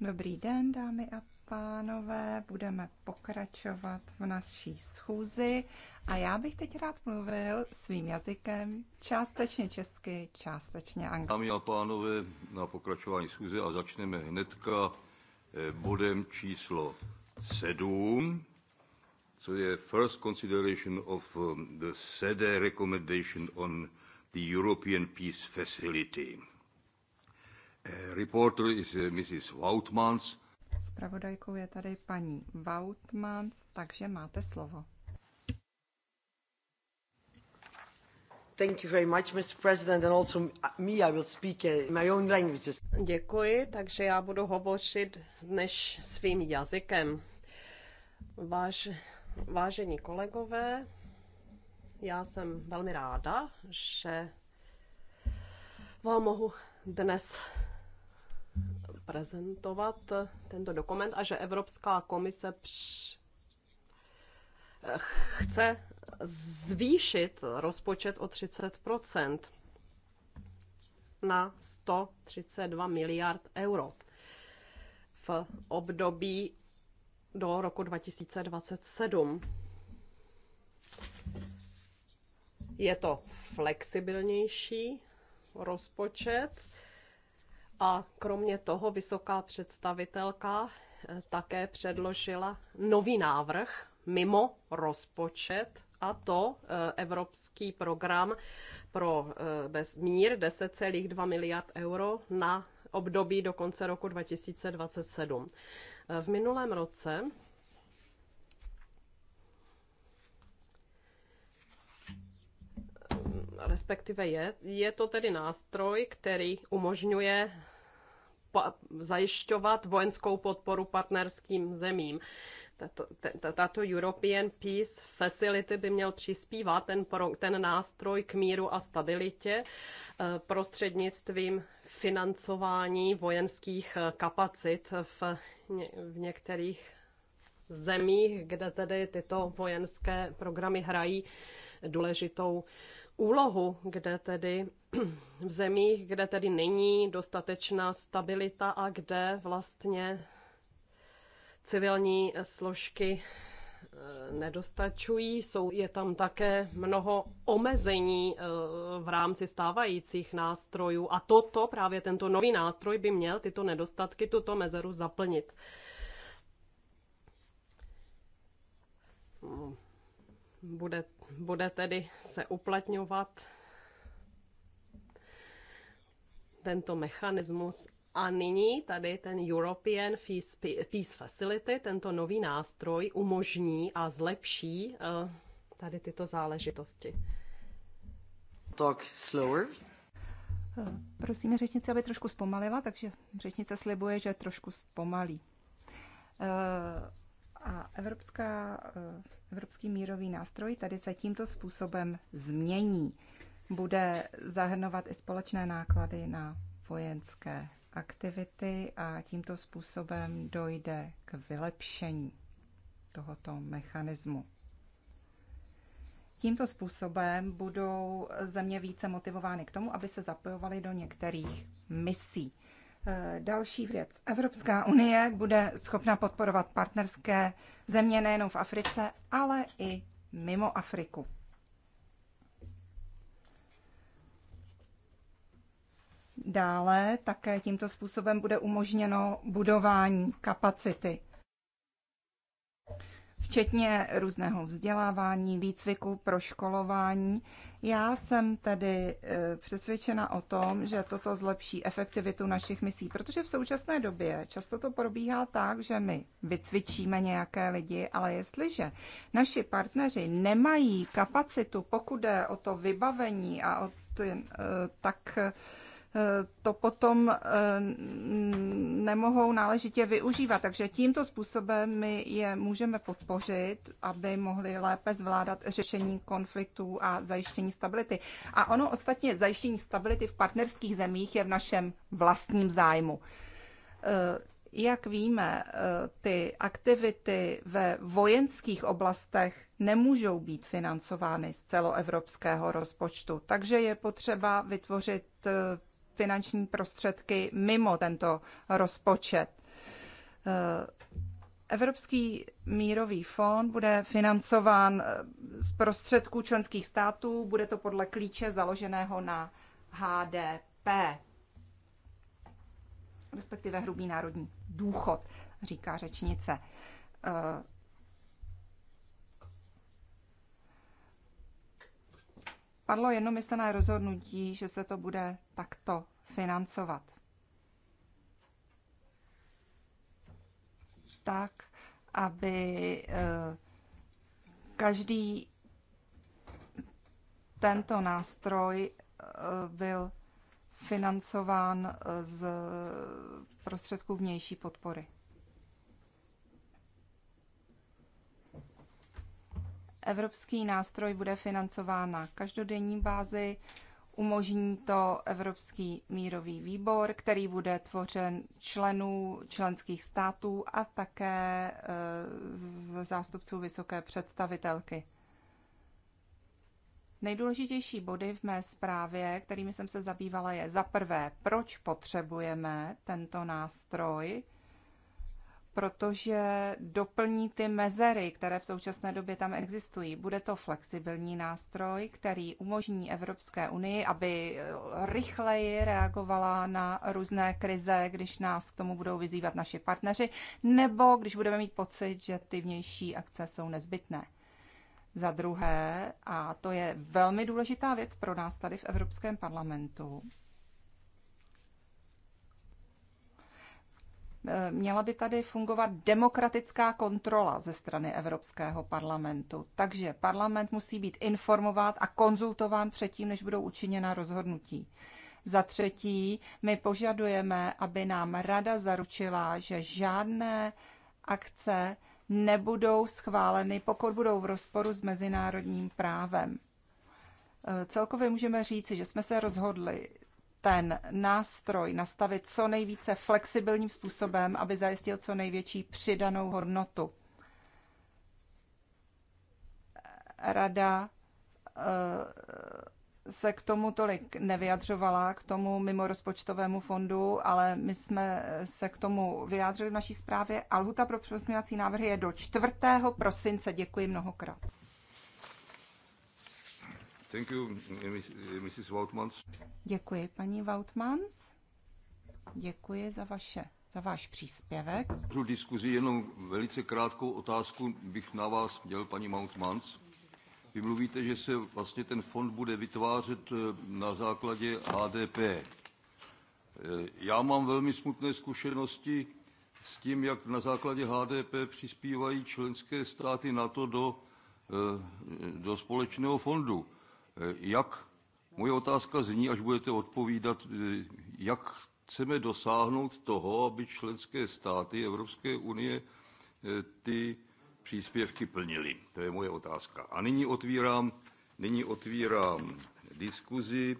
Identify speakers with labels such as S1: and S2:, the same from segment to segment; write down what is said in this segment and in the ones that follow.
S1: Dobrý den, dámy a pánové, budeme pokračovat v naší schůzi a já bych teď rád mluvil svým jazykem, částečně česky, částečně anglicky.
S2: Dámy a pánové, na pokračování schůze a začneme hnedka eh, bodem číslo 7, co je First Consideration of eh, the SEDE e Recommendation on the European Peace Facility. Reporter is eh, Mrs.
S1: Spravodajkou je tady paní Vautmans, takže máte slovo.
S3: Thank you very much, Mr. President, and also uh, me, I will speak eh, in my own languages. Děkuji, takže já budu hovořit dnes svým jazykem. Váž, vážení kolegové, já jsem velmi ráda, že vám mohu dnes prezentovat tento dokument a že Evropská komise při... chce zvýšit rozpočet o 30 na 132 miliard euro v období do roku 2027. Je to flexibilnější rozpočet a kromě toho vysoká představitelka eh, také předložila nový návrh mimo rozpočet a to eh, Evropský program pro eh, bezmír 10,2 miliard euro na období do konce roku 2027. V minulém roce respektive je, je to tedy nástroj, který umožňuje zajišťovat vojenskou podporu partnerským zemím. Tato, tato European Peace Facility by měl přispívat ten, pro, ten nástroj k míru a stabilitě eh, prostřednictvím financování vojenských eh, kapacit v, v některých zemích, kde tedy tyto vojenské programy hrají důležitou úlohu, kde tedy v zemích, kde tedy není dostatečná stabilita a kde vlastně civilní složky eh, nedostačují. Jsou, je tam také mnoho omezení eh, v rámci stávajících nástrojů a toto, právě tento nový nástroj by měl tyto nedostatky, tuto mezeru zaplnit. Hm. Bude bude tedy se uplatňovat tento mechanismus. A nyní tady ten European Peace, Facility, tento nový nástroj, umožní a zlepší eh, tady tyto záležitosti. Talk slower.
S1: Prosíme řečnice, aby trošku zpomalila, takže řečnice slibuje, že trošku zpomalí. Eh, a Evropská eh, Evropský mírový nástroj tady se tímto způsobem změní. Bude zahrnovat i společné náklady na vojenské aktivity a tímto způsobem dojde k vylepšení tohoto mechanismu. Tímto způsobem budou země více motivovány k tomu, aby se zapojovaly do některých misí. Eh, další věc. Evropská unie bude schopna podporovat partnerské země nejenom v Africe, ale i mimo Afriku. Dále také tímto způsobem bude umožněno budování kapacity včetně různého vzdělávání, výcviku, proškolování. Já jsem tedy e, přesvědčena o tom, že toto zlepší efektivitu našich misí, protože v současné době často to probíhá tak, že my vycvičíme nějaké lidi, ale jestliže naši partneři nemají kapacitu, pokud jde o to vybavení a o ten, tak to potom eh, nemohou náležitě využívat. Takže tímto způsobem my je můžeme podpořit, aby mohli lépe zvládat řešení konfliktů a zajištění stability. A ono ostatně zajištění stability v partnerských zemích je v našem vlastním zájmu. Eh, jak víme, eh, ty aktivity ve vojenských oblastech nemůžou být financovány z celoevropského rozpočtu, takže je potřeba vytvořit finanční prostředky mimo tento rozpočet. Eh, Evropský mírový fond bude financován eh, z prostředků členských států, bude to podle klíče založeného na HDP, respektive hrubý národní důchod, říká řečnice. Eh, padlo jednomyslné rozhodnutí, že se to bude takto financovat. Tak, aby eh, každý tento nástroj eh, byl financován eh, z prostředků vnější podpory. Evropský nástroj bude financován na každodenní bázi Umožní to Evropský mírový výbor, který bude tvořen členů členských států a také eh, z zástupců vysoké představitelky. Nejdůležitější body v mé zprávě, kterými jsem se zabývala, je za prvé, proč potřebujeme tento nástroj, protože doplní ty mezery, které v současné době tam existují. Bude to flexibilní nástroj, který umožní Evropské unii, aby eh, rychleji reagovala na různé krize, když nás k tomu budou vyzývat naši partneři, nebo když budeme mít pocit, že ty vnější akce jsou nezbytné. Za druhé, a to je velmi důležitá věc pro nás tady v Evropském parlamentu, Eh, měla by tady fungovat demokratická kontrola ze strany Evropského parlamentu. Takže parlament musí být informován a konzultován předtím, než budou učiněna rozhodnutí. Za třetí, my požadujeme, aby nám rada zaručila, že žádné akce nebudou schváleny, pokud budou v rozporu s mezinárodním právem. Eh, celkově můžeme říci, že jsme se rozhodli ten nástroj nastavit co nejvíce flexibilním způsobem, aby zajistil co největší přidanou hodnotu. Rada eh, se k tomu tolik nevyjadřovala, k tomu mimo rozpočtovému fondu, ale my jsme se k tomu vyjádřili v naší zprávě. Alhuta pro přesměvací návrhy je do 4. prosince. Děkuji mnohokrát.
S2: Thank you, Mrs. Woutmans.
S1: Děkuji, paní Woutmans. Děkuji za vaše za váš příspěvek.
S2: Pro diskuzi jenom velice krátkou otázku bych na vás měl, paní Mountmans. Vy mluvíte, že se vlastně ten fond bude vytvářet eh, na základě HDP. Eh, já mám velmi smutné zkušenosti s tím, jak na základě HDP přispívají členské státy NATO do, eh, do společného fondu. Eh, jak, moje otázka zní, až budete odpovídat, eh, jak chceme dosáhnout toho, aby členské státy Evropské unie eh, ty příspěvky plnily. To je moje otázka. A nyní otvírám, nyní otvírám diskuzi.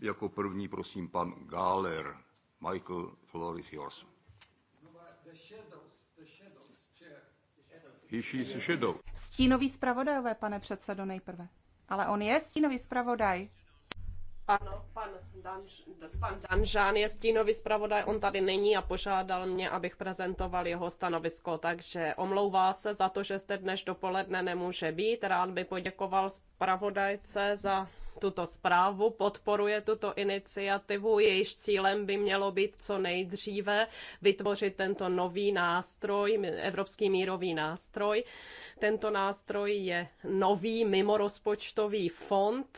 S2: Jako první, prosím, pan Gáler. Michael, floor is yours.
S1: Stínový zpravodajové, pane předsedo, nejprve. Ale on je stínový zpravodaj. Ano,
S3: pan, Dan, pan
S1: Danžán je stínový
S3: zpravodaj, on tady není a požádal mě, abych prezentoval jeho stanovisko, takže omlouvá se za to, že jste dnes dopoledne nemůže být. Rád by poděkoval zpravodajce za tuto zprávu, podporuje tuto iniciativu, jejíž cílem by mělo být co nejdříve vytvořit tento nový nástroj, Evropský mírový nástroj. Tento nástroj je nový mimorozpočtový fond,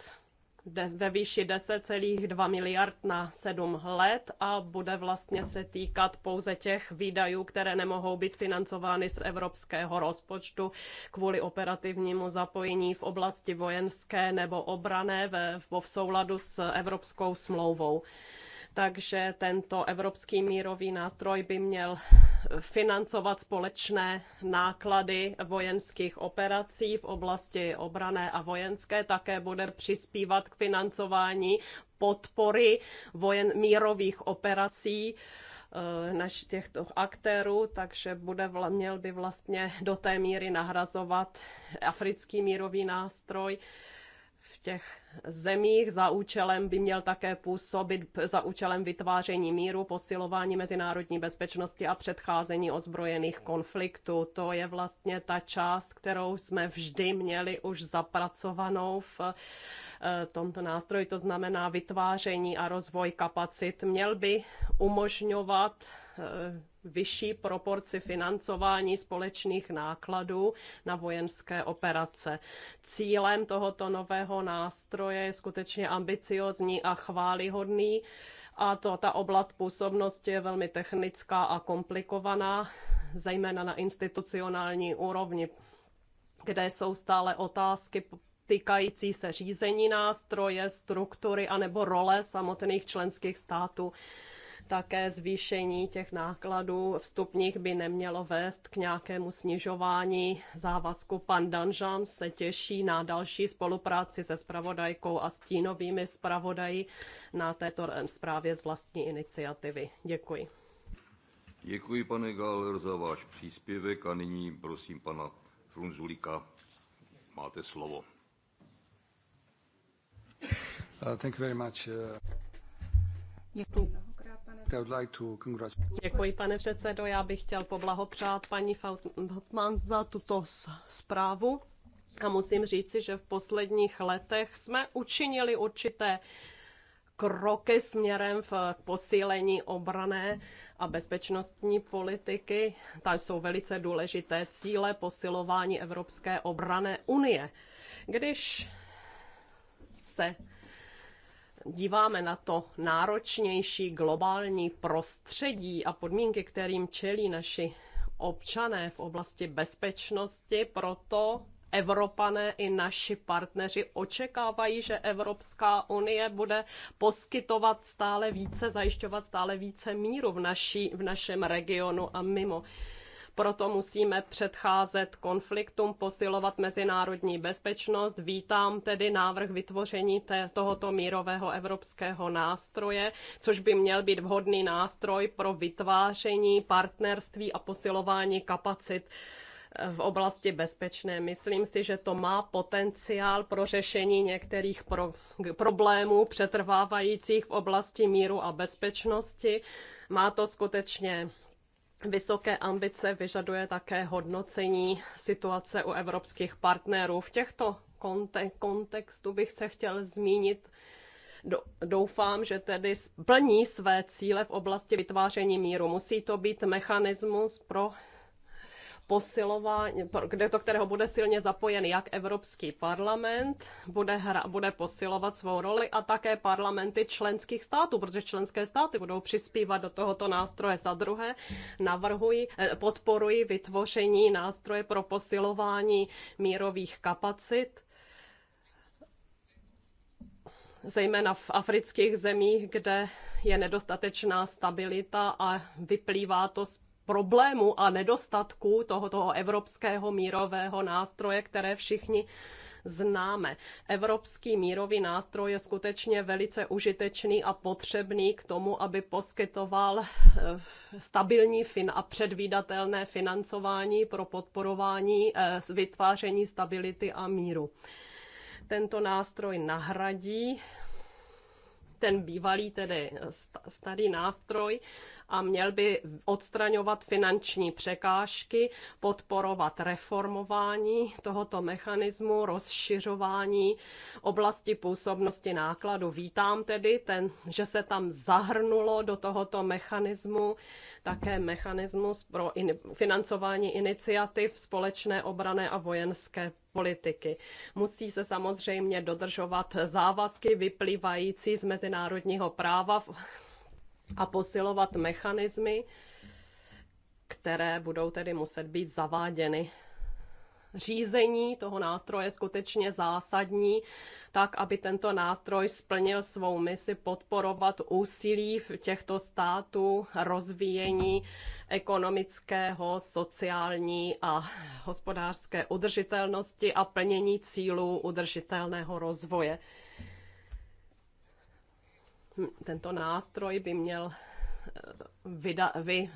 S3: ve výši 10,2 miliard na 7 let a bude vlastně se týkat pouze těch výdajů, které nemohou být financovány z evropského rozpočtu kvůli operativnímu zapojení v oblasti vojenské nebo obrané ve, v souladu s evropskou smlouvou. Takže tento evropský mírový nástroj by měl financovat společné náklady vojenských operací v oblasti obrané a vojenské, také bude přispívat k financování podpory vojen mírových operací eh, naš, těchto aktérů, takže bude, měl by vlastně do té míry nahrazovat africký mírový nástroj v těch zemích za účelem by měl také působit za účelem vytváření míru, posilování mezinárodní bezpečnosti a předcházení ozbrojených konfliktů. To je vlastně ta část, kterou jsme vždy měli už zapracovanou v eh, tomto nástroji, to znamená vytváření a rozvoj kapacit. Měl by umožňovat eh, vyšší proporci financování společných nákladů na vojenské operace. Cílem tohoto nového nástroje nástroje je skutečně ambiciozní a chválihodný a to, ta oblast působnosti je velmi technická a komplikovaná, zejména na institucionální úrovni, kde jsou stále otázky týkající se řízení nástroje, struktury anebo role samotných členských států také zvýšení těch nákladů vstupních by nemělo vést k nějakému snižování závazku. Pan Danžan se těší na další spolupráci se spravodajkou a stínovými spravodají na této zprávě z vlastní iniciativy. Děkuji.
S2: Děkuji, pane Galer za váš příspěvek a nyní prosím pana Frunzulíka. Máte slovo. Uh, thank you very much. Uh...
S1: Děkuji.
S3: Děkuji, pane předsedo. Já bych chtěl poblahopřát paní Fautman za tuto zprávu. A musím říci, že v posledních letech jsme učinili určité kroky směrem k posílení obrané a bezpečnostní politiky. Tam jsou velice důležité cíle posilování Evropské obrané unie. Když se díváme na to náročnější globální prostředí a podmínky, kterým čelí naši občané v oblasti bezpečnosti, proto Evropané i naši partneři očekávají, že Evropská unie bude poskytovat stále více, zajišťovat stále více míru v, naší, v našem regionu a mimo. Proto musíme předcházet konfliktům, posilovat mezinárodní bezpečnost. Vítám tedy návrh vytvoření té, tohoto mírového evropského nástroje, což by měl být vhodný nástroj pro vytváření partnerství a posilování kapacit eh, v oblasti bezpečné. Myslím si, že to má potenciál pro řešení některých pro, problémů přetrvávajících v oblasti míru a bezpečnosti. Má to skutečně Vysoké ambice vyžaduje také hodnocení situace u evropských partnerů. V těchto kontextu bych se chtěl zmínit doufám, že tedy splní své cíle v oblasti vytváření míru. Musí to být mechanismus pro posilování, kde to, kterého bude silně zapojen jak Evropský parlament, bude, hra, bude posilovat svou roli a také parlamenty členských států, protože členské státy budou přispívat do tohoto nástroje. Za druhé navrhují, eh, podporují vytvoření nástroje pro posilování mírových kapacit, zejména v afrických zemích, kde je nedostatečná stabilita a vyplývá to z problému a nedostatku toho, toho evropského mírového nástroje, které všichni známe. Evropský mírový nástroj je skutečně velice užitečný a potřebný k tomu, aby poskytoval eh, stabilní fin a předvídatelné financování pro podporování eh, vytváření stability a míru. Tento nástroj nahradí ten bývalý, tedy starý nástroj a měl by odstraňovat finanční překážky, podporovat reformování tohoto mechanismu, rozšiřování oblasti působnosti nákladu. Vítám tedy, ten, že se tam zahrnulo do tohoto mechanismu také mechanismus pro in, financování iniciativ společné obrané a vojenské politiky. Musí se samozřejmě dodržovat závazky vyplývající z mezinárodního práva v a posilovat mechanismy, které budou tedy muset být zaváděny. Řízení toho nástroje je skutečně zásadní, tak aby tento nástroj splnil svou misi podporovat úsilí v těchto států rozvíjení ekonomického, sociální a hospodářské udržitelnosti a plnění cílů udržitelného rozvoje tento nástroj by měl eh, vyda, vy,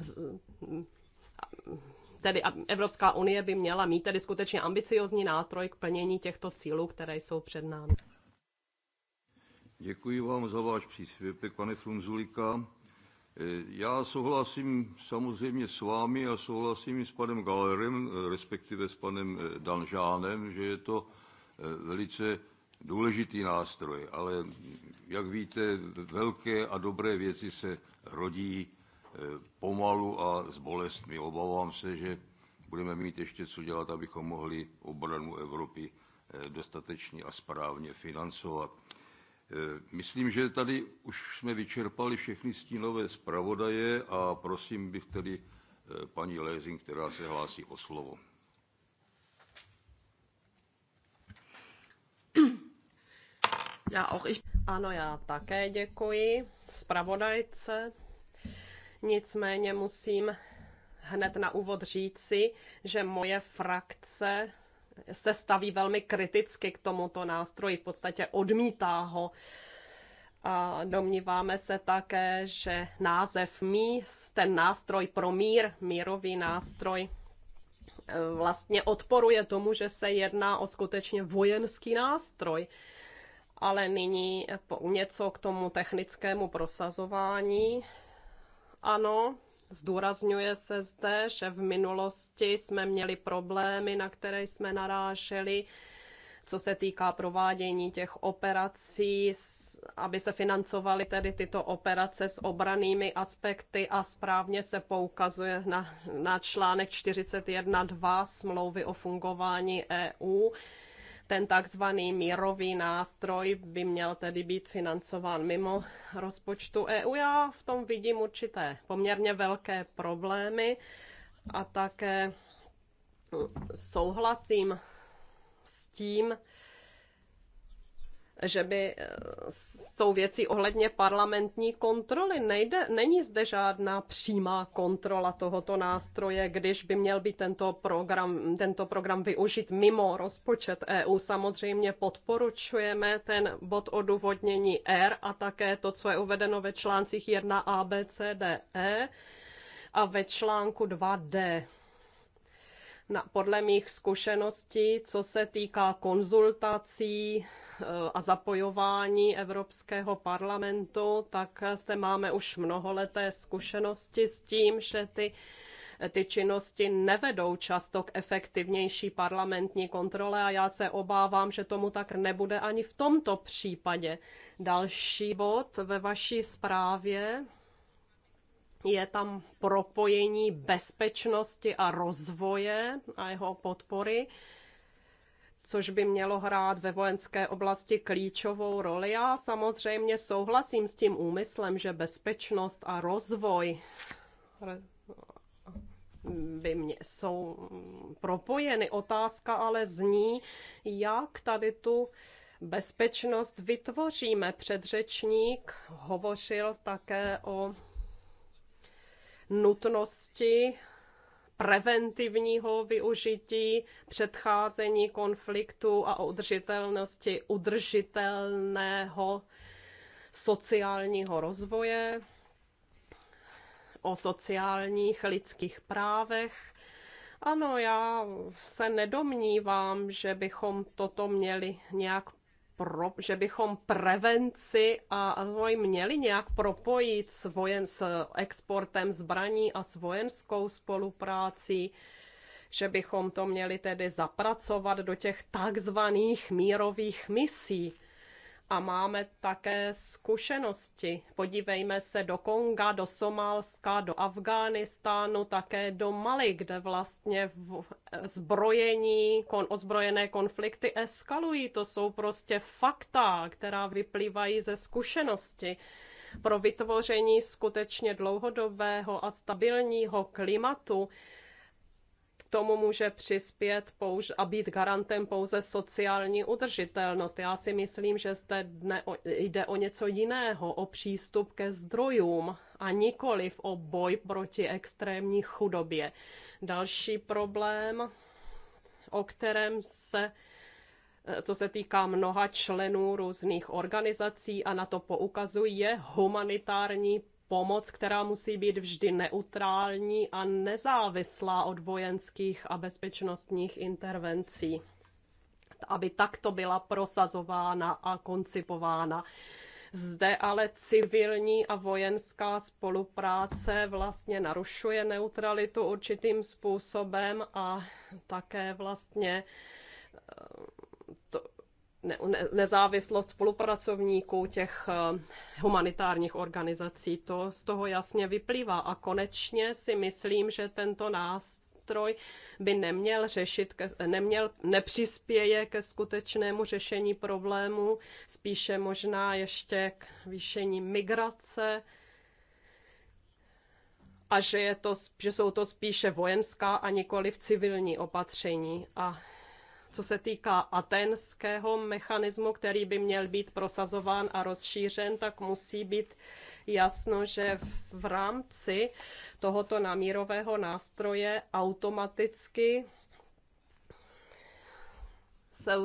S3: tedy Evropská unie by měla mít tedy skutečně ambiciozní nástroj k plnění těchto cílů, které jsou před námi.
S2: Děkuji vám za váš příspěvek, pane Frunzulika. Eh, já souhlasím samozřejmě s vámi a souhlasím i s panem Galerem, eh, respektive s panem Danžánem, že je to velice důležitý nástroj, ale jak víte, velké a dobré věci se rodí eh, pomalu a s bolestmi. Obávám se, že budeme mít ještě co dělat, abychom mohli obranu Evropy eh, dostatečně a správně financovat. Eh, myslím, že tady už jsme vyčerpali všechny stínové zpravodaje a prosím bych tedy paní Lézing, která se hlásí o slovo.
S3: Já auch ich. Ano, já také děkuji zpravodajce. Nicméně musím hned na úvod říci, že moje frakce se staví velmi kriticky k tomuto nástroji, v podstatě odmítá ho. A domníváme se také, že název mí, ten nástroj pro mír, mírový nástroj, e, vlastně odporuje tomu, že se jedná o skutečně vojenský nástroj ale nyní něco k tomu technickému prosazování. Ano, zdůrazňuje se zde, že v minulosti jsme měli problémy, na které jsme naráželi, co se týká provádění těch operací, aby se financovaly tedy tyto operace s obranými aspekty a správně se poukazuje na, na článek 41.2 smlouvy o fungování EU, ten takzvaný mírový nástroj by měl tedy být financován mimo rozpočtu EU. Já v tom vidím určité poměrně velké problémy a také souhlasím s tím, že by eh, s tou věcí ohledně parlamentní kontroly nejde, není zde žádná přímá kontrola tohoto nástroje, když by měl být tento program, tento program využit mimo rozpočet EU. Samozřejmě podporučujeme ten bod odůvodnění R a také to, co je uvedeno ve článcích 1 ABCDE a ve článku 2D na, podle mých zkušeností, co se týká konzultací eh, a zapojování Evropského parlamentu, tak zde máme už mnoholeté zkušenosti s tím, že ty ty činnosti nevedou často k efektivnější parlamentní kontrole a já se obávám, že tomu tak nebude ani v tomto případě. Další bod ve vaší zprávě je tam propojení bezpečnosti a rozvoje a jeho podpory, což by mělo hrát ve vojenské oblasti klíčovou roli. Já samozřejmě souhlasím s tím úmyslem, že bezpečnost a rozvoj by mě, jsou propojeny. Otázka ale zní, jak tady tu bezpečnost vytvoříme. Předřečník hovořil také o nutnosti preventivního využití, předcházení konfliktu a udržitelnosti udržitelného sociálního rozvoje, o sociálních lidských právech. Ano, já se nedomnívám, že bychom toto měli nějak pro, že bychom prevenci a rozvoj měli nějak propojit s, vojen, s exportem zbraní a s vojenskou spoluprácí, že bychom to měli tedy zapracovat do těch takzvaných mírových misí a máme také zkušenosti. Podívejme se do Konga, do Somálska, do Afghánistánu, také do Mali, kde vlastně v zbrojení, kon, ozbrojené konflikty eskalují. To jsou prostě fakta, která vyplývají ze zkušenosti. Pro vytvoření skutečně dlouhodobého a stabilního klimatu tomu může přispět použ- a být garantem pouze sociální udržitelnost. Já si myslím, že zde dne o, jde o něco jiného, o přístup ke zdrojům a nikoliv o boj proti extrémní chudobě. Další problém, o kterém se eh, co se týká mnoha členů různých organizací a na to poukazují, je humanitární pomoc, která musí být vždy neutrální a nezávislá od vojenských a bezpečnostních intervencí, aby takto byla prosazována a koncipována. Zde ale civilní a vojenská spolupráce vlastně narušuje neutralitu určitým způsobem a také vlastně nezávislost spolupracovníků těch eh, humanitárních organizací. To z toho jasně vyplývá. A konečně si myslím, že tento nástroj by neměl řešit, neměl, nepřispěje ke skutečnému řešení problému, spíše možná ještě k výšení migrace, a že, je to, že jsou to spíše vojenská a nikoli v civilní opatření. A co se týká atenského mechanismu, který by měl být prosazován a rozšířen, tak musí být jasno, že v rámci tohoto namírového nástroje automaticky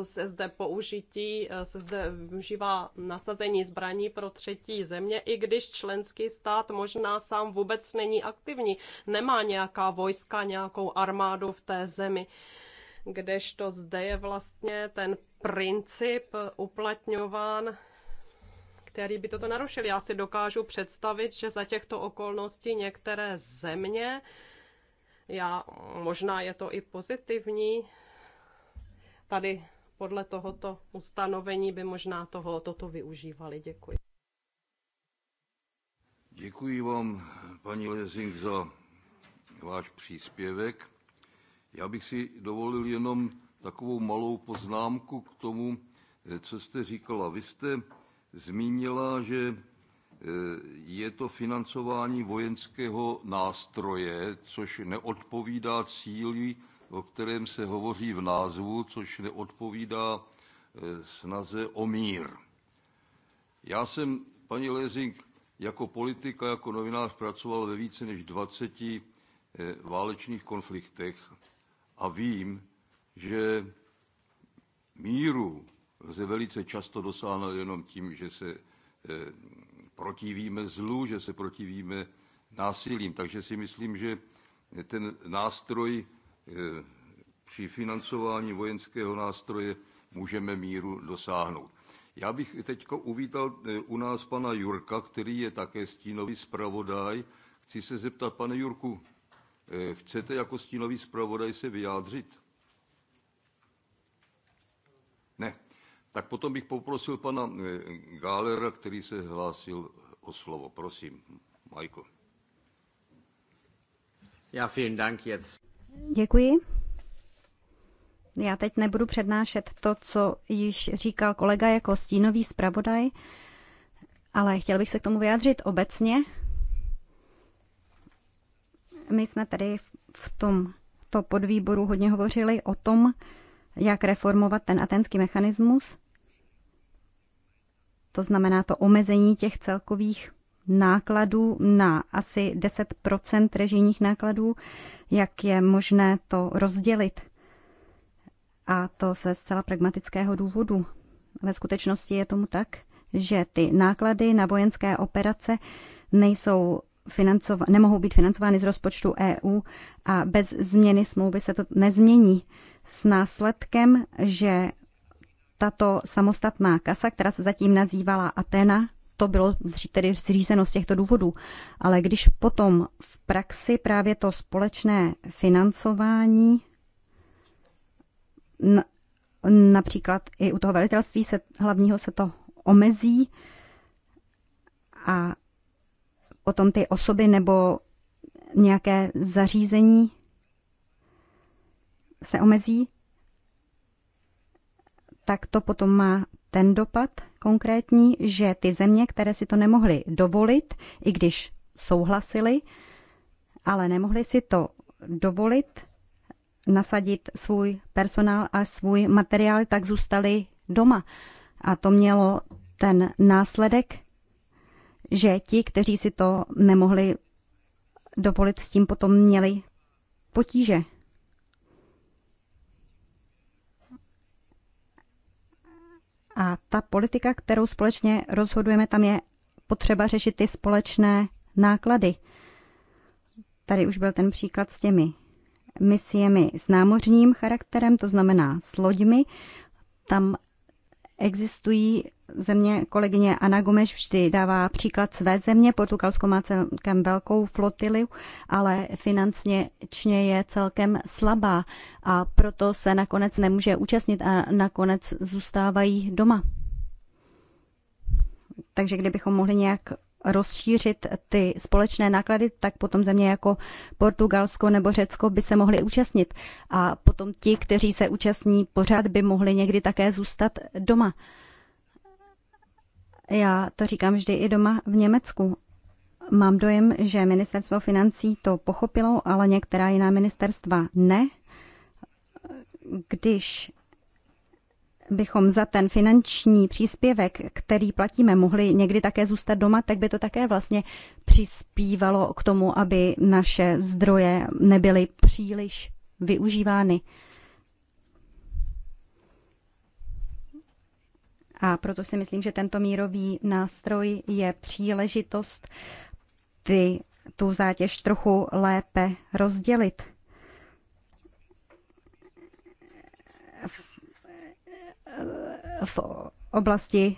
S3: se zde použití, se zde užívá nasazení zbraní pro třetí země, i když členský stát možná sám vůbec není aktivní, nemá nějaká vojska, nějakou armádu v té zemi kdežto zde je vlastně ten princip uplatňován který by toto narušil. Já si dokážu představit, že za těchto okolností některé země, já, možná je to i pozitivní, tady podle tohoto ustanovení by možná toho, toto využívali. Děkuji.
S2: Děkuji vám, paní Lezing, za váš příspěvek. Já bych si dovolil jenom takovou malou poznámku k tomu, eh, co jste říkala. Vy jste zmínila, že eh, je to financování vojenského nástroje, což neodpovídá cíli, o kterém se hovoří v názvu, což neodpovídá eh, snaze o mír. Já jsem, paní Lezing, jako politika, jako novinář pracoval ve více než 20 válečných konfliktech a vím, že míru lze velice často dosáhnout jenom tím, že se eh, protivíme zlu, že se protivíme násilím. Takže si myslím, že ten nástroj eh, při financování vojenského nástroje můžeme míru dosáhnout. Já bych teď uvítal eh, u nás pana Jurka, který je také stínový zpravodaj. Chci se zeptat, pane Jurku, Eh, chcete jako stínový zpravodaj se vyjádřit? Ne. Tak potom bych poprosil pana eh, Gálera, který se hlásil o slovo. Prosím, Michael. Ja, vielen Dank jetzt.
S4: Děkuji. Já teď nebudu přednášet to, co již říkal kolega jako stínový zpravodaj, ale chtěl bych se k tomu vyjádřit obecně. My jsme tady v tom to podvýboru hodně hovořili o tom, jak reformovat ten atenský mechanismus, to znamená to omezení těch celkových nákladů na asi 10 režijních nákladů, jak je možné to rozdělit. A to ze zcela pragmatického důvodu. Ve skutečnosti je tomu tak, že ty náklady na vojenské operace nejsou nemohou být financovány z rozpočtu EU a bez změny smlouvy se to nezmění. S následkem, že tato samostatná kasa, která se zatím nazývala Atena, to bylo tedy zřízeno z těchto důvodů. Ale když potom v praxi právě to společné financování, například i u toho velitelství se, hlavního se to omezí a potom ty osoby nebo nějaké zařízení se omezí, tak to potom má ten dopad konkrétní, že ty země, které si to nemohly dovolit, i když souhlasili, ale nemohli si to dovolit, nasadit svůj personál a svůj materiál, tak zůstali doma. A to mělo ten následek, že ti, kteří si to nemohli dovolit, s tím potom měli potíže. A ta politika, kterou společně rozhodujeme, tam je potřeba řešit ty společné náklady. Tady už byl ten příklad s těmi misiemi s námořním charakterem, to znamená s loďmi. Tam existují země kolegyně Ana Gomeš vždy dává příklad své země. Portugalsko má celkem velkou flotilu, ale finančně je celkem slabá a proto se nakonec nemůže účastnit a nakonec zůstávají doma. Takže kdybychom mohli nějak rozšířit ty společné náklady, tak potom země jako Portugalsko nebo Řecko by se mohly účastnit. A potom ti, kteří se účastní pořád, by mohli někdy také zůstat doma. Já to říkám vždy i doma v Německu. Mám dojem, že ministerstvo financí to pochopilo, ale některá jiná ministerstva ne. Když bychom za ten finanční příspěvek, který platíme, mohli někdy také zůstat doma, tak by to také vlastně přispívalo k tomu, aby naše zdroje nebyly příliš využívány. A proto si myslím, že tento mírový nástroj je příležitost ty, tu zátěž trochu lépe rozdělit. V, oblasti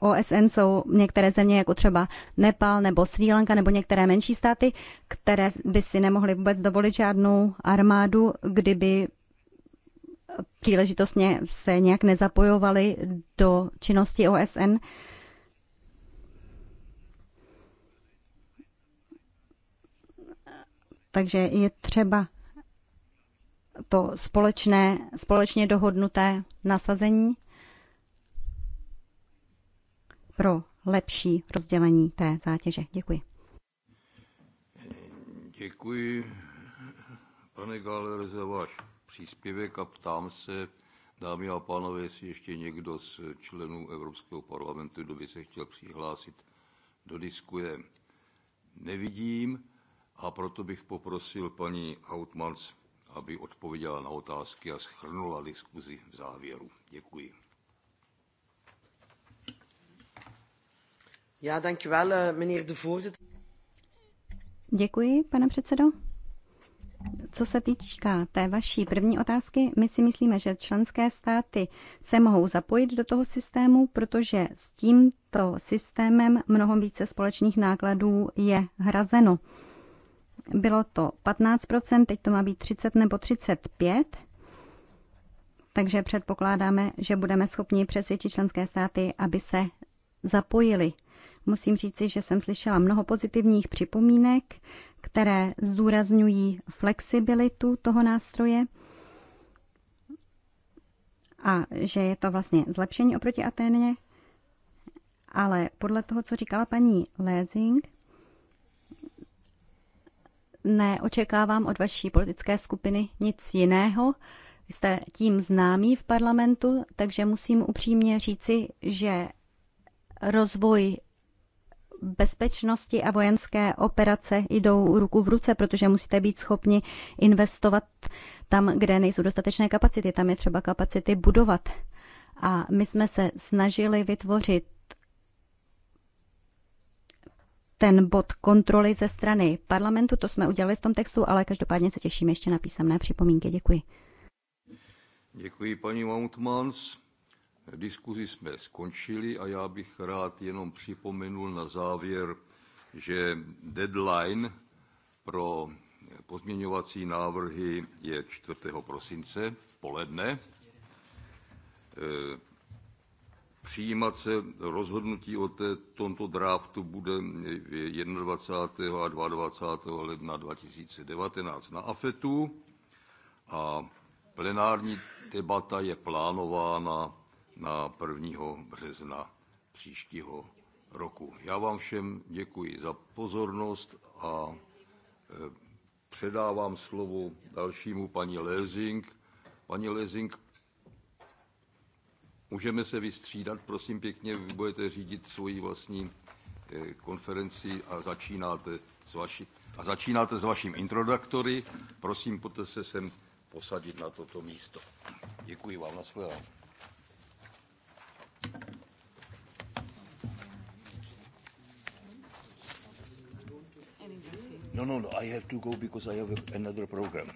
S4: OSN jsou některé země, jako třeba Nepal nebo Sri Lanka nebo některé menší státy, které by si nemohly vůbec dovolit žádnou armádu, kdyby příležitostně se nějak nezapojovali do činnosti OSN. Takže je třeba to společné, společně dohodnuté nasazení pro lepší rozdělení té zátěže. Děkuji.
S2: Děkuji, pane Galer, za váš příspěvek a ptám se, dámy a pánové, jestli ještě někdo z členů Evropského parlamentu, kdo by se chtěl přihlásit do diskuje. Nevidím a proto bych poprosil paní Hautmans, aby odpověděla na otázky a schrnula diskuzi v závěru. Děkuji.
S3: Já, dankjewel, eh, meneer de voorzitter.
S4: Děkuji, pane předsedo. Co se týká té vaší první otázky, my si myslíme, že členské státy se mohou zapojit do toho systému, protože s tímto systémem mnohem více společných nákladů je hrazeno. Bylo to 15%, teď to má být 30 nebo 35 takže předpokládáme, že budeme schopni přesvědčit členské státy, aby se zapojili. Musím říci, že jsem slyšela mnoho pozitivních připomínek, které zdůrazňují flexibilitu toho nástroje a že je to vlastně zlepšení oproti Aténě, ale podle toho, co říkala paní Lézing, neočekávám od vaší politické skupiny nic jiného. Jste tím známí v parlamentu, takže musím upřímně říci, že rozvoj bezpečnosti a vojenské operace jdou ruku v ruce, protože musíte být schopni investovat tam, kde nejsou dostatečné kapacity. Tam je třeba kapacity budovat. A my jsme se snažili vytvořit ten bod kontroly ze strany parlamentu, to jsme udělali v tom textu, ale každopádně se těšíme ještě na písemné připomínky. Děkuji.
S2: Děkuji paní Mautmans. Diskuzi jsme skončili a já bych rád jenom připomenul na závěr, že deadline pro pozměňovací návrhy je 4. prosince poledne. E, přijímat se rozhodnutí o té, tomto draftu bude 21. a 22. ledna 2019 na AFETu a plenární debata je plánována na 1. března příštího roku. Já vám všem děkuji za pozornost a e, předávám slovo dalšímu paní Lézing. Paní Lézing, můžeme se vystřídat, prosím pěkně, vy budete řídit svoji vlastní e, konferenci a začínáte s, vaši, a začínáte s vaším introduktory. Prosím, pojďte se sem posadit na toto místo. Děkuji vám, na shledanou. No, no, no, I have to go because I have another program.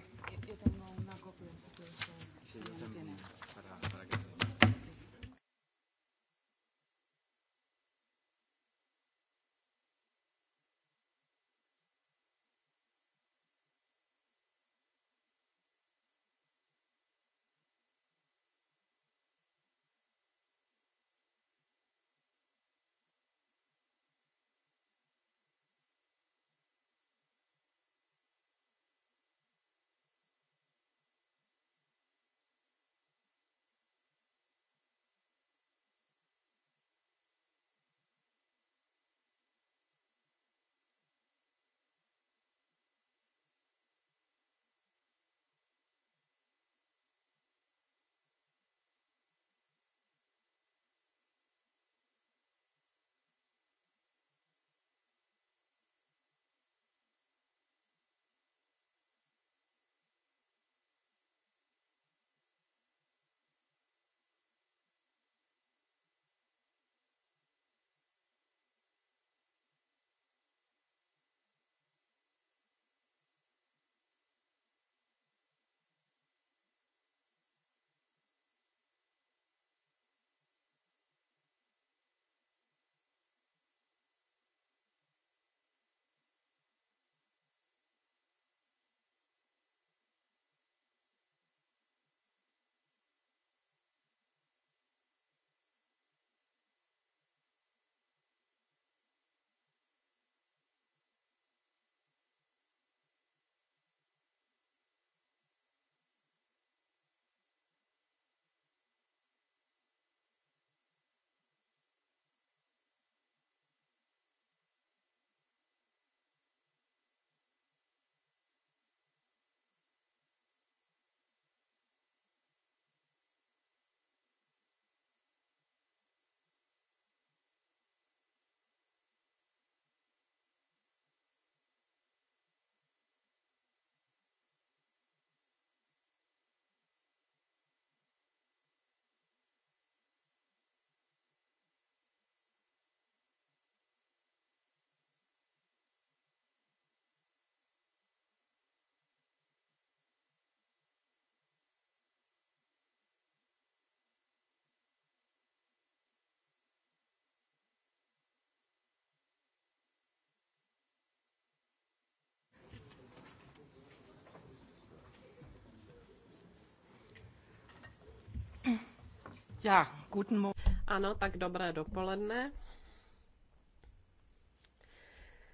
S3: Ja, guten Morgen. Ano, tak dobré dopoledne.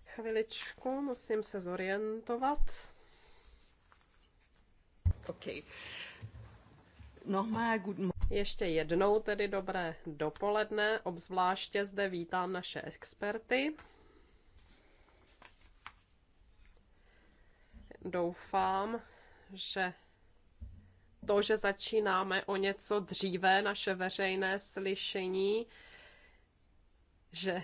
S3: Chviličku, musím se zorientovat. OK. Nochmal guten Morgen. Ještě jednou tedy dobré dopoledne, obzvláště zde vítám naše experty. Doufám, že to, že začínáme o něco dříve naše veřejné slyšení, že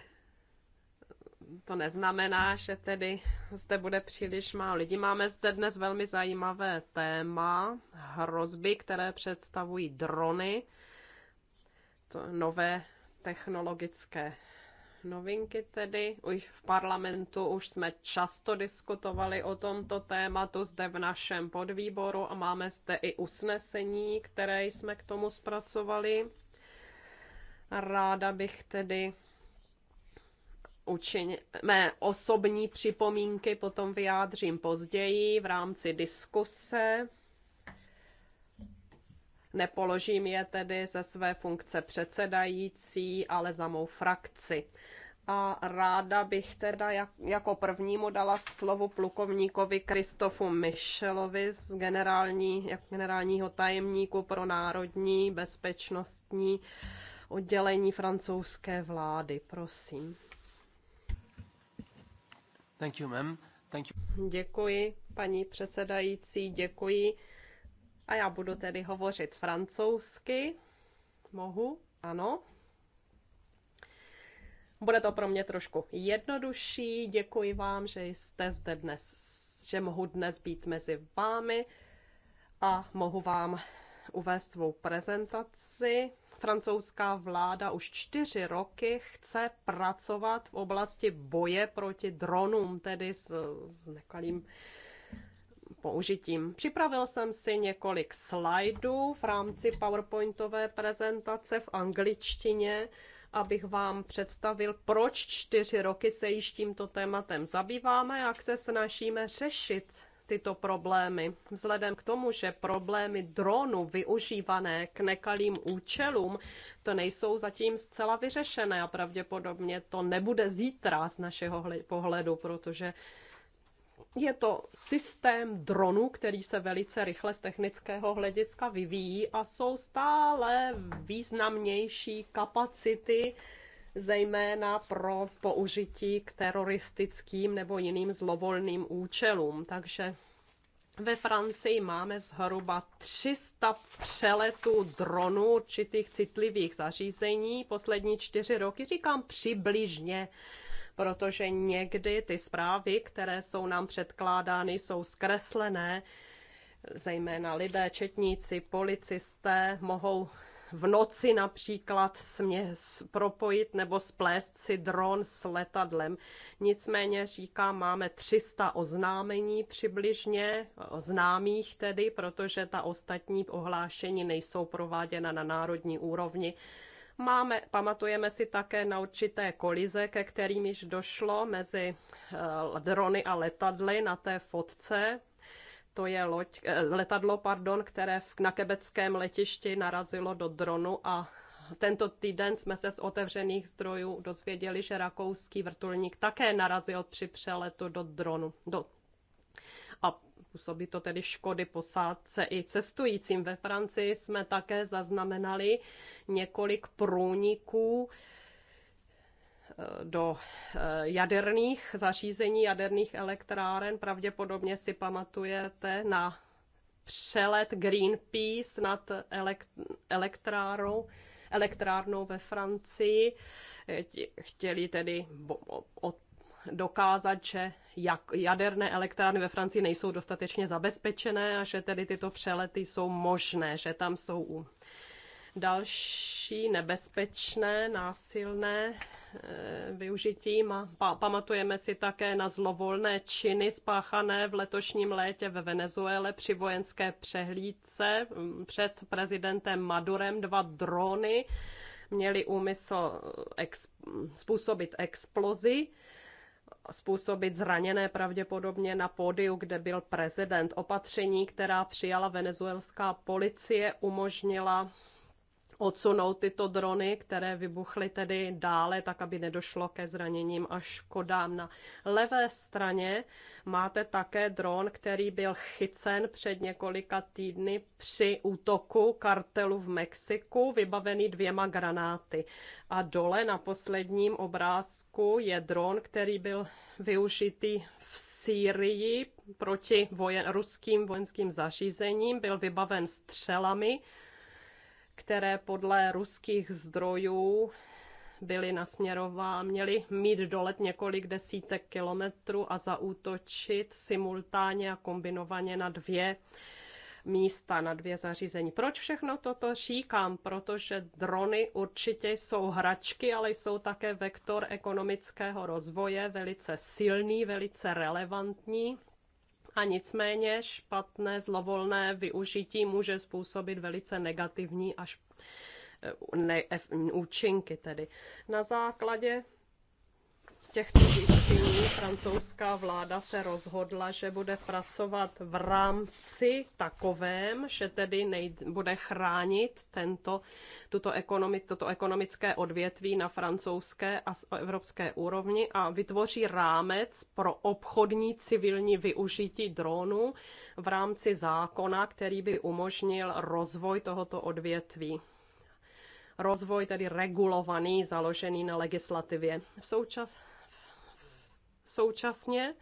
S3: to neznamená, že tedy zde bude příliš málo lidí. Máme zde dnes velmi zajímavé téma, hrozby, které představují drony, to nové technologické novinky tedy. Už v parlamentu už jsme často diskutovali o tomto tématu zde v našem podvýboru a máme zde i usnesení, které jsme k tomu zpracovali. Ráda bych tedy učin... mé osobní připomínky potom vyjádřím později v rámci diskuse Nepoložím je tedy ze své funkce předsedající, ale za mou frakci a ráda bych teda jako prvnímu dala slovo plukovníkovi Kristofu Michelovi z generální, generálního tajemníku pro národní bezpečnostní oddělení francouzské vlády. Prosím. Thank you, ma'am. Thank you. Děkuji, paní předsedající, děkuji a já budu tedy hovořit francouzsky. Mohu? Ano. Bude to pro mě trošku jednodušší. Děkuji vám, že jste zde dnes, že mohu dnes být mezi vámi a mohu vám uvést svou prezentaci. Francouzská vláda už čtyři roky chce pracovat v oblasti boje proti dronům, tedy s, s nekalým použitím. Připravil jsem si několik slajdů v rámci PowerPointové prezentace v angličtině, abych vám představil, proč čtyři roky se již tímto tématem zabýváme, jak se snažíme řešit tyto problémy. Vzhledem k tomu, že problémy dronů využívané k nekalým účelům, to nejsou zatím zcela vyřešené a pravděpodobně to nebude zítra z našeho pohledu, protože je to systém dronů, který se velice rychle z technického hlediska vyvíjí a jsou stále významnější kapacity, zejména pro použití k teroristickým nebo jiným zlovolným účelům. Takže ve Francii máme zhruba 300 přeletů dronů určitých citlivých zařízení poslední čtyři roky, říkám přibližně protože někdy ty zprávy, které jsou nám předkládány, jsou zkreslené, zejména lidé, četníci, policisté mohou v noci například směs propojit nebo splést si dron s letadlem. Nicméně říká, máme 300 oznámení přibližně, známých tedy, protože ta ostatní ohlášení nejsou prováděna na národní úrovni. Máme, pamatujeme si také na určité kolize, ke kterým již došlo mezi eh, drony a letadly na té fotce. To je loď, eh, letadlo, pardon, které na kebeckém letišti narazilo do dronu a tento týden jsme se z otevřených zdrojů dozvěděli, že rakouský vrtulník také narazil při přeletu do dronu, do Způsobí to tedy škody posádce i cestujícím. Ve Francii jsme také zaznamenali několik průniků eh, do eh, jaderných zařízení, jaderných elektráren. Pravděpodobně si pamatujete na přelet Greenpeace nad elektrárou, elektrárnou ve Francii. Chtěli tedy od dokázat, že jak jaderné elektrárny ve Francii nejsou dostatečně zabezpečené a že tedy tyto přelety jsou možné, že tam jsou další nebezpečné, násilné eh, využití. Pamatujeme si také na zlovolné činy spáchané v letošním létě ve Venezuele při vojenské přehlídce hm, před prezidentem Madurem dva drony měly úmysl ex- způsobit explozi způsobit zraněné pravděpodobně na pódiu, kde byl prezident. Opatření, která přijala venezuelská policie, umožnila odsunout tyto drony, které vybuchly tedy dále, tak aby nedošlo ke zraněním a škodám. Na levé straně máte také dron, který byl chycen před několika týdny při útoku kartelu v Mexiku, vybavený dvěma granáty. A dole na posledním obrázku je dron, který byl využitý v Sýrii proti voje- ruským vojenským zařízením, byl vybaven střelami, které podle ruských zdrojů byly nasměrovány, měly mít dolet několik desítek kilometrů a zaútočit simultánně a kombinovaně na dvě místa, na dvě zařízení. Proč všechno toto říkám? Protože drony určitě jsou hračky, ale jsou také vektor ekonomického rozvoje, velice silný, velice relevantní a nicméně špatné zlovolné využití může způsobit velice negativní až eh, ne, eh, účinky tedy. Na základě těchto zjištění francouzská vláda se rozhodla, že bude pracovat v rámci takovém, že tedy nej, bude chránit tento, tuto ekonomi, toto ekonomické odvětví na francouzské a evropské úrovni a vytvoří rámec pro obchodní civilní využití dronů v rámci zákona, který by umožnil rozvoj tohoto odvětví rozvoj tedy regulovaný, založený na legislativě. V součas Současně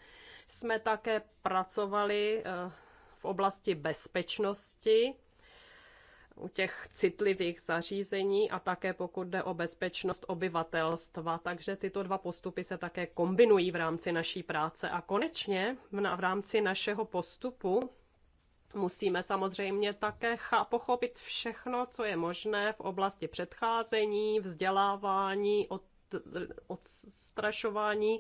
S3: jsme také pracovali eh, v oblasti bezpečnosti u těch citlivých zařízení a také pokud jde o bezpečnost obyvatelstva. Takže tyto dva postupy se také kombinují v rámci naší práce. A konečně v rámci našeho postupu musíme samozřejmě také pochopit všechno, co je možné v oblasti předcházení, vzdělávání, od, odstrašování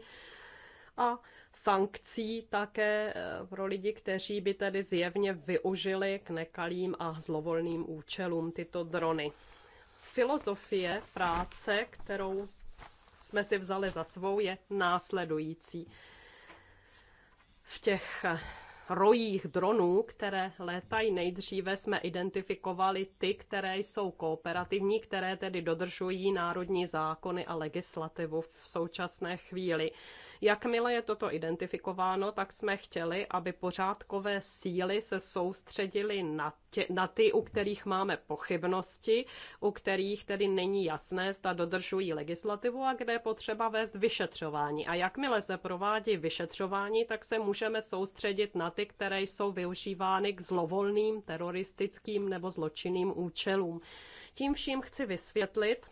S3: a sankcí také eh, pro lidi, kteří by tedy zjevně využili k nekalým a zlovolným účelům tyto drony. Filozofie práce, kterou jsme si vzali za svou, je následující. V těch eh, rojích dronů, které létají nejdříve, jsme identifikovali ty, které jsou kooperativní, které tedy dodržují národní zákony a legislativu v současné chvíli. Jakmile je toto identifikováno, tak jsme chtěli, aby pořádkové síly se soustředily na, tě, na ty, u kterých máme pochybnosti, u kterých tedy není jasné, zda dodržují legislativu a kde je potřeba vést vyšetřování. A jakmile se provádí vyšetřování, tak se můžeme soustředit na ty, které jsou využívány k zlovolným, teroristickým nebo zločinným účelům. Tím vším chci vysvětlit,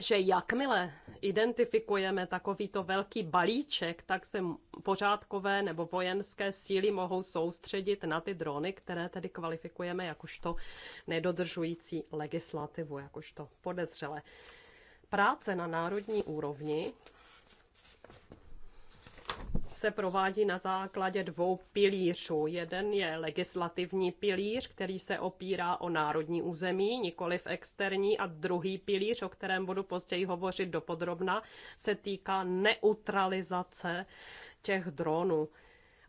S3: že jakmile identifikujeme takovýto velký balíček, tak se pořádkové nebo vojenské síly mohou soustředit na ty drony, které tedy kvalifikujeme jakožto nedodržující legislativu, jakožto podezřelé. Práce na národní úrovni se provádí na základě dvou pilířů. Jeden je legislativní pilíř, který se opírá o národní území, nikoli v externí, a druhý pilíř, o kterém budu později hovořit dopodrobna, se týká neutralizace těch dronů.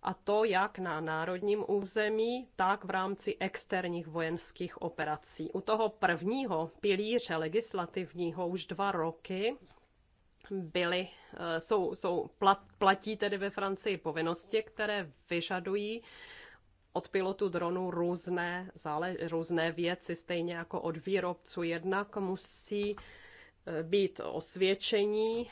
S3: A to jak na národním území, tak v rámci externích vojenských operací. U toho prvního pilíře legislativního už dva roky byly, eh, jsou, jsou plat, platí tedy ve Francii povinnosti, které vyžadují od pilotů dronu různé, zále, různé věci, stejně jako od výrobců. Jednak musí eh, být osvědčení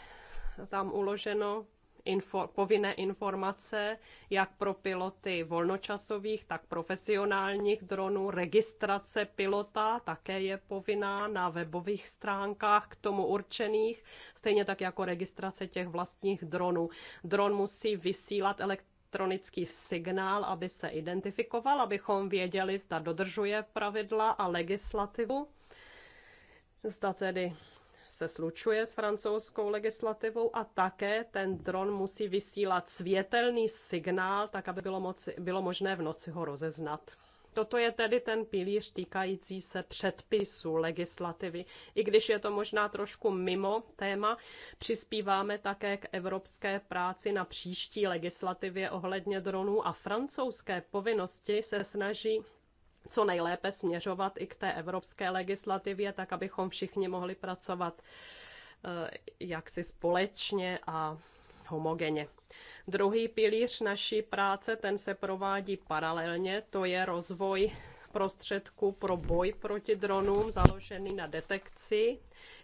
S3: tam uloženo, info, povinné informace jak pro piloty volnočasových, tak profesionálních dronů. Registrace pilota také je povinná na webových stránkách k tomu určených, stejně tak jako registrace těch vlastních dronů. Dron musí vysílat elektronické elektronický signál, aby se identifikoval, abychom věděli, zda dodržuje pravidla a legislativu, zda tedy se slučuje s francouzskou legislativou a také ten dron musí vysílat světelný signál, tak aby bylo, moci, bylo možné v noci ho rozeznat. Toto je tedy ten pilíř týkající se předpisu legislativy. I když je to možná trošku mimo téma, přispíváme také k evropské práci na příští legislativě ohledně dronů a francouzské povinnosti se snaží co nejlépe směřovat i k té evropské legislativě, tak abychom všichni mohli pracovat eh, jaksi společně a homogeně. Druhý pilíř naší práce, ten se provádí paralelně, to je rozvoj prostředků pro boj proti dronům založený na detekci,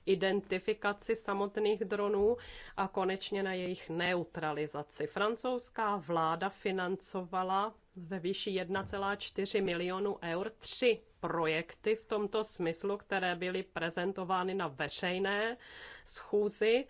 S3: identifikaci samotných dronů a konečně na jejich neutralizaci. Francouzská vláda financovala ve výši 1,4 milionu eur tři projekty v tomto smyslu, které byly prezentovány na veřejné schůzi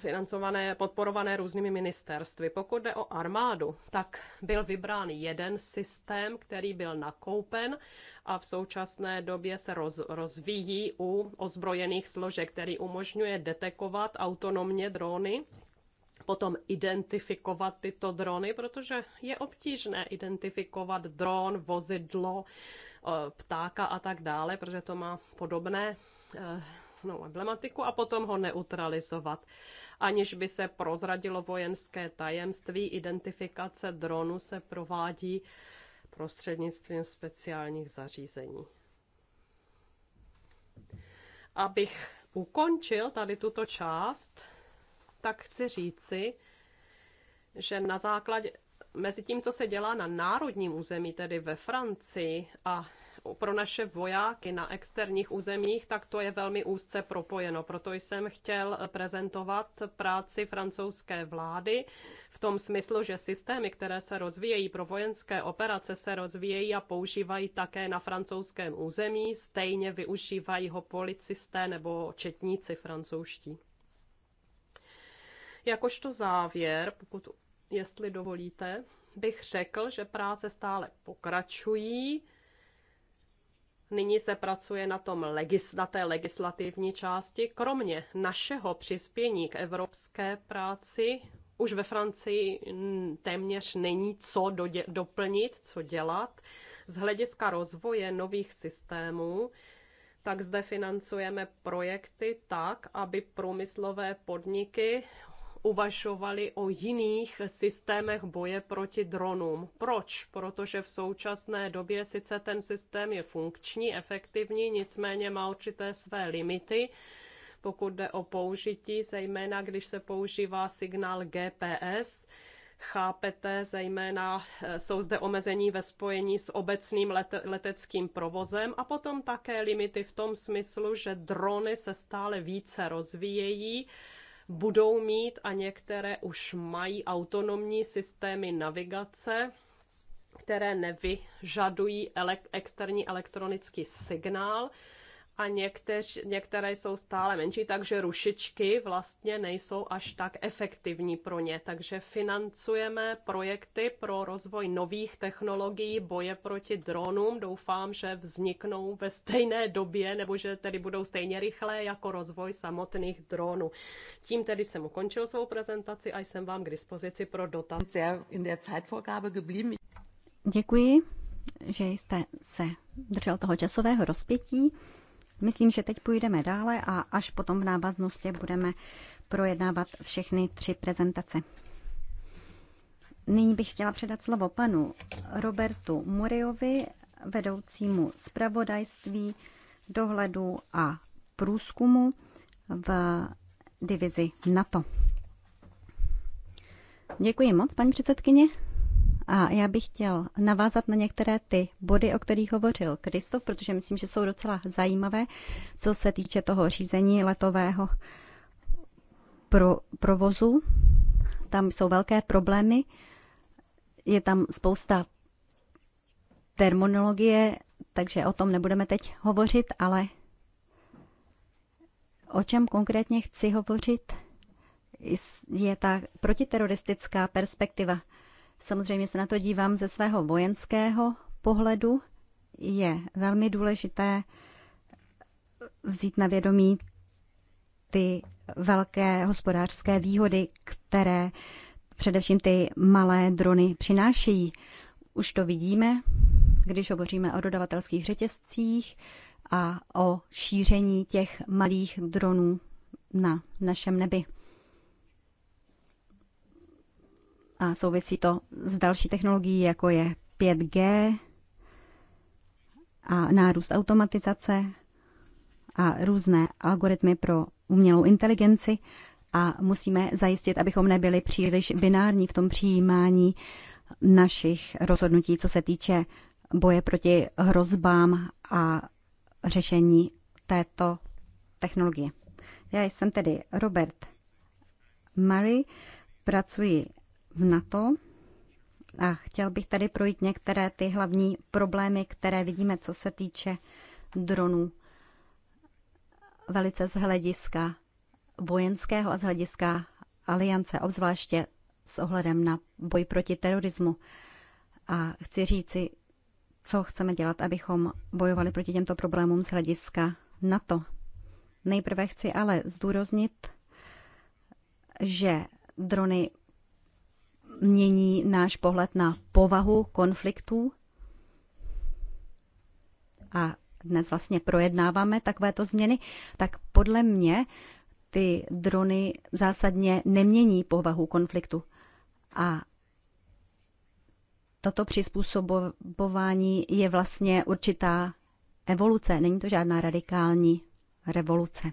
S3: financované, podporované různými ministerstvy. Pokud jde o armádu, tak byl vybrán jeden systém, který byl nakoupen a v současné době se roz, rozvíjí u ozbrojených složek, který umožňuje detekovat autonomně drony potom identifikovat tyto drony, protože je obtížné identifikovat dron, vozidlo, eh, ptáka a tak dále, protože to má podobné eh, no, emblematiku a potom ho neutralizovat. Aniž by se prozradilo vojenské tajemství, identifikace dronu se provádí prostřednictvím speciálních zařízení. Abych ukončil tady tuto část, tak chci říci, že na základě, mezi tím, co se dělá na národním území, tedy ve Francii a pro naše vojáky na externích územích, tak to je velmi úzce propojeno. Proto jsem chtěl prezentovat práci francouzské vlády v tom smyslu, že systémy, které se rozvíjejí pro vojenské operace, se rozvíjejí a používají také na francouzském území, stejně využívají ho policisté nebo četníci francouzští. Jakožto závěr, pokud jestli dovolíte, bych řekl, že práce stále pokračují. Nyní se pracuje na, tom legis, na té legislativní části. Kromě našeho přispění k evropské práci už ve Francii téměř není co dodě- doplnit, co dělat. Z hlediska rozvoje nových systémů, tak zde financujeme projekty tak, aby průmyslové podniky uvažovali o jiných systémech boje proti dronům. Proč? Protože v současné době sice ten systém je funkční, efektivní, nicméně má určité své limity pokud jde o použití, zejména když se používá signál GPS. Chápete, zejména e, jsou zde omezení ve spojení s obecným leteckým provozem a potom také limity v tom smyslu, že drony se stále více rozvíjejí budou mít a některé už mají autonomní systémy navigace, které nevyžadují ele- externí elektronický signál a někteř, některé jsou stále menší, takže rušičky vlastně nejsou až tak efektivní pro ně. Takže financujeme projekty pro rozvoj nových technologií boje proti dronům. Doufám, že vzniknou ve stejné době nebo že tedy budou stejně rychlé jako rozvoj samotných dronů. Tím tedy jsem ukončil svou prezentaci a jsem vám k dispozici pro dotaz.
S4: Děkuji, že jste se držel toho časového rozpětí. Myslím, že teď půjdeme dále a až potom v návaznosti budeme projednávat všechny tři prezentace. Nyní bych chtěla předat slovo panu Robertu Muriovi, vedoucímu zpravodajství, dohledu a průzkumu v divizi NATO. Děkuji moc, paní předsedkyně. A já bych chtěl navázat na některé ty body, o kterých hovořil Kristof, protože myslím, že jsou docela zajímavé, co se týče toho řízení letového pro, provozu. Tam jsou velké problémy, je tam spousta terminologie, takže o tom nebudeme teď hovořit, ale o čem konkrétně chci hovořit, je ta protiteroristická perspektiva – samozřejmě se na to dívám ze svého vojenského pohledu, je velmi důležité vzít na vědomí ty velké hospodářské výhody, které především ty malé drony přinášejí. Už to vidíme, když hovoříme o dodavatelských řetězcích a o šíření těch malých dronů na našem nebi. a souvisí to s další technologií, jako je 5G a nárůst automatizace a různé algoritmy pro umělou inteligenci a musíme zajistit, abychom nebyli příliš binární v tom přijímání našich rozhodnutí, co se týče boje proti hrozbám a řešení této technologie. Já jsem tedy Robert Murray, pracuji v NATO. A chtěl bych tady projít některé ty hlavní problémy, které vidíme, co se týče dronů. Velice z hlediska vojenského a z hlediska aliance, obzvláště s ohledem na boj proti terorismu. A chci říci, co chceme dělat, abychom bojovali proti těmto problémům z hlediska NATO. Nejprve chci ale zdůraznit, že drony mění náš pohled na povahu konfliktů. A dnes vlastně projednáváme takovéto změny, tak podle mě ty drony zásadně nemění povahu konfliktu. A toto přizpůsobování je vlastně určitá evoluce, není to žádná radikální revoluce.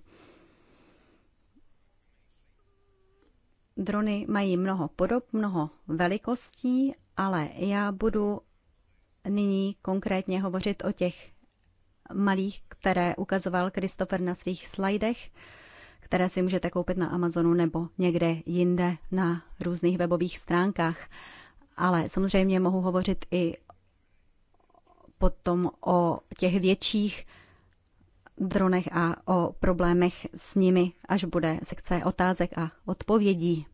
S4: Drony mají mnoho podob, mnoho velikostí, ale já budu nyní konkrétně hovořit o těch malých, které ukazoval Christopher na svých slajdech, které si můžete koupit na Amazonu nebo někde jinde na různých webových stránkách. Ale samozřejmě mohu hovořit i potom o těch větších dronech a o problémech s nimi, až bude sekce otázek a odpovědí.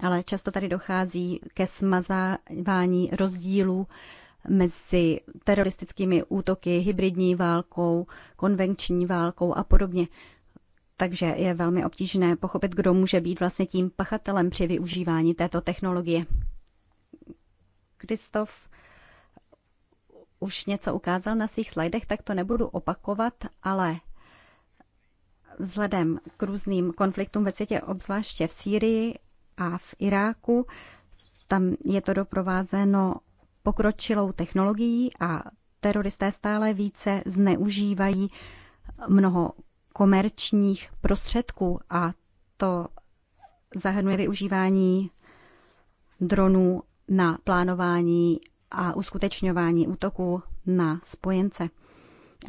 S4: Ale často tady dochází ke smazávání rozdílů mezi teroristickými útoky, hybridní válkou, konvenční válkou a podobně. Takže je velmi obtížné pochopit, kdo může být vlastně tím pachatelem při využívání této technologie. Kristof už něco ukázal na svých slajdech, tak to nebudu opakovat, ale vzhledem k různým konfliktům ve světě, obzvláště v Sýrii a v Iráku, tam je to doprovázeno pokročilou technologií a teroristé stále více zneužívají mnoho komerčních prostředků a to zahrnuje využívání dronů na plánování a uskutečňování útoků na spojence.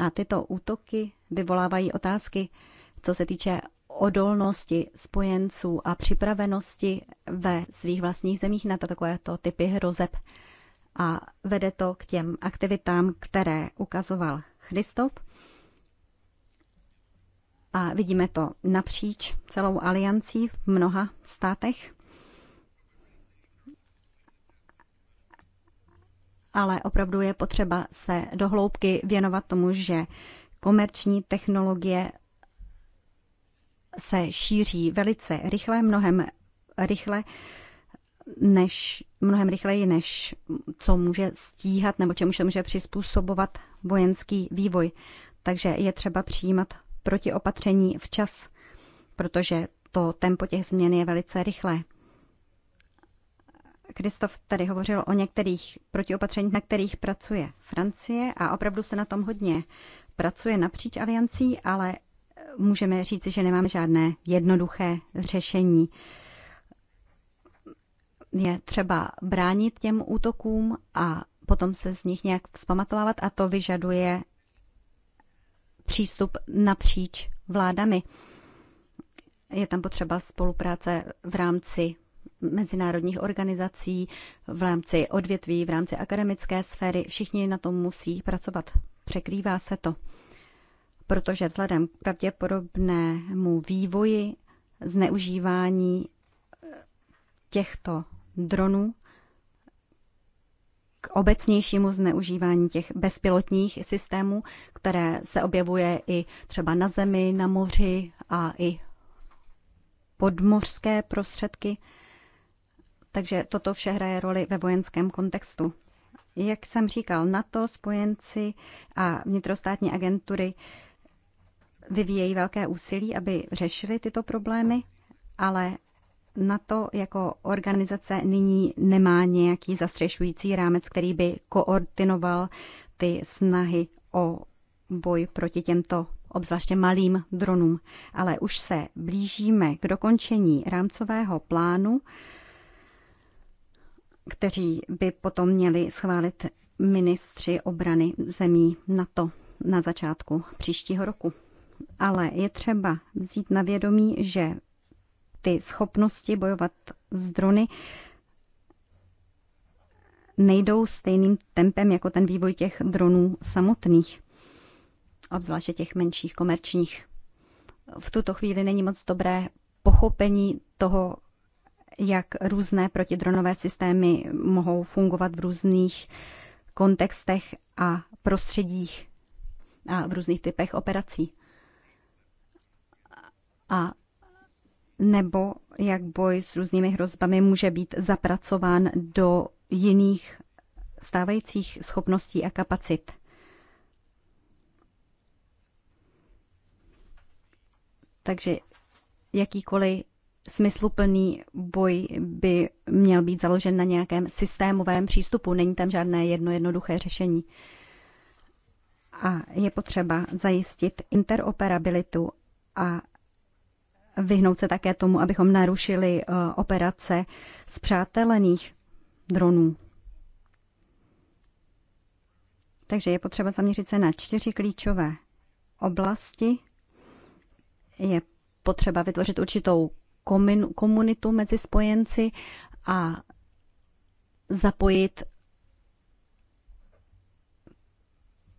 S4: A tyto útoky vyvolávají otázky, co se týče odolnosti spojenců a připravenosti ve svých vlastních zemích na takovéto typy hrozeb. A vede to k těm aktivitám, které ukazoval Christoph. A vidíme to napříč celou aliancí v mnoha státech. ale opravdu je potřeba se dohloubky věnovat tomu, že komerční technologie se šíří velice rychle, mnohem rychle, než, mnohem rychleji, než co může stíhat nebo čemu se může přizpůsobovat vojenský vývoj. Takže je třeba přijímat protiopatření včas, protože to tempo těch změn je velice rychlé. Kristof tady hovořil o některých protiopatřeních, na kterých pracuje Francie a opravdu se na tom hodně pracuje napříč aliancí, ale můžeme říci, že nemáme žádné jednoduché řešení. Je třeba bránit těm útokům a potom se z nich nějak vzpamatovávat a to vyžaduje přístup napříč vládami. Je tam potřeba spolupráce v rámci mezinárodních organizací, v rámci odvětví, v rámci akademické sféry. Všichni na tom musí pracovat. Překrývá se to. Protože vzhledem k pravděpodobnému vývoji zneužívání eh, těchto dronů k obecnějšímu zneužívání těch bezpilotních systémů, které se objevuje i třeba na zemi, na moři a i podmořské prostředky. Takže toto vše hraje roli ve vojenském kontextu. Jak jsem říkal, NATO, spojenci a vnitrostátní agentury vyvíjejí velké úsilí, aby řešili tyto problémy, ale na to jako organizace nyní nemá nějaký zastřešující rámec, který by koordinoval ty snahy o boj proti těmto obzvláště malým dronům. Ale už se blížíme k dokončení rámcového plánu, kteří by potom měli schválit ministři obrany zemí NATO na začátku příštího roku. Ale je třeba vzít na vědomí, že ty schopnosti bojovat s drony nejdou stejným tempem jako ten vývoj těch dronů samotných, obzvláště těch menších komerčních. V tuto chvíli není moc dobré pochopení toho, jak různé protidronové systémy mohou fungovat v různých kontextech a prostředích a v různých typech operací. A nebo jak boj s různými hrozbami může být zapracován do jiných stávajících schopností a kapacit. Takže jakýkoliv smysluplný boj by měl být založen na nějakém systémovém přístupu. Není tam žádné jedno jednoduché řešení. A je potřeba zajistit interoperabilitu a vyhnout se také tomu, abychom narušili eh, operace zpřátelených dronů. Takže je potřeba zaměřit se na čtyři klíčové oblasti. Je potřeba vytvořit určitou komunitu mezi spojenci a zapojit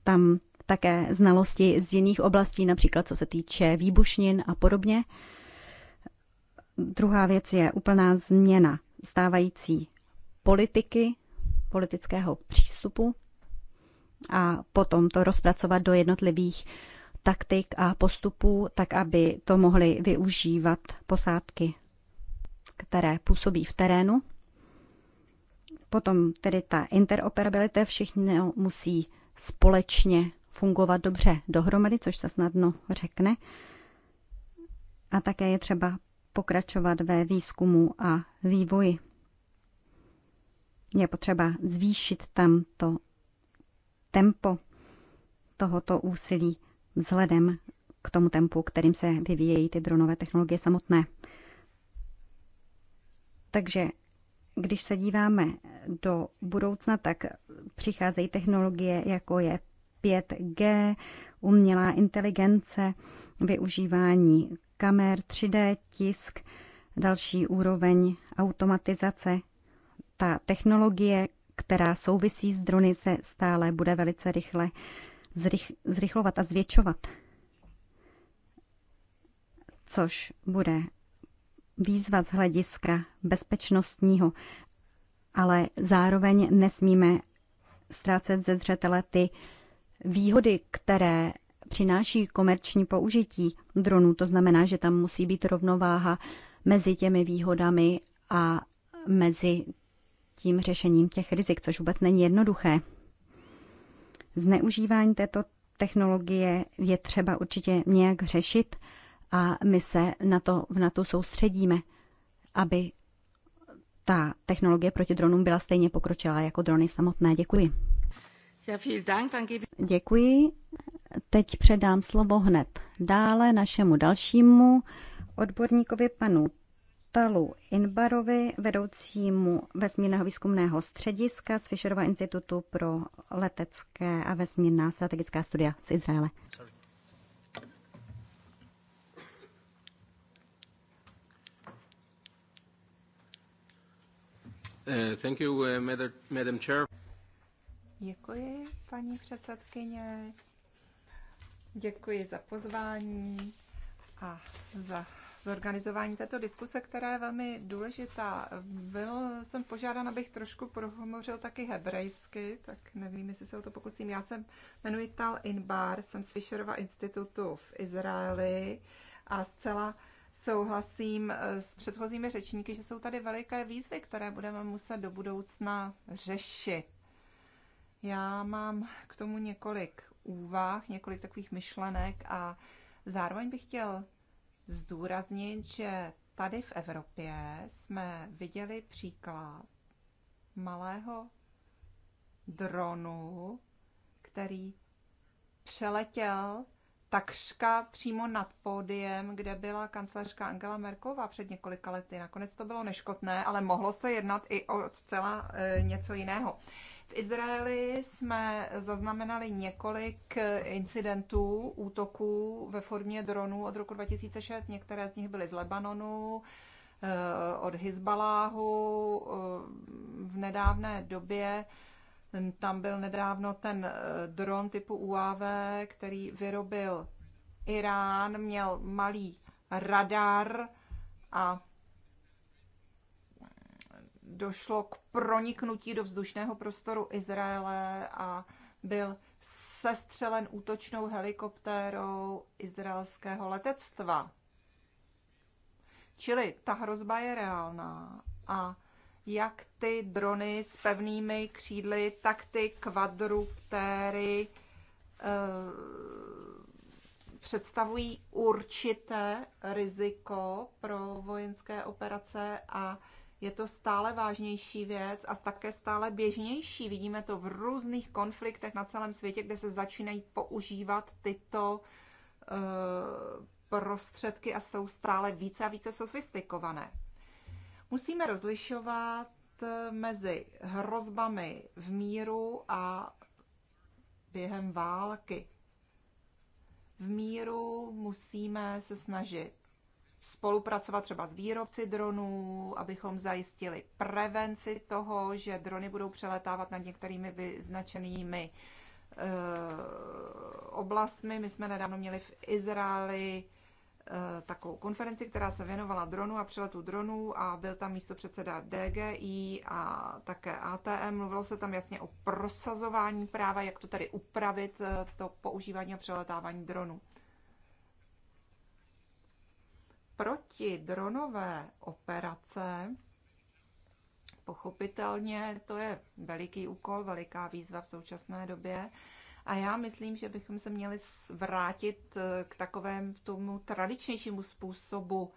S4: tam také znalosti z jiných oblastí, například co se týče výbušnin a podobně. Druhá věc je úplná změna stávající politiky, politického přístupu a potom to rozpracovat do jednotlivých taktik a postupů, tak aby to mohly využívat posádky, které působí v terénu. Potom tedy ta interoperabilita všichni musí společně fungovat dobře dohromady, což se snadno řekne. A také je třeba pokračovat ve výzkumu a vývoji. Je potřeba zvýšit tam to tempo tohoto úsilí vzhledem k tomu tempu, kterým se vyvíjejí ty dronové technologie samotné. Takže když se díváme do budoucna, tak přicházejí technologie, jako je 5G, umělá inteligence, využívání kamer, 3D tisk, další úroveň automatizace. Ta technologie, která souvisí s drony, se stále bude velice rychle zrych, zrychlovat a zvětšovat, což bude výzva z hlediska bezpečnostního, ale zároveň nesmíme ztrácet ze zřetele ty výhody, které přináší komerční použití dronů. To znamená, že tam musí být rovnováha mezi těmi výhodami a mezi tím řešením těch rizik, což vůbec není jednoduché. Zneužívání této technologie je třeba určitě nějak řešit a my se na to v NATO soustředíme, aby ta technologie proti dronům byla stejně pokročilá jako drony samotné. Děkuji. Děkuji. Teď předám slovo hned dále našemu dalšímu odborníkovi panu Patalu Inbarovi, vedoucímu vesmírného výzkumného střediska z Fisherova institutu pro letecké a vesmírná strategická studia z Izraele.
S2: Uh, thank you, uh, Madam Chair.
S1: Děkuji, paní předsedkyně. Děkuji za pozvání a za zorganizování této diskuse, která je velmi důležitá. Byl jsem požádán, abych trošku prohomořil taky hebrejsky, tak nevím, jestli se o to pokusím. Já jsem jmenuji Tal Inbar, jsem z Fisherova institutu v Izraeli a zcela souhlasím eh, s předchozími řečníky, že jsou tady veliké výzvy, které budeme muset do budoucna řešit. Já mám k tomu několik úvah, několik takových myšlenek a zároveň bych chtěl zdůraznit, že tady v Evropě jsme viděli příklad malého dronu, který přeletěl takřka přímo nad pódiem, kde byla kancelářka Angela Merklová před několika lety. Nakonec to bylo neškodné, ale mohlo se jednat i o zcela e, něco jiného. E, v Izraeli jsme zaznamenali několik incidentů, útoků ve formě dronů od roku 2006. Některé z nich byly z Lebanonu, eh, od Hezbaláhu eh, V nedávné době tam byl nedávno ten eh, dron typu UAV, který vyrobil Irán, měl malý radar a došlo k proniknutí do vzdušného prostoru Izraele a byl sestřelen útočnou helikoptérou izraelského letectva. Čili ta hrozba je reálná a jak ty drony s pevnými křídly, tak ty kvadruptéry e, představují určité riziko pro vojenské operace a je to stále vážnější věc a také stále běžnější. Vidíme to v různých konfliktech na celém světě, kde se začínají používat tyto eh, prostředky a jsou stále více a více sofistikované. Musíme rozlišovat eh, mezi hrozbami v míru a během války. V míru musíme se snažit spolupracovat třeba s výrobci dronů, abychom zajistili prevenci toho, že drony budou přeletávat nad některými vyznačenými e, oblastmi. My jsme nedávno měli v Izraeli e, takovou konferenci, která se věnovala dronu a přeletu dronů a byl tam místo předseda DGI a také ATM. Mluvilo se tam jasně o prosazování práva, jak to tady upravit, eh, to používání a přeletávání dronů. Proti dronové operace, pochopitelně to je veliký úkol, veliká výzva v současné době. A já myslím, že bychom se měli vrátit eh, k takovému tomu tradičnějšímu způsobu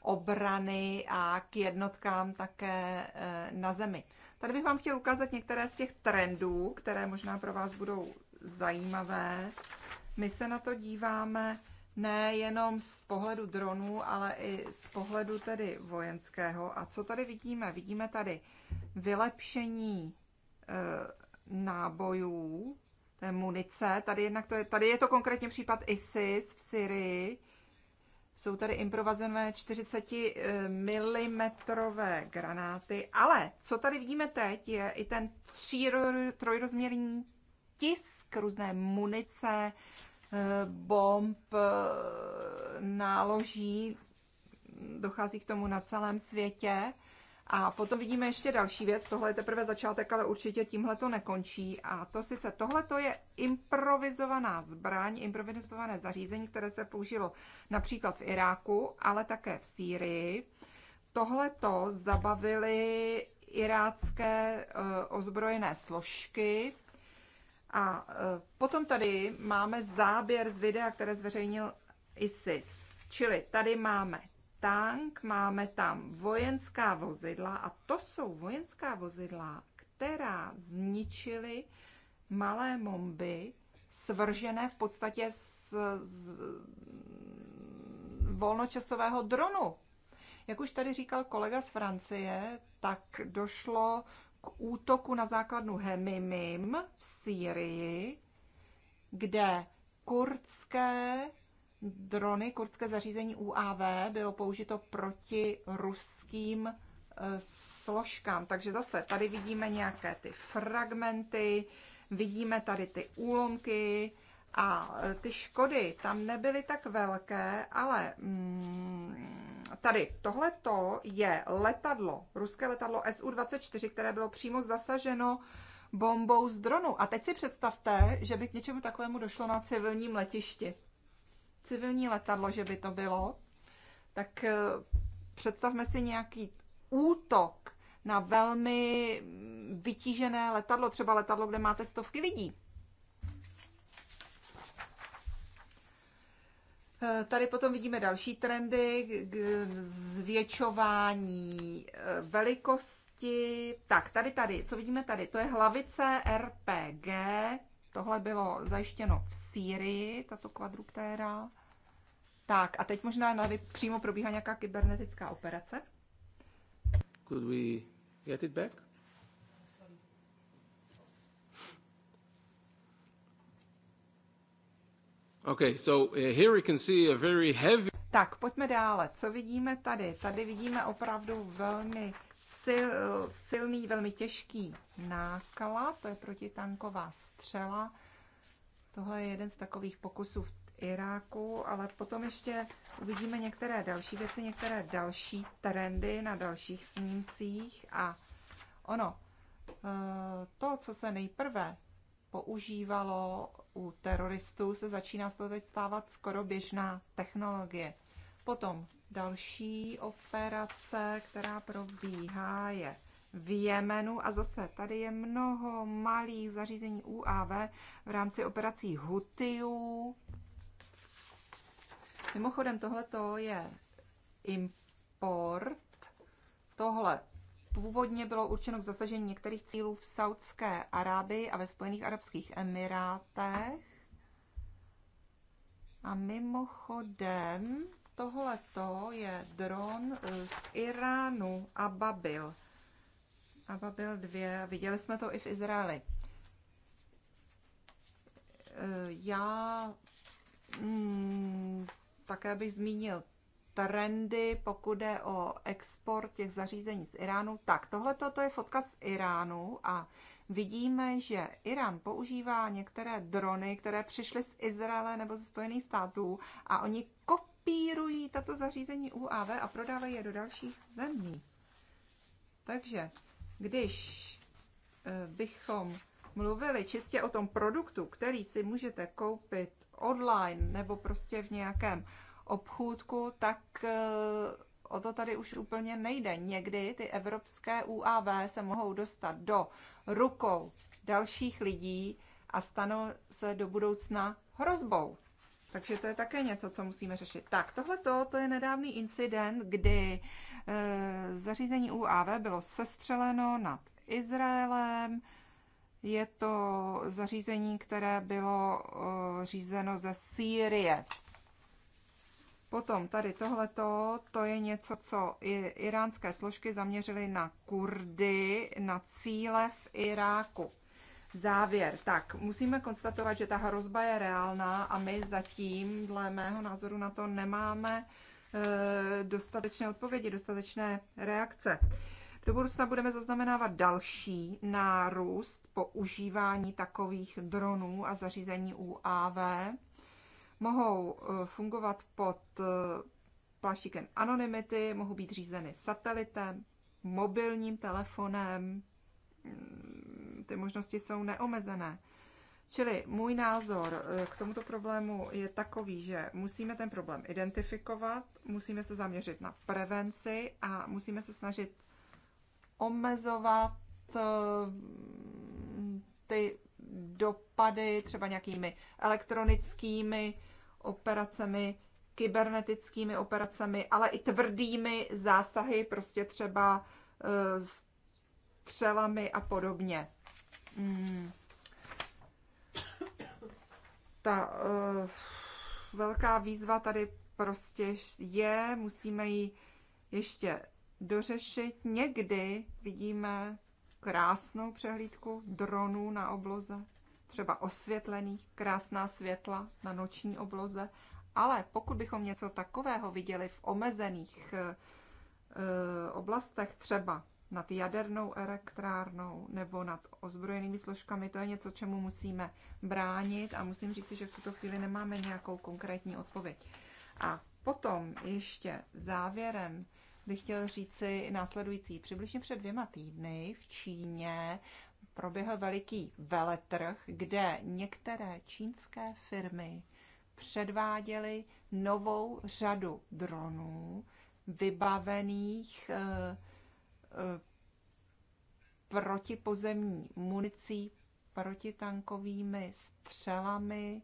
S1: obrany a k jednotkám také eh, na zemi. Tady bych vám chtěl ukázat některé z těch trendů, které možná pro vás budou zajímavé. My se na to díváme ne jenom z pohledu dronů, ale i z pohledu tedy vojenského. A co tady vidíme? Vidíme tady vylepšení e, nábojů, té munice. Tady, jednak to je, tady je to konkrétně případ ISIS v Syrii. Jsou tady improvizované 40 e, mm granáty, ale co tady vidíme teď je i ten tří, trojrozměrný tisk různé munice, bomb, eh, náloží, dochází k tomu na celém světě. A potom vidíme ještě další věc, tohle je teprve začátek, ale určitě tímhle to nekončí. A to sice, tohle to je improvizovaná zbraň, improvizované zařízení, které se použilo například v Iráku, ale také v Sýrii. Tohle to zabavili irácké eh, ozbrojené složky a e, potom tady máme záběr z videa, které zveřejnil ISIS. Čili tady máme tank, máme tam vojenská vozidla a to jsou vojenská vozidla, která zničily malé bomby svržené v podstatě z, z volnočasového dronu. Jak už tady říkal kolega z Francie, tak došlo k útoku na základnu Hemimim v Sýrii, kde kurdské drony, kurdské zařízení UAV bylo použito proti ruským e, složkám. Takže zase tady vidíme nějaké ty fragmenty, vidíme tady ty úlomky a e, ty škody tam nebyly tak velké, ale mm, tady tohleto je letadlo, ruské letadlo SU-24, které bylo přímo zasaženo bombou z dronu. A teď si představte, že by k něčemu takovému došlo na civilním letišti. Civilní letadlo, že by to bylo. Tak eh, představme si nějaký útok na velmi vytížené letadlo, třeba letadlo, kde máte stovky lidí. Eh, tady potom vidíme další trendy, zvětšování eh, velikosti. Tak, tady, tady, co vidíme tady, to je hlavice RPG. Tohle bylo zajištěno v Sýrii, tato kvadruktéra. Tak, a teď možná tady přímo probíhá nějaká kybernetická operace.
S2: Could we get it back? Okay, so uh, here we can see a very heavy...
S1: Tak, pojďme dále. Co vidíme tady? Tady vidíme opravdu velmi sil, silný, velmi těžký náklad, to je protitanková střela. Tohle je jeden z takových pokusů v Iráku, ale potom ještě uvidíme některé další věci, některé další trendy na dalších snímcích a ono, eh, to, co se nejprve používalo u teroristů se začíná z toho teď stávat skoro běžná technologie. Potom další operace, která probíhá, je v Jemenu a zase tady je mnoho malých zařízení UAV v rámci operací Hutiů. Mimochodem tohle to je import. Tohle původně bylo určeno k zasažení některých cílů v Saudské Arábii a ve Spojených Arabských Emirátech. A mimochodem, tohleto je dron z Iránu Ababil. Ababil 2, viděli jsme to i v Izraeli. E, já mm, také bych zmínil trendy, pokud jde o export těch zařízení z Iránu. Tak, tohle to je fotka z Iránu a vidíme, že Irán používá některé drony, které přišly z Izraele nebo ze Spojených států a oni kopírují tato zařízení UAV a prodávají je do dalších zemí. Takže, když eh, bychom mluvili čistě o tom produktu, který si můžete koupit online nebo prostě v nějakém obchůdku, tak eh, o to tady už úplně nejde. Někdy ty evropské UAV se mohou dostat do rukou dalších lidí a stanou se do budoucna hrozbou. Takže to je také něco, co musíme řešit. Tak, tohle to je nedávný incident, kdy e, zařízení UAV bylo sestřeleno nad Izraelem. Je to zařízení, které bylo e, řízeno ze Sýrie. Potom tady tohleto, to je něco, co iránské složky zaměřily na Kurdy, na cíle v Iráku. Závěr. Tak, musíme konstatovat, že ta hrozba je reálná a my zatím, dle mého názoru, na to nemáme e, dostatečné odpovědi, dostatečné reakce. Do budoucna budeme zaznamenávat další nárůst používání takových dronů a zařízení UAV mohou eh, fungovat pod eh, pláštíkem anonymity, mohou být řízeny satelitem, mobilním telefonem. Mm, ty možnosti jsou neomezené. Čili můj názor eh, k tomuto problému je takový, že musíme ten problém identifikovat, musíme se zaměřit na prevenci a musíme se snažit omezovat ty dopady, třeba nějakými elektronickými operacemi, kybernetickými operacemi, ale i tvrdými zásahy, prostě třeba eh, střelami a podobně. Hmm. Ta uh, velká výzva tady prostě je, musíme ji ještě dořešit. Někdy vidíme krásnou přehlídku dronů na obloze, třeba osvětlených, krásná světla na noční obloze, ale pokud bychom něco takového viděli v omezených e, oblastech, třeba nad jadernou elektrárnou nebo nad ozbrojenými složkami, to je něco, čemu musíme bránit a musím říct, že v tuto chvíli nemáme nějakou konkrétní odpověď. A potom ještě závěrem bych chtěl říci následující. Přibližně před dvěma týdny v Číně proběhl veliký veletrh, kde některé čínské firmy předváděly novou řadu dronů vybavených eh, eh, protipozemní municí, protitankovými střelami,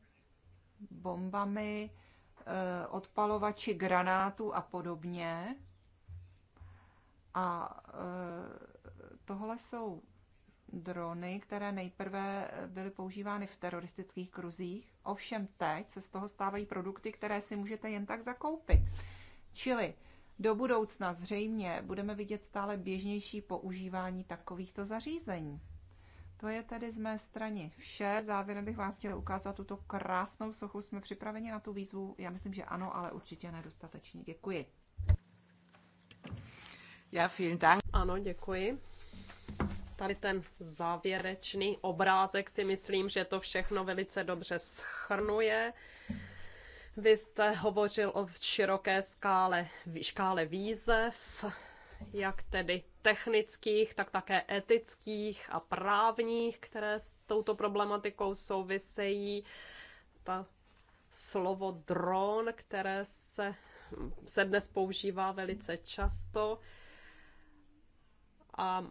S1: bombami, eh, odpalovači granátů a podobně. A eh, tohle jsou drony, které nejprve byly používány v teroristických kruzích, ovšem teď se z toho stávají produkty, které si můžete jen tak zakoupit. Čili do budoucna zřejmě budeme vidět stále běžnější používání takovýchto zařízení. To je tedy z mé strany vše. Závěrem bych vám chtěla ukázat tuto krásnou sochu. Jsme připraveni na tu výzvu? Já myslím, že ano, ale určitě nedostatečně. Děkuji. Já
S3: vielen Dank. Ano, děkuji. Tady ten závěrečný obrázek si myslím, že to všechno velice dobře schrnuje. Vy jste hovořil o široké skále, škále výzev, jak tedy technických, tak také etických a právních, které s touto problematikou souvisejí. Ta slovo dron, které se, se dnes používá velice často, a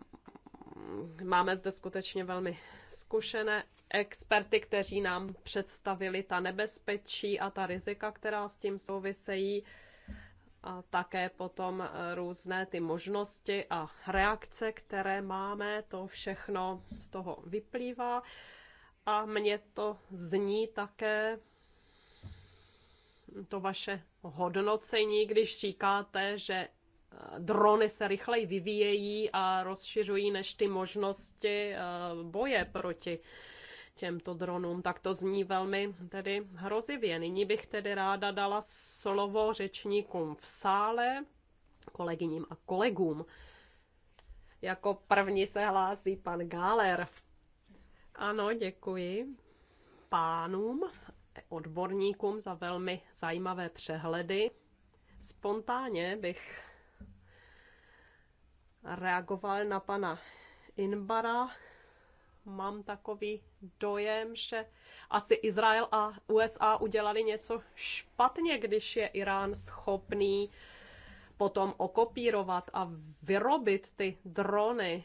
S3: máme zde skutečně velmi zkušené experty, kteří nám představili ta nebezpečí a ta rizika, která s tím souvisejí, a také potom různé ty možnosti a reakce, které máme, to všechno z toho vyplývá. A mně to zní také to vaše hodnocení, když říkáte, že drony se rychleji vyvíjejí a rozšiřují než ty možnosti eh, boje proti těmto dronům. Tak to zní velmi tedy hrozivě. Nyní bych tedy ráda dala slovo řečníkům v sále, kolegyním a kolegům. Jako první se hlásí pan Gáler. Ano, děkuji pánům, odborníkům za velmi zajímavé přehledy. Spontánně bych reagoval na pana Inbara, mám takový dojem, že asi Izrael a USA udělali něco špatně, když je Irán schopný potom okopírovat a vyrobit ty drony.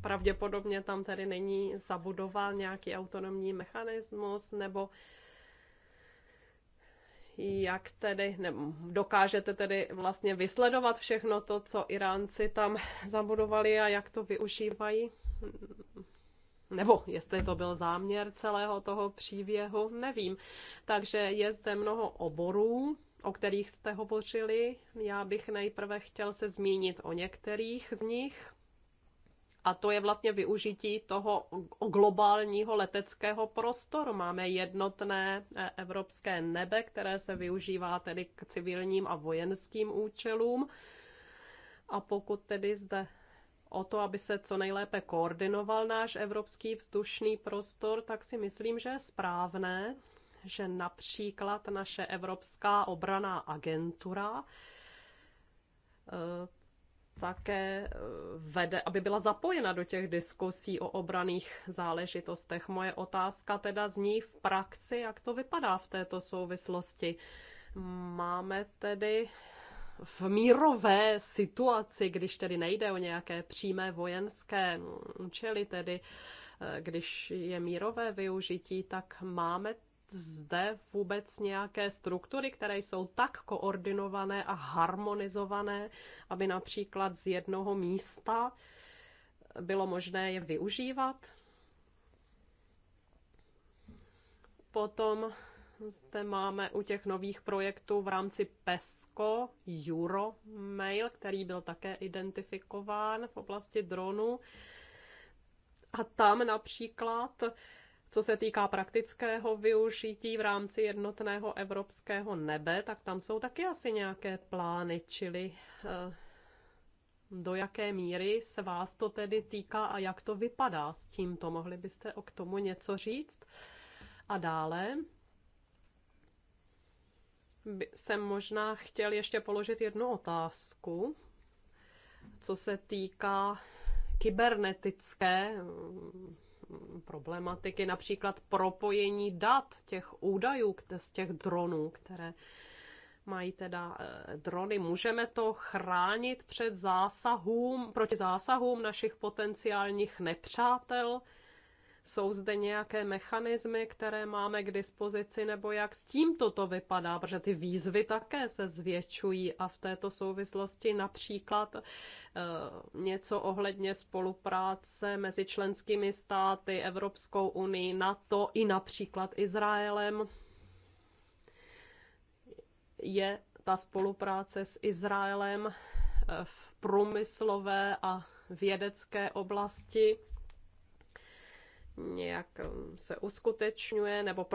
S3: Pravděpodobně tam tedy není zabudován nějaký autonomní mechanismus nebo jak tedy ne, dokážete tedy vlastně vysledovat všechno to, co Iránci tam zabudovali a jak to využívají? Nebo jestli to byl záměr celého toho příběhu, nevím. Takže je zde mnoho oborů, o kterých jste hovořili. Já bych nejprve chtěl se zmínit o některých z nich. A to je vlastně využití toho globálního leteckého prostoru. Máme jednotné eh, evropské nebe, které se využívá tedy k civilním a vojenským účelům. A pokud tedy zde o to, aby se co nejlépe koordinoval náš evropský vzdušný prostor, tak si myslím, že je správné, že například naše Evropská obraná agentura eh, také eh, vede, aby byla zapojena do těch diskusí o obraných záležitostech. Moje otázka teda zní v praxi, jak to vypadá v této souvislosti. Máme tedy v mírové situaci, když tedy nejde o nějaké přímé vojenské účely, tedy eh, když je mírové využití, tak máme zde vůbec nějaké struktury, které jsou tak koordinované a harmonizované, aby například z jednoho místa bylo možné je využívat? Potom zde máme u těch nových projektů v rámci PESCO Euromail, který byl také identifikován v oblasti dronu. A tam například co se týká praktického využití v rámci jednotného evropského nebe, tak tam jsou taky asi nějaké plány, čili eh, do jaké míry se vás to tedy týká a jak to vypadá s tímto. Mohli byste o k tomu něco říct? A dále jsem možná chtěl ještě položit jednu otázku, co se týká kybernetické problematiky, například propojení dat těch údajů z těch dronů, které mají teda eh, drony. Můžeme to chránit před zásahům, proti zásahům našich potenciálních nepřátel, jsou zde nějaké mechanismy, které máme k dispozici, nebo jak s tím toto vypadá, protože ty výzvy také se zvětšují a v této souvislosti například e, něco ohledně spolupráce mezi členskými státy, Evropskou unii, NATO i například Izraelem. Je ta spolupráce s Izraelem eh, v průmyslové a vědecké oblasti nějak um, se uskutečňuje nebo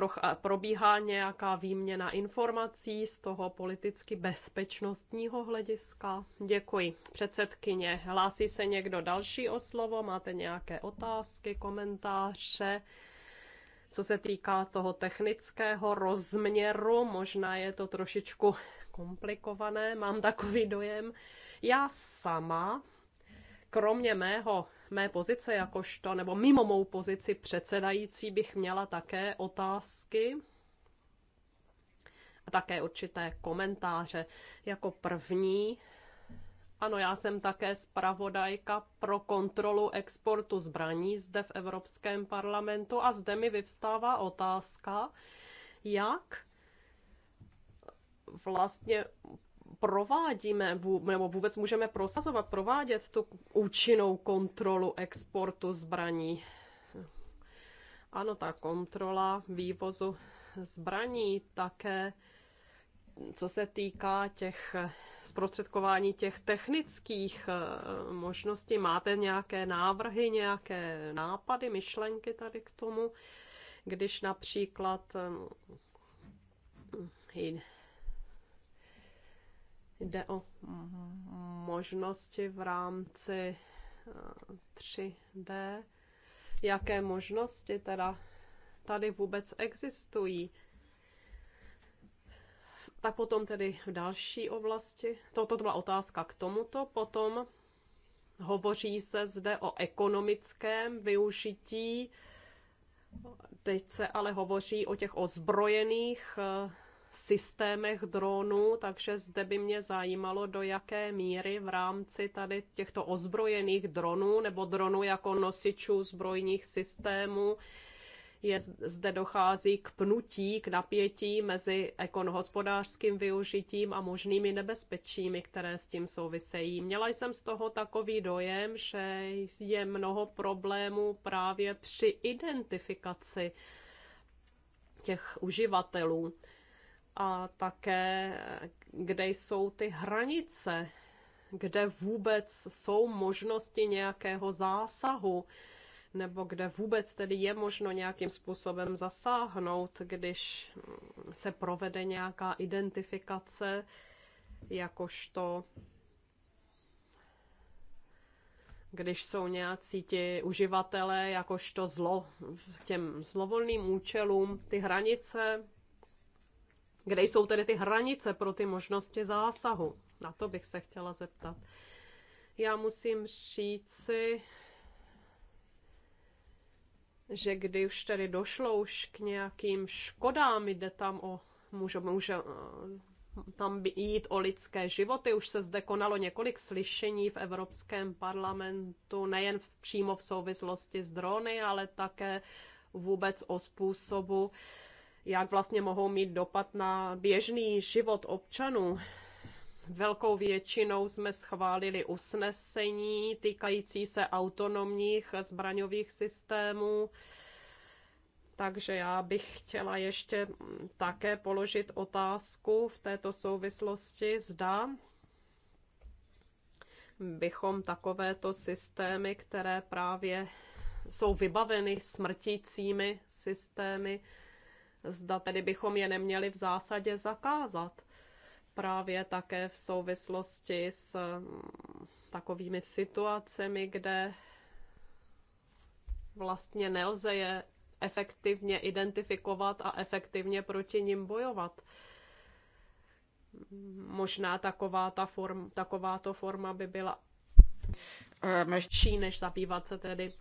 S3: probíhá nějaká výměna informací z toho politicky bezpečnostního hlediska? Děkuji. Předsedkyně, hlásí se někdo další o slovo? Máte nějaké otázky, komentáře? Co se týká toho technického rozměru, možná je to trošičku komplikované, mám takový dojem. Já sama, kromě mého mé pozice jakožto, nebo mimo mou pozici předsedající bych měla také otázky a také určité komentáře. Jako první, ano, já jsem také zpravodajka pro kontrolu exportu zbraní zde v Evropském parlamentu a zde mi vyvstává otázka, jak vlastně provádíme, nebo vůbec můžeme prosazovat, provádět tu účinnou kontrolu exportu zbraní. Ano, ta kontrola vývozu zbraní také, co se týká těch zprostředkování těch technických eh, možností. Máte nějaké návrhy, nějaké nápady, myšlenky tady k tomu, když například eh, Jde o možnosti v rámci 3D. Eh, Jaké možnosti teda tady vůbec existují? Tak potom tedy v další oblasti, toto to byla otázka k tomuto, potom hovoří se zde o ekonomickém využití, teď se ale hovoří o těch ozbrojených eh, systémech dronů, takže zde by mě zajímalo, do jaké míry v rámci tady těchto ozbrojených dronů nebo dronů jako nosičů zbrojních systémů je, zde dochází k pnutí, k napětí mezi ekonohospodářským využitím a možnými nebezpečími, které s tím souvisejí. Měla jsem z toho takový dojem, že je mnoho problémů právě při identifikaci těch uživatelů a také kde jsou ty hranice, kde vůbec jsou možnosti nějakého zásahu, nebo kde vůbec tedy je možno nějakým způsobem zasáhnout, když se provede nějaká identifikace, jakožto když jsou nějací ti uživatelé jakožto zlo, těm zlovolným účelům, ty hranice kde jsou tedy ty hranice pro ty možnosti zásahu? Na to bych se chtěla zeptat. Já musím si, že když už tedy došlo už k nějakým škodám, jde tam o může, může tam jít o lidské životy. Už se zde konalo několik slyšení v Evropském parlamentu, nejen přímo v souvislosti s drony, ale také vůbec o způsobu, jak vlastně mohou mít dopad na běžný život občanů. Velkou většinou jsme schválili usnesení týkající se autonomních zbraňových systémů. Takže já bych chtěla ještě také položit otázku v této souvislosti. Zda bychom takovéto systémy, které právě jsou vybaveny smrtícími systémy, Zda tedy bychom je neměli v zásadě zakázat právě také v souvislosti s mm, takovými situacemi, kde vlastně nelze je efektivně identifikovat a efektivně proti nim bojovat. Možná taková ta form, takováto forma by byla eh, lepší, než zabývat se tedy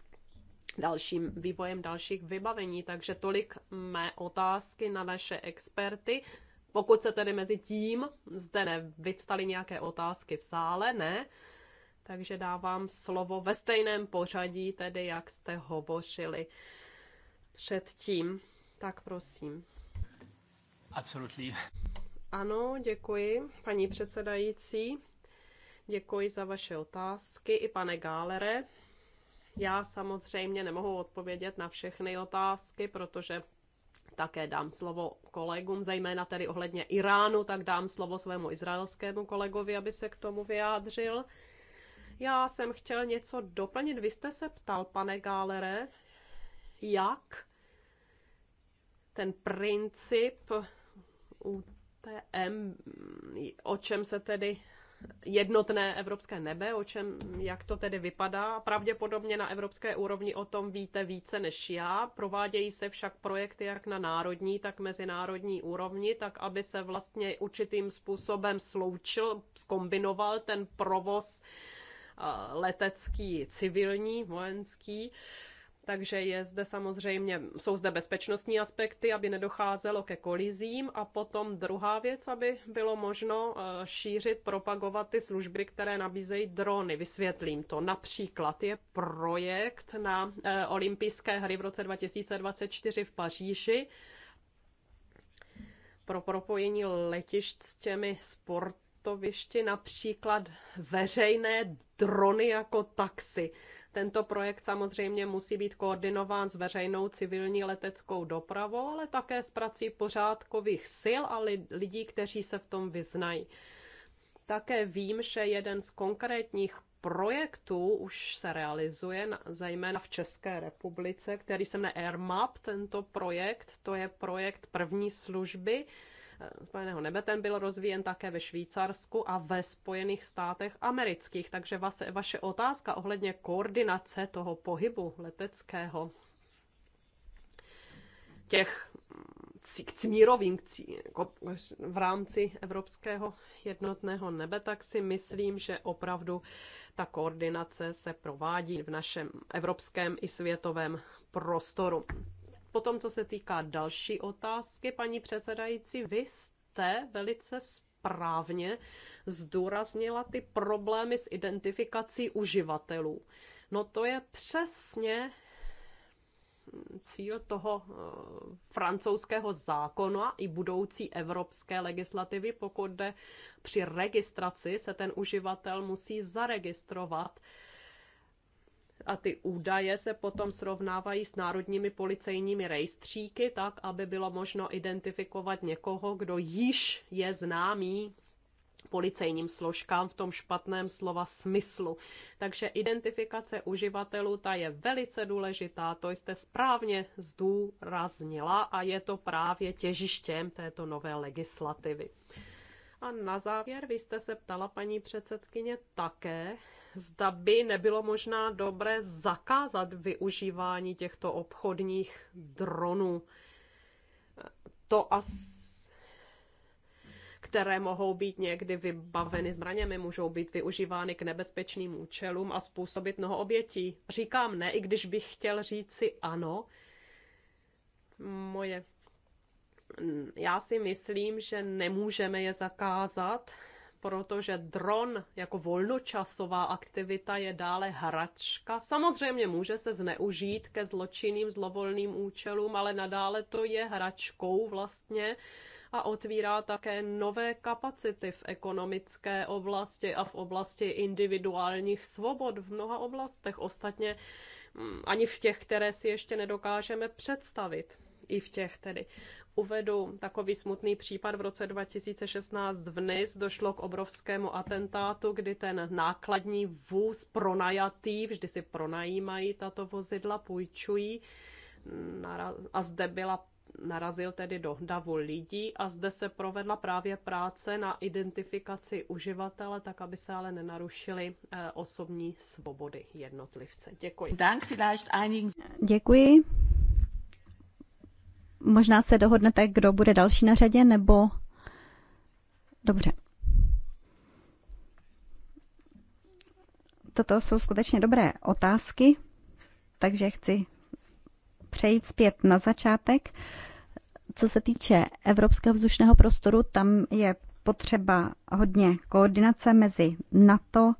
S3: dalším vývojem dalších vybavení. Takže tolik mé otázky na naše experty. Pokud se tedy mezi tím zde nevyvstaly nějaké otázky v sále, ne, takže dávám slovo ve stejném pořadí, tedy jak jste hovořili předtím. Tak prosím.
S4: Absolutně.
S3: Ano, děkuji, paní předsedající. Děkuji za vaše otázky i pane Gálere. Já samozřejmě nemohu odpovědět na všechny otázky, protože také dám slovo kolegům, zejména tedy ohledně Iránu, tak dám slovo svému izraelskému kolegovi, aby se k tomu vyjádřil. Já jsem chtěl něco doplnit. Vy jste se ptal, pane Gálere, jak ten princip UTM, o čem se tedy jednotné evropské nebe, o čem, jak to tedy vypadá. Pravděpodobně na evropské úrovni o tom víte více než já. Provádějí se však projekty jak na národní, tak mezinárodní úrovni, tak aby se vlastně určitým způsobem sloučil, skombinoval ten provoz eh, letecký, civilní, vojenský. Uh, takže je zde samozřejmě, jsou zde bezpečnostní aspekty, aby nedocházelo ke kolizím a potom druhá věc, aby bylo možno eh, šířit, propagovat ty služby, které nabízejí drony. Vysvětlím to. Například je projekt na eh, olympijské hry v roce 2024 v Paříži pro propojení letišť s těmi sportovišti, například veřejné drony jako taxi tento projekt samozřejmě musí být koordinován s veřejnou civilní leteckou dopravou, ale také s prací pořádkových sil a lidí, kteří se v tom vyznají. Také vím, že jeden z konkrétních projektů už se realizuje, zejména v České republice, který se jmenuje AirMap, tento projekt, to je projekt první služby, Spojeného nebe. Ten byl rozvíjen také ve Švýcarsku a ve Spojených státech amerických. Takže vaše, vaše otázka ohledně koordinace toho pohybu leteckého těch k cmírovým jako v rámci Evropského jednotného nebe, tak si myslím, že opravdu ta koordinace se provádí v našem evropském i světovém prostoru. Potom, co se týká další otázky, paní předsedající, vy jste velice správně zdůraznila ty problémy s identifikací uživatelů. No to je přesně cíl toho eh, francouzského zákona i budoucí evropské legislativy, pokud jde při registraci, se ten uživatel musí zaregistrovat a ty údaje se potom srovnávají s národními policejními rejstříky, tak aby bylo možno identifikovat někoho, kdo již je známý policejním složkám v tom špatném slova smyslu. Takže identifikace uživatelů, ta je velice důležitá, to jste správně zdůraznila a je to právě těžištěm této nové legislativy. A na závěr, vy jste se ptala, paní předsedkyně, také, zda by nebylo možná dobré zakázat využívání těchto obchodních dronů. To asi které mohou být někdy vybaveny zbraněmi, můžou být využívány k nebezpečným účelům a způsobit mnoho obětí. Říkám ne, i když bych chtěl říci ano. Moje. Já si myslím, že nemůžeme je zakázat, protože dron jako volnočasová aktivita je dále hračka. Samozřejmě může se zneužít ke zločinným, zlovolným účelům, ale nadále to je hračkou vlastně a otvírá také nové kapacity v ekonomické oblasti a v oblasti individuálních svobod v mnoha oblastech. Ostatně mm, ani v těch, které si ještě nedokážeme představit i v těch tedy uvedu takový smutný případ. V roce 2016 v NIS došlo k obrovskému atentátu, kdy ten nákladní vůz pronajatý, vždy si pronajímají tato vozidla, půjčují, a zde byla narazil tedy do davu lidí a zde se provedla právě práce na identifikaci uživatele, tak aby se ale nenarušily eh, osobní svobody jednotlivce. Děkuji.
S4: Děkuji. Možná se dohodnete, kdo bude další na řadě, nebo... Dobře. Toto jsou skutečně dobré otázky, takže chci přejít zpět na začátek. Co se týče evropského vzdušného prostoru, tam je potřeba hodně koordinace mezi NATO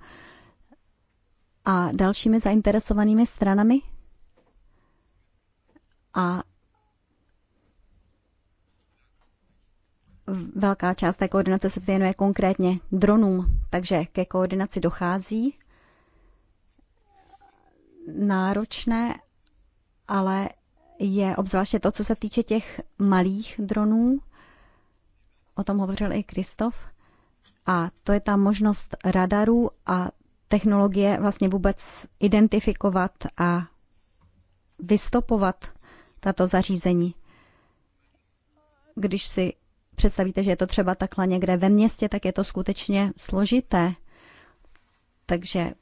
S4: a dalšími zainteresovanými stranami. A velká část té koordinace se věnuje konkrétně dronům, takže ke koordinaci dochází. Náročné, ale je obzvláště to, co se týče těch malých dronů, o tom hovořil i Kristof, a to je ta možnost radarů a technologie vlastně vůbec identifikovat a vystopovat tato zařízení. Když si představíte, že je to třeba takhle někde ve městě, tak je to skutečně složité. Takže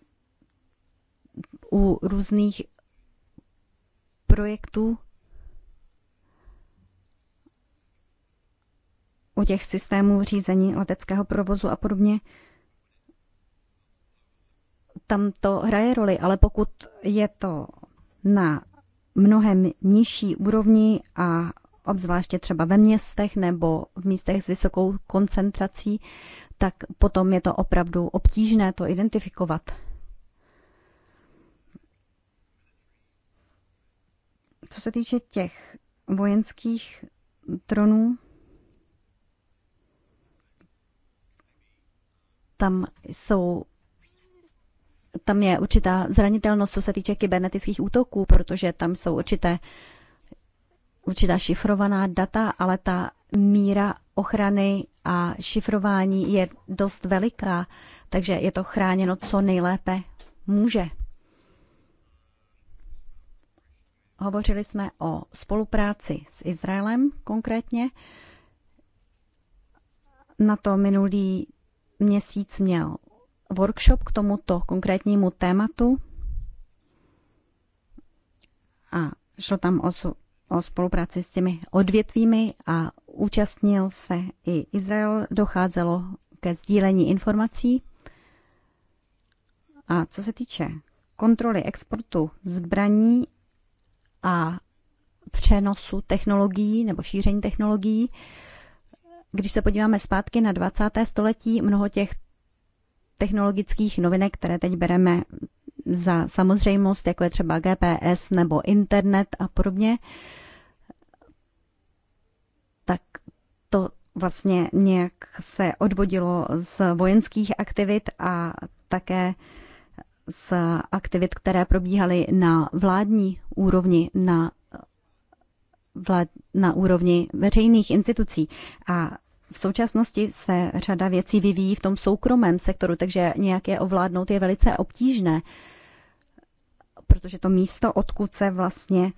S4: u různých projektů u těch systémů řízení leteckého provozu a podobně, tam to hraje roli, ale pokud je to na mnohem nižší úrovni a obzvláště třeba ve městech nebo v místech s vysokou koncentrací, tak potom je to opravdu obtížné to identifikovat. Co se týče těch vojenských dronů, tam jsou tam je určitá zranitelnost, co se týče kybernetických útoků, protože tam jsou určité určitá šifrovaná data, ale ta míra ochrany a šifrování je dost veliká, takže je to chráněno co nejlépe může. Hovořili jsme o spolupráci s Izraelem konkrétně. Na to minulý měsíc měl workshop k tomuto konkrétnímu tématu a šlo tam o o spolupráci s těmi odvětvími a účastnil se i Izrael. Docházelo ke sdílení informací. A co se týče kontroly exportu zbraní a přenosu technologií nebo šíření technologií, když se podíváme zpátky na 20. století, mnoho těch technologických novinek, které teď bereme za samozřejmost, jako je třeba GPS nebo internet a podobně, vlastně nějak se odvodilo z vojenských aktivit a také z aktivit, které probíhaly na vládní úrovni, na, vlád, na úrovni veřejných institucí. A v současnosti se řada věcí vyvíjí v tom soukromém sektoru, takže nějaké ovládnout je velice obtížné, protože to místo, odkud se vlastně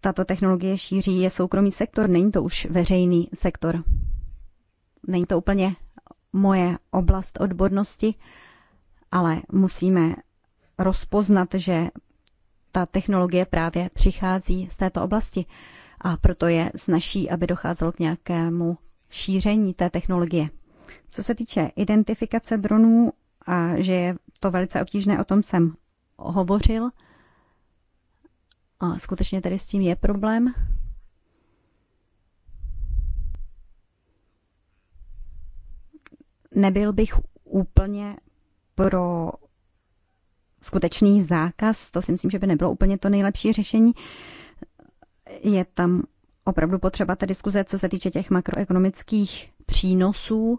S4: tato technologie šíří, je soukromý sektor, není to už veřejný sektor. Není to úplně moje oblast odbornosti, ale musíme rozpoznat, že ta technologie právě přichází z této oblasti a proto je snaží, aby docházelo k nějakému šíření té technologie. Co se týče identifikace dronů a že je to velice obtížné, o tom jsem hovořil. A skutečně tady s tím je problém. nebyl bych úplně pro skutečný zákaz, to si myslím, že by nebylo úplně to nejlepší řešení. Je tam opravdu potřeba ta diskuze, co se týče těch makroekonomických přínosů.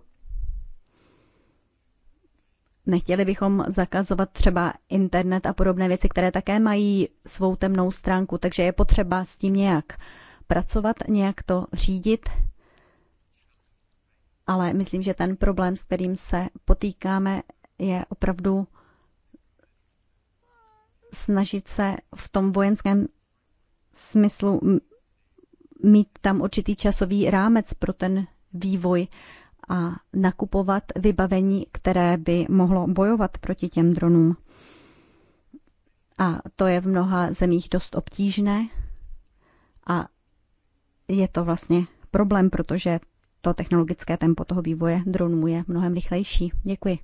S4: Nechtěli bychom zakazovat třeba internet a podobné věci, které také mají svou temnou stránku, takže je potřeba s tím nějak pracovat, nějak to řídit, ale myslím, že ten problém, s kterým se potýkáme, je opravdu snažit se v tom vojenském smyslu mít tam určitý časový rámec pro ten vývoj a nakupovat vybavení, které by mohlo bojovat proti těm dronům. A to je v mnoha zemích dost obtížné a je to vlastně problém, protože to technologické tempo toho vývoje dronů je mnohem rychlejší. Děkuji.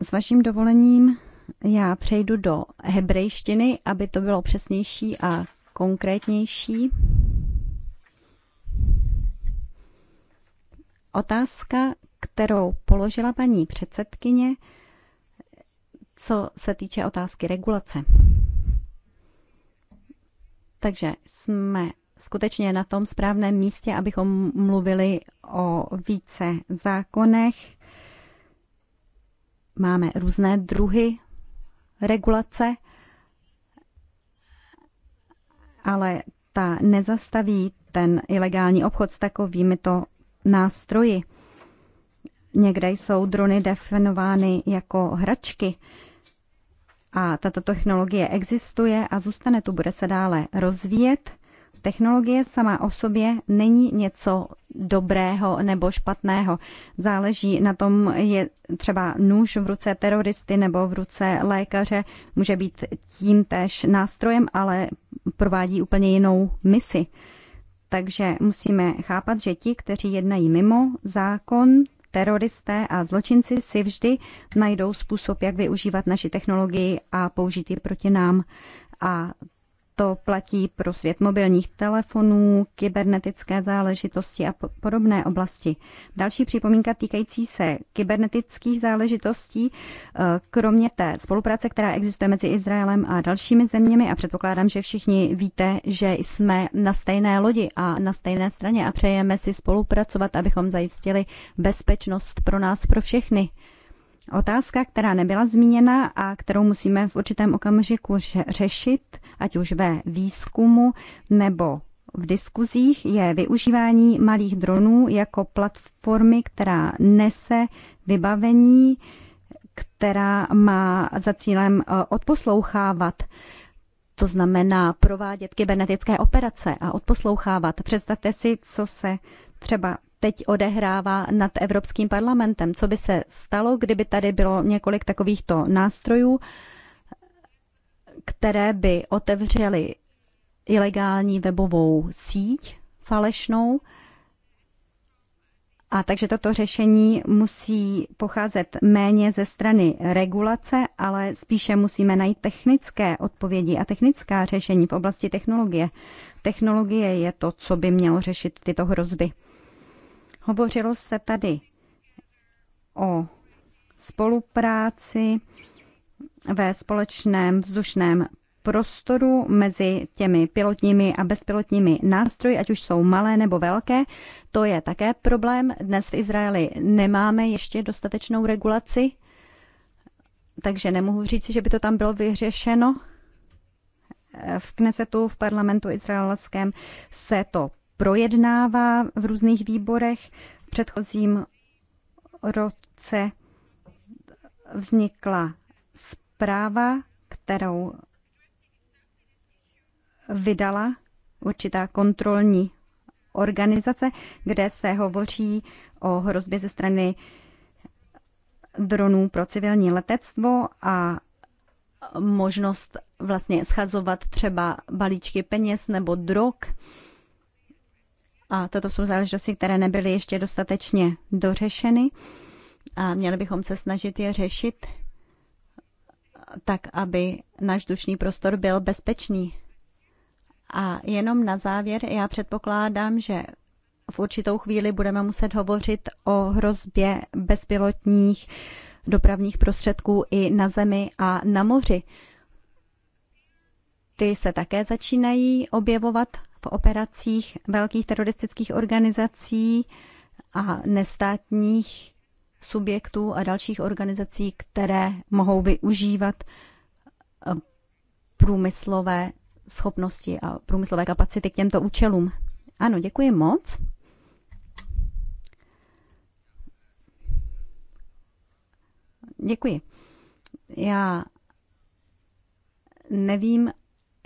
S4: S vaším dovolením já přejdu do hebrejštiny, aby to bylo přesnější a konkrétnější. Otázka, kterou položila paní předsedkyně, co se týče otázky regulace. Takže jsme skutečně na tom správném místě, abychom mluvili o více zákonech. Máme různé druhy regulace, ale ta nezastaví ten ilegální obchod s takovými to nástroji. Někde jsou drony definovány jako hračky a tato technologie existuje a zůstane tu, bude se dále rozvíjet technologie sama o sobě není něco dobrého nebo špatného. Záleží na tom, je třeba nůž v ruce teroristy nebo v ruce lékaře, může být tím též nástrojem, ale provádí úplně jinou misi. Takže musíme chápat, že ti, kteří jednají mimo zákon, teroristé a zločinci si vždy najdou způsob, jak využívat naši technologii a použít ji proti nám. A to platí pro svět mobilních telefonů, kybernetické záležitosti a podobné oblasti. Další připomínka týkající se kybernetických záležitostí, e, kromě té spolupráce, která existuje mezi Izraelem a dalšími zeměmi, a předpokládám, že všichni víte, že jsme na stejné lodi a na stejné straně a přejeme si spolupracovat, abychom zajistili bezpečnost pro nás, pro všechny. Otázka, která nebyla zmíněna a kterou musíme v určitém okamžiku řešit, ať už ve výzkumu nebo v diskuzích, je využívání malých dronů jako platformy, která nese vybavení, která má za cílem e, odposlouchávat to znamená provádět kybernetické operace a odposlouchávat. Představte si, co se třeba teď odehrává nad Evropským parlamentem. Co by se stalo, kdyby tady bylo několik takovýchto nástrojů, které by otevřely ilegální webovou síť falešnou. A takže toto řešení musí pocházet méně ze strany regulace, ale spíše musíme najít technické odpovědi a technická řešení v oblasti technologie. Technologie je to, co by mělo řešit tyto hrozby. Hovořilo se tady o spolupráci ve společném vzdušném prostoru mezi těmi pilotními a bezpilotními nástroji, ať už jsou malé nebo velké. To je také problém. Dnes v Izraeli nemáme ještě dostatečnou regulaci, takže nemohu říct, že by to tam bylo vyřešeno. V Knesetu, v parlamentu izraelském se to projednává v různých výborech. V předchozím roce vznikla zpráva, kterou vydala určitá kontrolní organizace, kde se hovoří o hrozbě ze strany dronů pro civilní letectvo a možnost vlastně schazovat třeba balíčky peněz nebo drog a toto jsou záležitosti, které nebyly ještě dostatečně dořešeny a měli bychom se snažit je řešit tak, aby náš dušní prostor byl bezpečný. A jenom na závěr, já předpokládám, že v určitou chvíli budeme muset hovořit o hrozbě bezpilotních dopravních prostředků i na zemi a na moři. Ty se také začínají objevovat po operacích velkých teroristických organizací a nestátních subjektů a dalších organizací, které mohou využívat eh, průmyslové schopnosti a průmyslové kapacity k těmto účelům. Ano, děkuji moc. Děkuji. Já nevím,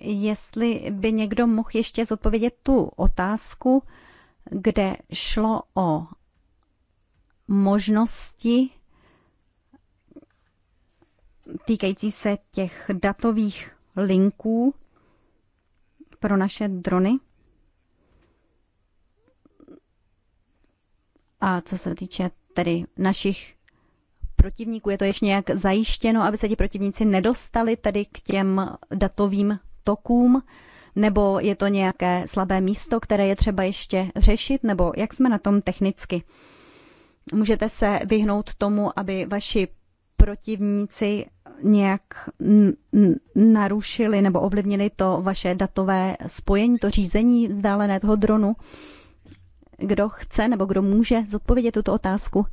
S4: jestli by někdo mohl ještě zodpovědět tu otázku, kde šlo o možnosti týkající se těch datových linků pro naše drony. A co se týče tedy našich protivníků, je to ještě nějak zajištěno, aby se ti protivníci nedostali tedy k těm datovým tokům, nebo je to nějaké slabé místo, které je třeba ještě řešit, nebo jak jsme na tom technicky? Můžete se vyhnout tomu, aby vaši protivníci nějak narušili nebo ovlivnili to vaše datové spojení, to řízení vzdálené toho dronu? Kdo chce nebo kdo může zodpovědět tuto otázku?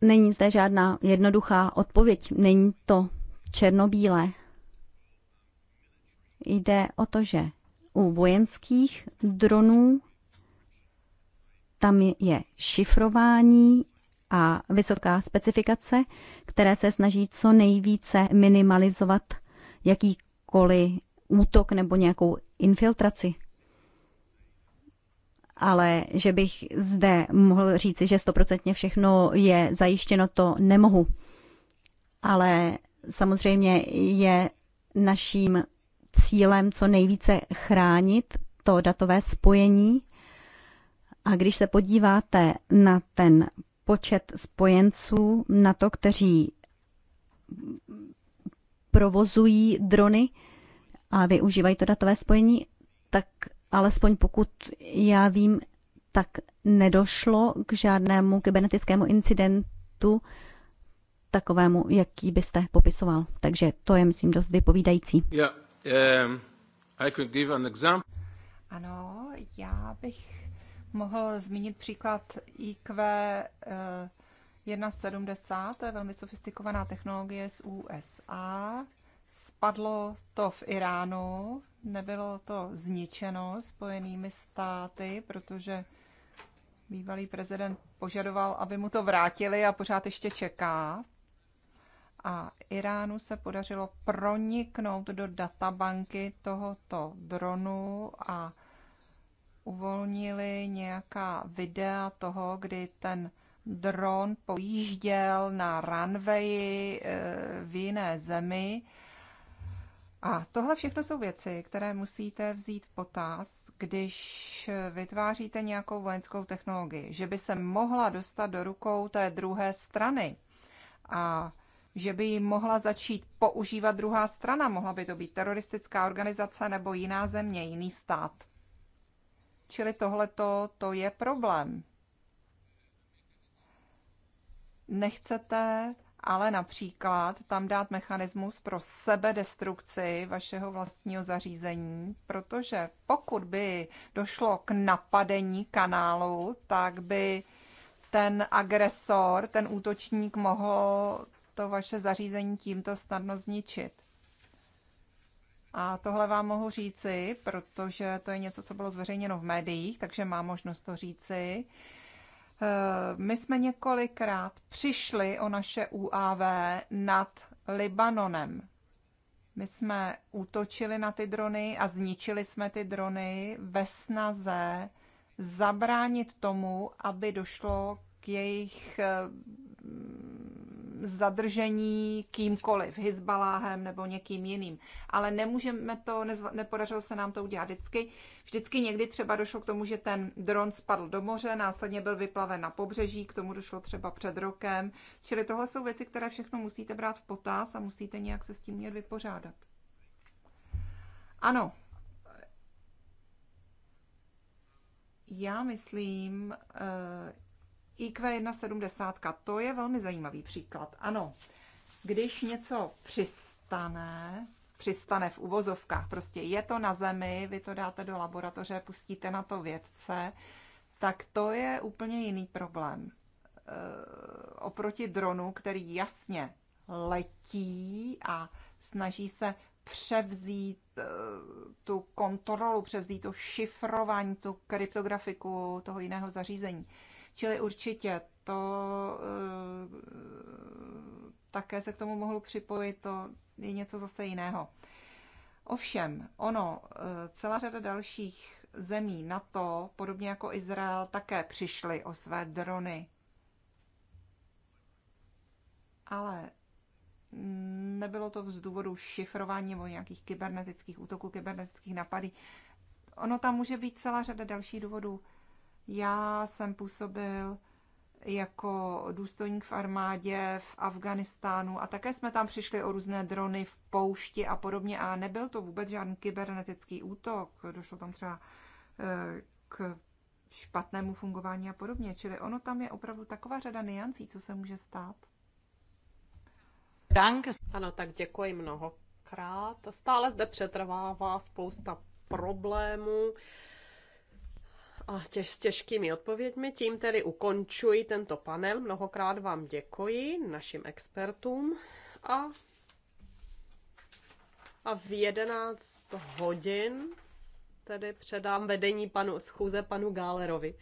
S4: Není zde žádná jednoduchá odpověď, není to černobílé. Jde o to, že u vojenských dronů tam je šifrování a vysoká specifikace, které se snaží co nejvíce minimalizovat jakýkoliv útok nebo nějakou infiltraci ale že bych zde mohl říci, že stoprocentně všechno je zajištěno, to nemohu. Ale samozřejmě je naším cílem co nejvíce chránit to datové spojení. A když se podíváte na ten počet spojenců, na to, kteří provozují drony a využívají to datové spojení, tak alespoň pokud já vím, tak nedošlo k žádnému kybernetickému incidentu takovému, jaký byste popisoval. Takže to je, myslím, dost vypovídající.
S2: Yeah, um, I could give an example.
S1: Ano, já bych mohl zmínit příklad IQ 1.70, eh, to je velmi sofistikovaná technologie z USA, Spadlo to v Iránu, nebylo to zničeno spojenými státy, protože bývalý prezident požadoval, aby mu to vrátili a pořád ještě čeká. A Iránu se podařilo proniknout do databanky tohoto dronu a uvolnili nějaká videa toho, kdy ten dron pojížděl na runway eh, v jiné zemi a tohle všechno jsou věci, které musíte vzít v potaz, když vytváříte nějakou vojenskou technologii, že by se mohla dostat do rukou té druhé strany a že by ji mohla začít používat druhá strana, mohla by to být teroristická organizace nebo jiná země, jiný stát. Čili tohleto, to je problém. Nechcete ale například tam dát mechanismus pro sebedestrukci vašeho vlastního zařízení, protože pokud by došlo k napadení kanálu, tak by ten agresor, ten útočník mohl to vaše zařízení tímto snadno zničit. A tohle vám mohu říci, protože to je něco, co bylo zveřejněno v médiích, takže mám možnost to říci. Eh, my jsme několikrát přišli o naše UAV nad Libanonem. My jsme útočili na ty drony a zničili jsme ty drony ve snaze zabránit tomu, aby došlo k jejich eh, zadržení kýmkoliv, hisbaláhem nebo někým jiným. Ale nemůžeme to, nepodařilo se nám to udělat vždycky. Vždycky někdy třeba došlo k tomu, že ten dron spadl do moře, následně byl vyplaven na pobřeží, k tomu došlo třeba před rokem. Čili tohle jsou věci, které všechno musíte brát v potaz a musíte nějak se s tím mět vypořádat. Ano, já myslím, eh, IQ 1,70, to je velmi zajímavý příklad. Ano, když něco přistane, přistane v uvozovkách, prostě je to na zemi, vy to dáte do laboratoře, pustíte na to vědce, tak to je úplně jiný problém. E, oproti dronu, který jasně letí a snaží se převzít e, tu kontrolu, převzít to šifrování, tu kryptografiku toho jiného zařízení. E, Čili určitě to eh, také se k tomu mohlo připojit, to je něco zase jiného. Ovšem, ono, eh, celá řada dalších zemí na to, podobně jako Izrael, také přišly o své drony. Ale nebylo to z důvodu šifrování nebo nějakých kybernetických útoků, kybernetických napadů. Ono tam může být celá řada dalších důvodů. Já jsem působil jako důstojník v armádě v Afganistánu a také jsme tam přišli o různé drony v poušti a podobně a nebyl to vůbec žádný kybernetický útok, došlo tam třeba eh, k špatnému fungování a podobně, čili ono tam je opravdu taková řada niancí, co se může stát.
S3: Dank. Ano, tak děkuji mnohokrát. Stále zde přetrvává spousta problémů a těž, s těžkými odpověďmi. Tím tedy ukončuji tento panel. Mnohokrát vám děkuji, našim expertům. A, a v 11 hodin tedy předám vedení panu schůze panu Gálerovi.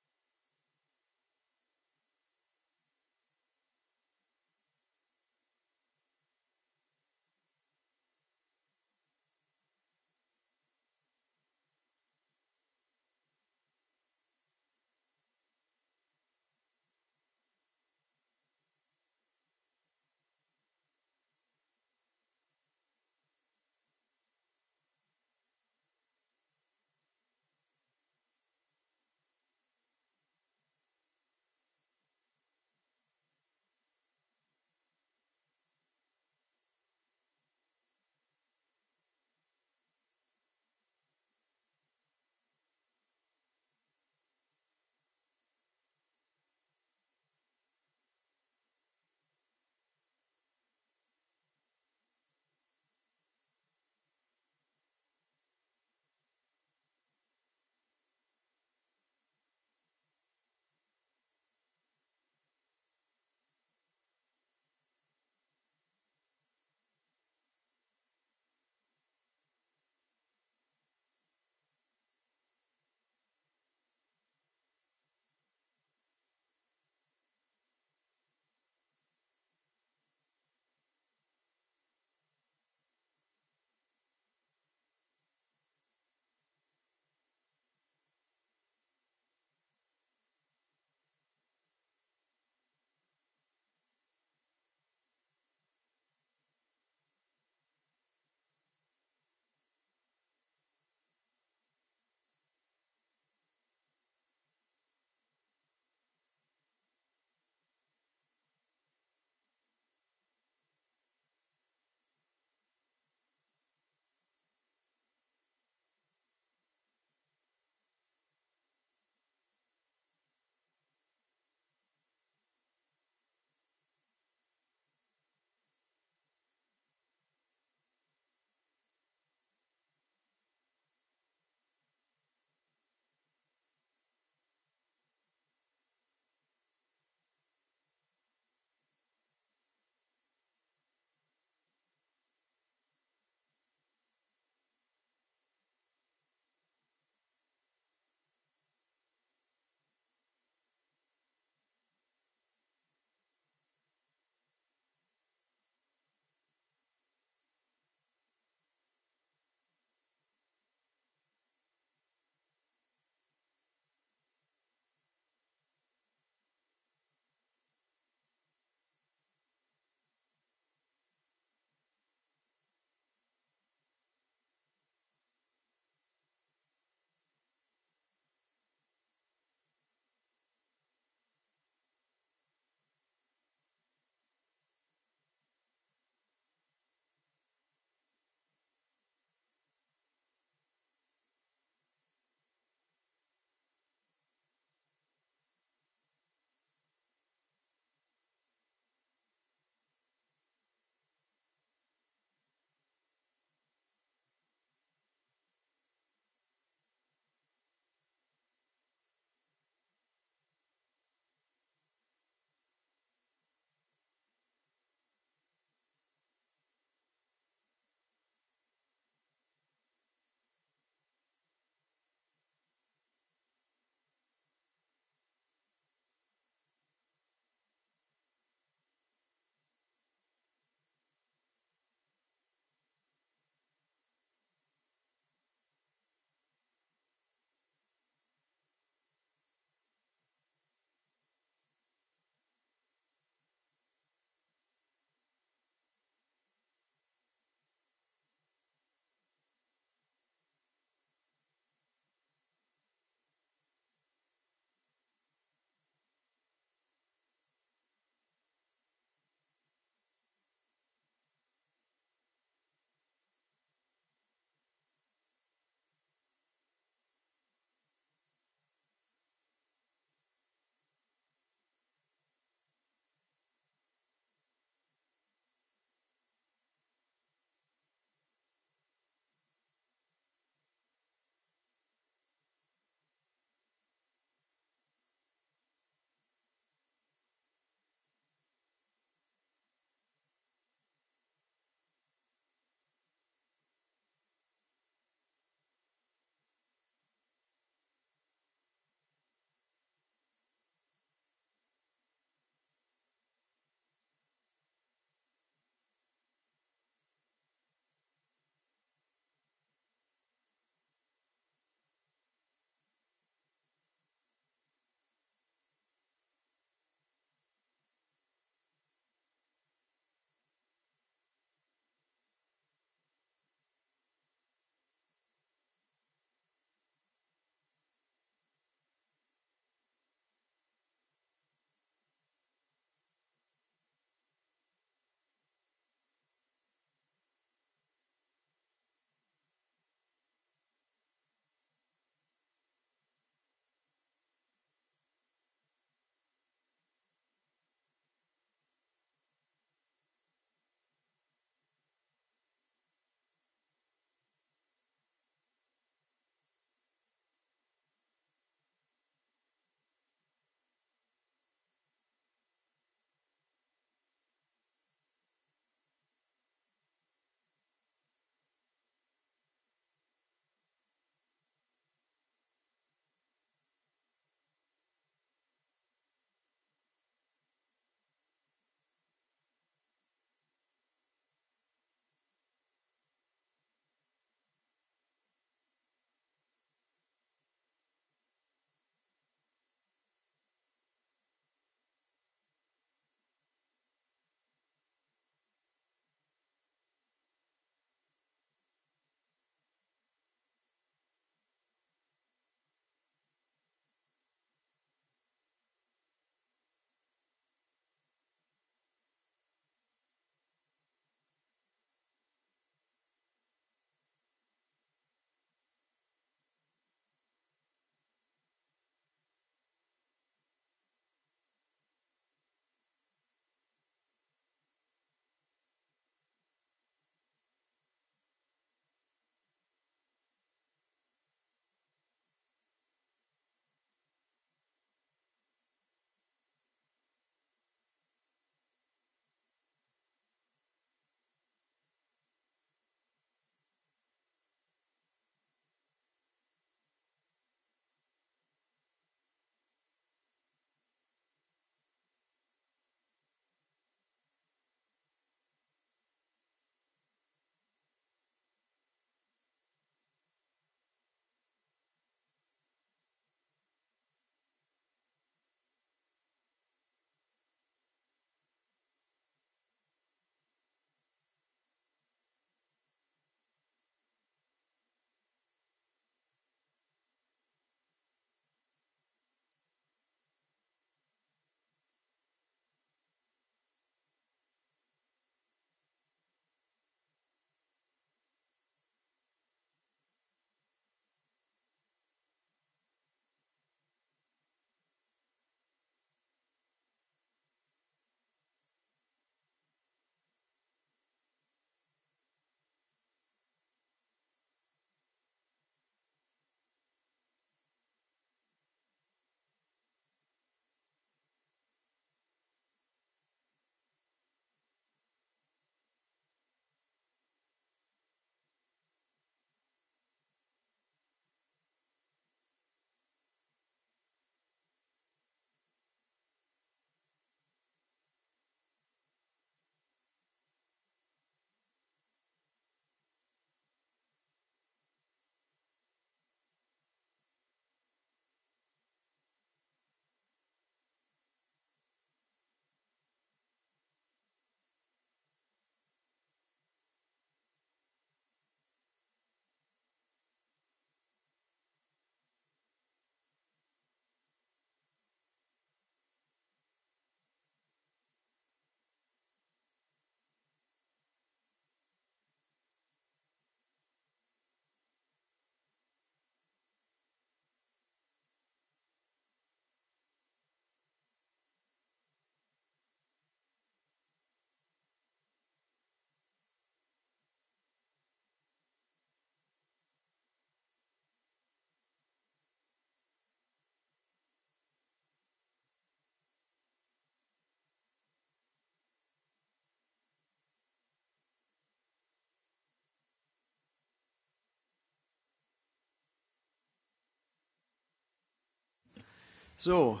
S3: So, uh...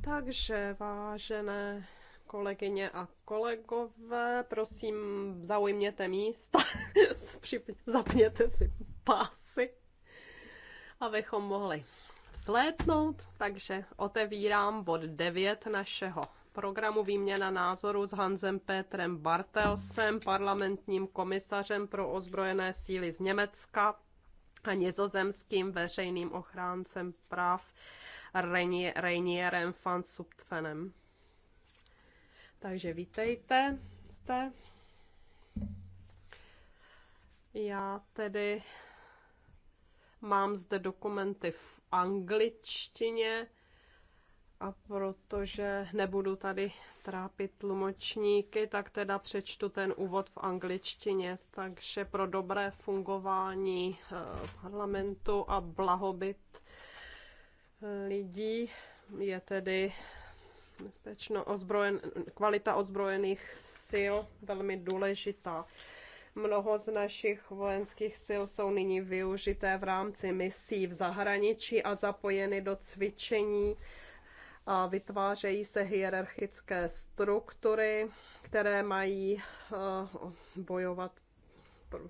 S3: Takže vážené kolegyně a kolegové, prosím, zaujměte místa, zapněte si pásy, abychom mohli vzlétnout. Takže otevírám bod 9 našeho programu výměna názoru s Hansem Petrem Bartelsem, parlamentním komisařem pro ozbrojené síly z Německa a nizozemským veřejným ochráncem práv Reinierem van Subtfenem. Takže vítejte, jste. Já tedy mám zde dokumenty v angličtině a protože nebudu tady trápit tlumočníky, tak teda přečtu ten úvod v angličtině. Takže pro dobré fungování eh, parlamentu a blahobyt lidí je tedy bezpečno ozbrojen, kvalita ozbrojených sil velmi důležitá. Mnoho z našich vojenských sil jsou nyní využité v rámci misí v zahraničí a zapojeny do cvičení a vytvářejí se hierarchické struktury, které mají eh, bojovat,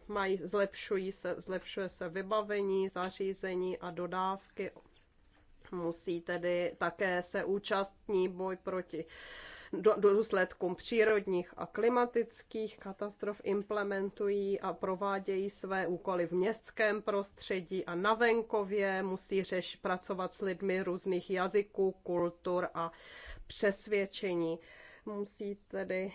S3: mají, zlepšují se, zlepšuje se vybavení, zařízení a dodávky Musí tedy také se účastní boj proti do, důsledkům přírodních a klimatických katastrof implementují a provádějí své úkoly v městském prostředí a na venkově, musí řeš pracovat s lidmi různých jazyků, kultur a přesvědčení musí tedy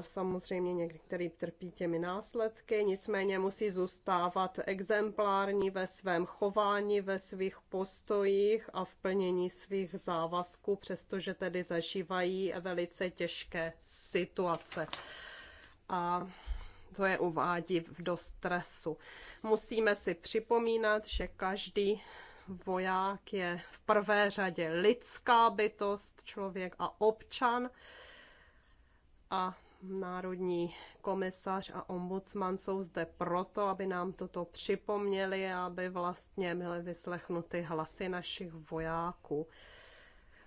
S3: samozřejmě některý trpí těmi následky, nicméně musí zůstávat exemplární ve svém chování, ve svých postojích a v plnění svých závazků, přestože tedy zažívají velice těžké situace. A to je uvádí do stresu. Musíme si připomínat, že každý voják je v prvé řadě lidská bytost, člověk a občan a národní komisař a ombudsman jsou zde proto, aby nám toto připomněli a aby vlastně byly vyslechnuty hlasy našich vojáků.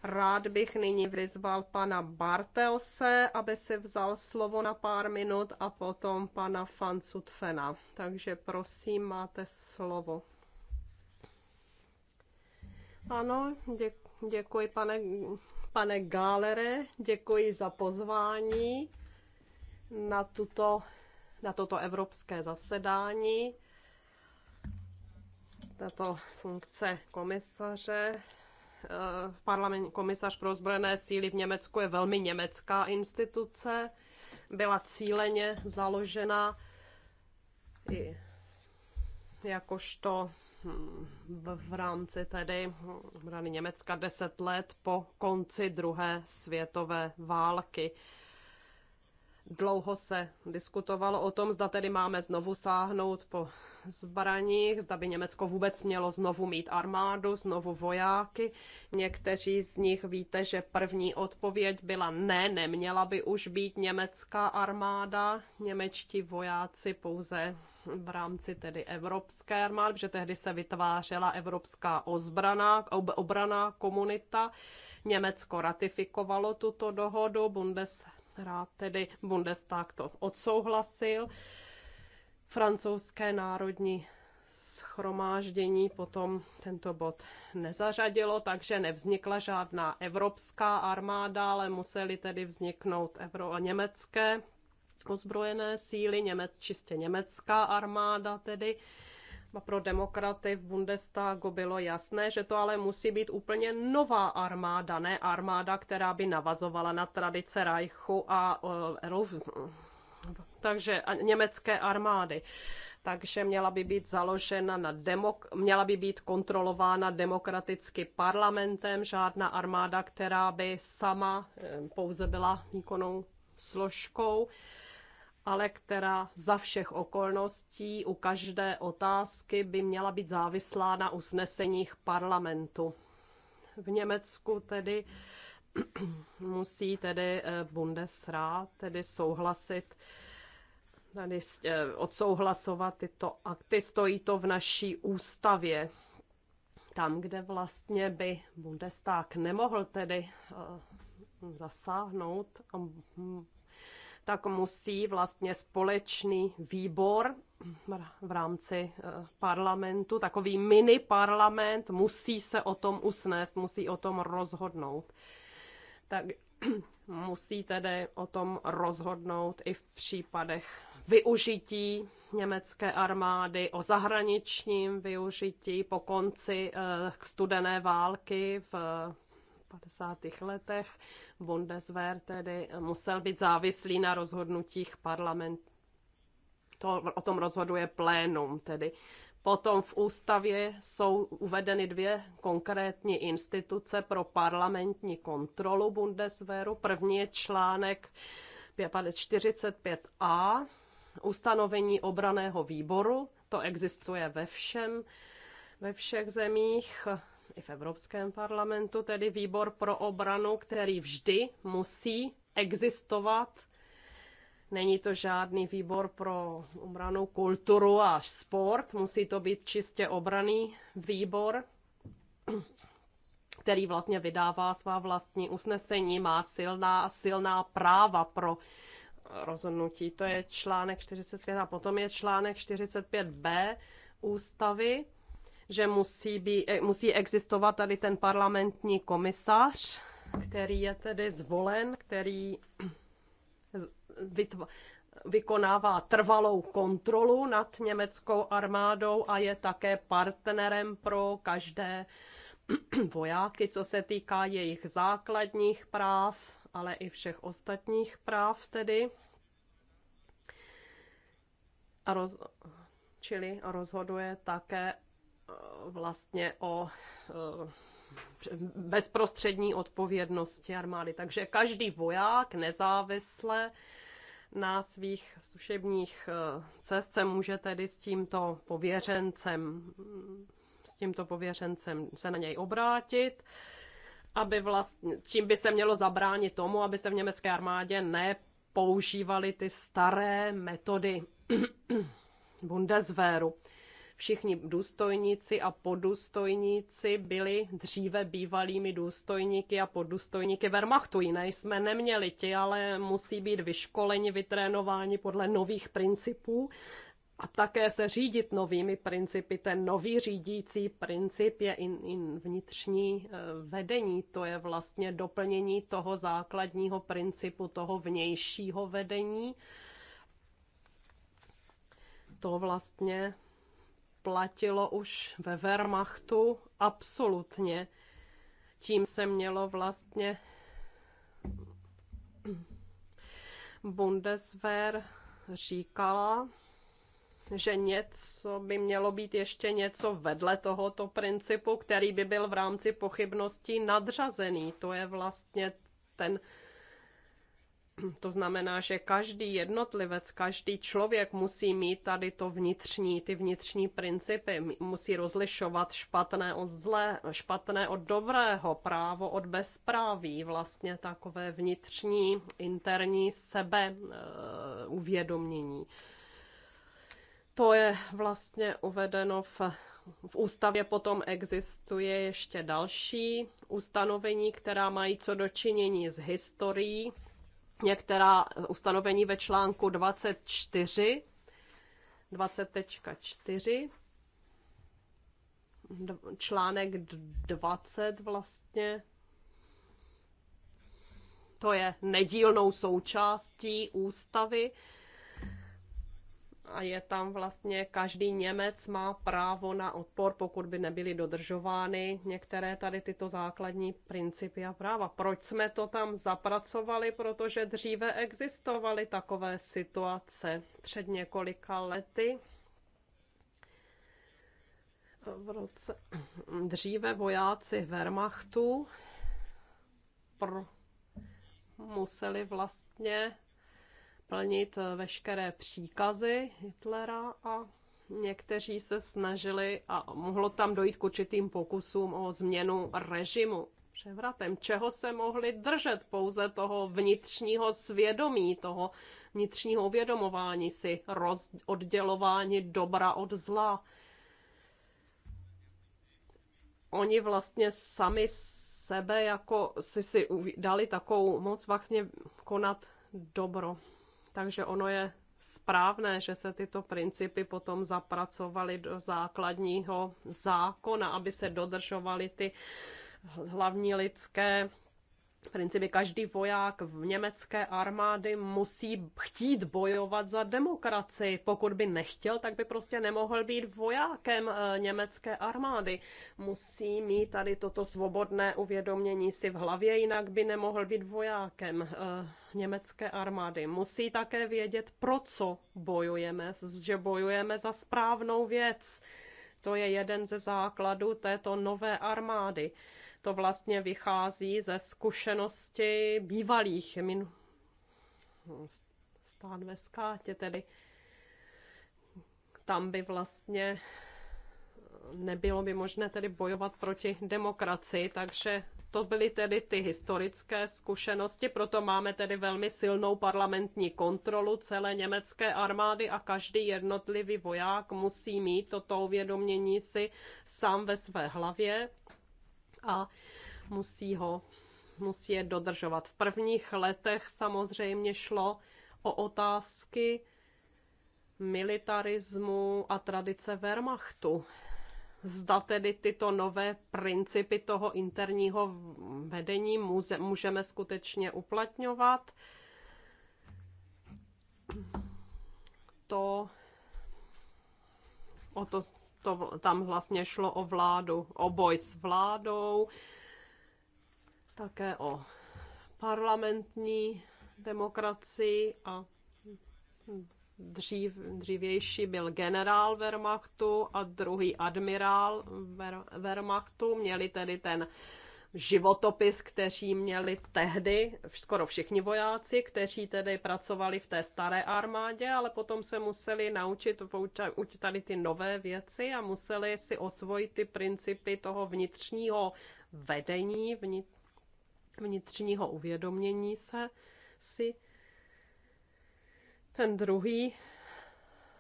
S3: Rád bych nyní vyzval pana Bartelse, aby si vzal slovo na pár minut a potom pana Fancutfena. Takže prosím, máte slovo. Ano, děkuji Děkuji, pane, pane Gálere, děkuji za pozvání na, tuto, na toto evropské zasedání. Tato funkce komisaře eh, parlament, komisař pro zbrojené síly v Německu je velmi německá instituce, byla cíleně založena i jakožto v rámci tedy obrany Německa 10 let po konci druhé světové války. Dlouho se diskutovalo o tom, zda tedy máme znovu sáhnout po zbraních, zda by Německo vůbec mělo znovu mít armádu, znovu vojáky. Někteří z nich víte, že první odpověď byla ne, neměla by už být německá armáda, němečtí vojáci pouze v rámci tedy evropské armády, protože tehdy se vytvářela evropská ozbrana, ob, obraná komunita. Německo ratifikovalo tuto dohodu, Bundesrat, tedy Bundestag to odsouhlasil. Francouzské národní schromáždění potom tento bod nezařadilo, takže nevznikla žádná evropská armáda, ale museli tedy vzniknout euro- německé ozbrojené síly, Němec, čistě německá armáda tedy, a pro demokraty v Bundestagu bylo jasné, že to ale musí být úplně nová armáda, ne armáda, která by navazovala na tradice Reichu a uh, takže a německé armády. Takže měla by být založena na demok- měla by být kontrolována demokraticky parlamentem, žádná armáda, která by sama eh, pouze byla výkonnou složkou ale která za všech okolností u každé otázky by měla být závislá na usneseních parlamentu. V Německu tedy musí tedy eh, Bundesrat tedy souhlasit tady eh, odsouhlasovat tyto akty. Stojí to v naší ústavě. Tam, kde vlastně by Bundestag nemohl tedy eh, zasáhnout, tak musí vlastně společný výbor v rámci eh, parlamentu, takový mini parlament, musí se o tom usnést, musí o tom rozhodnout. Tak musí tedy o tom rozhodnout i v případech využití německé armády, o zahraničním využití po konci eh, studené války v 50. letech Bundeswehr tedy musel být závislý na rozhodnutích parlamentu. To, o tom rozhoduje plénum, tedy Potom v ústavě jsou uvedeny dvě konkrétní instituce pro parlamentní kontrolu Bundeswehru. První je článek 45a, ustanovení obraného výboru. To existuje ve všem, ve všech zemích i v Evropském parlamentu, tedy výbor pro obranu, který vždy musí existovat. Není to žádný výbor pro obranu, kulturu a sport, musí to být čistě obraný výbor, který vlastně vydává svá vlastní usnesení, má silná, silná práva pro rozhodnutí. To je článek 45 a potom je článek 45b ústavy, že musí, být, eh, musí existovat tady ten parlamentní komisař, který je tedy zvolen, který vykonává trvalou kontrolu nad německou armádou a je také partnerem pro každé vojáky, co se týká jejich základních práv, ale i všech ostatních práv tedy. A roz- čili rozhoduje také vlastně o eh, bezprostřední odpovědnosti armády. Takže každý voják nezávisle na svých služebních eh, cestce může tedy s tímto pověřencem, s tímto pověřencem se na něj obrátit, aby vlastně, čím by se mělo zabránit tomu, aby se v německé armádě nepoužívaly ty staré metody Bundeswehru všichni důstojníci a podůstojníci byli dříve bývalými důstojníky a poddůstojníky Wehrmachtu. Jiné jsme neměli ti, ale musí být vyškoleni, vytrénováni podle nových principů a také se řídit novými principy. Ten nový řídící princip je in, in vnitřní eh, vedení, to je vlastně doplnění toho základního principu, toho vnějšího vedení. To vlastně platilo už ve Wehrmachtu absolutně. Tím se mělo vlastně Bundeswehr říkala, že něco by mělo být ještě něco vedle tohoto principu, který by byl v rámci pochybností nadřazený. To je vlastně ten To znamená, že každý jednotlivec, každý člověk musí mít tady to vnitřní, ty vnitřní principy, musí rozlišovat špatné od zlé, špatné od dobrého, právo od bezpráví, vlastně takové vnitřní, interní sebe uh, uvědomění. To je vlastně uvedeno v v ústavě potom existuje ještě další ustanovení, která mají co dočinění s historií některá ustanovení ve článku 24, 20.4, článek 20 vlastně, to je nedílnou součástí ústavy, a je tam vlastně každý Němec má právo na odpor, pokud by nebyly dodržovány některé tady tyto základní principy a práva. Proč jsme to tam zapracovali? Protože dříve existovaly takové situace před několika lety. V roce dříve vojáci Wehrmachtu pro museli vlastně plnit eh, veškeré příkazy Hitlera a někteří se snažili a mohlo tam dojít k určitým pokusům o změnu režimu převratem. Čeho se mohli držet? Pouze toho vnitřního svědomí, toho vnitřního uvědomování si, roz, oddělování dobra od zla. Oni vlastně sami sebe jako si si dali takovou moc vlastně konat dobro. Takže ono je správné, že se tyto principy potom zapracovaly do základního zákona, aby se dodržovaly ty hlavní lidské principy. Každý voják v německé armády musí chtít bojovat za demokracii. Pokud by nechtěl, tak by prostě nemohl být vojákem e, německé armády. Musí mít tady toto svobodné uvědomění si v hlavě, jinak by nemohl být vojákem. E, německé armády. Musí také vědět, pro co bojujeme, že bojujeme za správnou věc. To je jeden ze základů této nové armády. To vlastně vychází ze zkušenosti bývalých min... stát ve skátě, tedy tam by vlastně nebylo by možné tedy bojovat proti demokracii, takže to byly tedy ty historické zkušenosti, proto máme tedy velmi silnou parlamentní kontrolu celé německé armády a každý jednotlivý voják musí mít toto uvědomění si sám ve své hlavě a musí ho musí je dodržovat. V prvních letech samozřejmě šlo o otázky militarismu a tradice Wehrmachtu zda tedy tyto nové principy toho interního vedení můžeme skutečně uplatňovat. To, o to, to tam vlastně šlo o vládu, o boj s vládou, také o parlamentní demokracii a Dřív, dřívější byl generál Wehrmachtu a druhý admirál Wehrmachtu. Měli tedy ten životopis, kteří měli tehdy skoro všichni vojáci, kteří tedy pracovali v té staré armádě, ale potom se museli naučit učit tady ty nové věci a museli si osvojit ty principy toho vnitřního vedení, vnitřního uvědomění se si ten druhý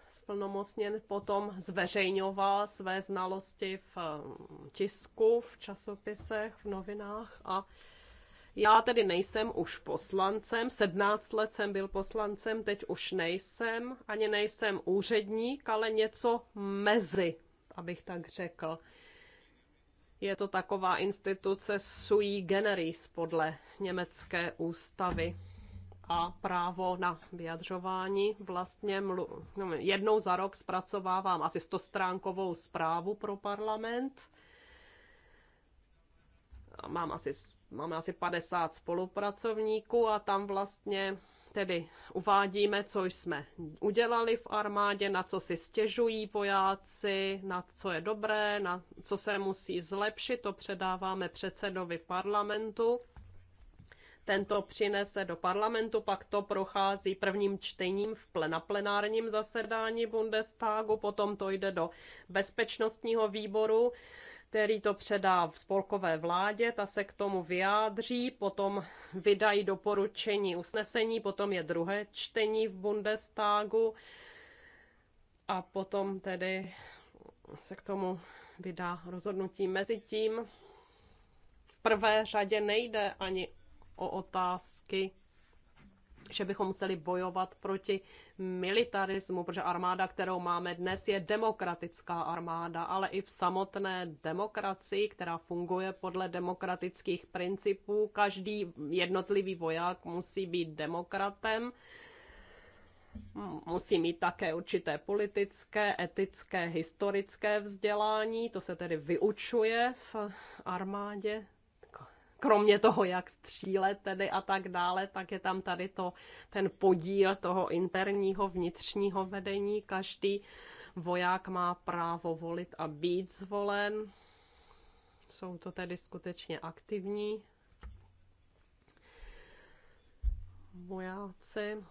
S3: splnomocněn potom zveřejňoval své znalosti v um, tisku, v časopisech, v novinách a já tedy nejsem už poslancem, 17 let jsem byl poslancem, teď už nejsem, ani nejsem úředník, ale něco mezi, abych tak řekl. Je to taková instituce sui generis podle německé ústavy a právo na vyjadřování. Vlastně mlu, no, jednou za rok zpracovávám asi 100 stránkovou zprávu pro parlament. A mám asi, máme asi 50 spolupracovníků a tam vlastně tedy uvádíme, co jsme udělali v armádě, na co si stěžují vojáci, na co je dobré, na co se musí zlepšit, to předáváme předsedovi parlamentu tento přinese do parlamentu, pak to prochází prvním čtením v plen, plenárním zasedání Bundestagu, potom to jde do bezpečnostního výboru, který to předá v spolkové vládě, ta se k tomu vyjádří, potom vydají doporučení usnesení, potom je druhé čtení v Bundestagu a potom tedy se k tomu vydá rozhodnutí. Mezitím v prvé řadě nejde ani o otázky, že bychom museli bojovat proti militarismu, protože armáda, kterou máme dnes, je demokratická armáda, ale i v samotné demokracii, která funguje podle demokratických principů, každý jednotlivý voják musí být demokratem musí mít také určité politické, etické, historické vzdělání, to se tedy vyučuje v armádě kromě toho, jak střílet tedy a tak dále, tak je tam tady to, ten podíl toho interního vnitřního vedení. Každý voják má právo volit a být zvolen. Jsou to tedy skutečně aktivní vojáci.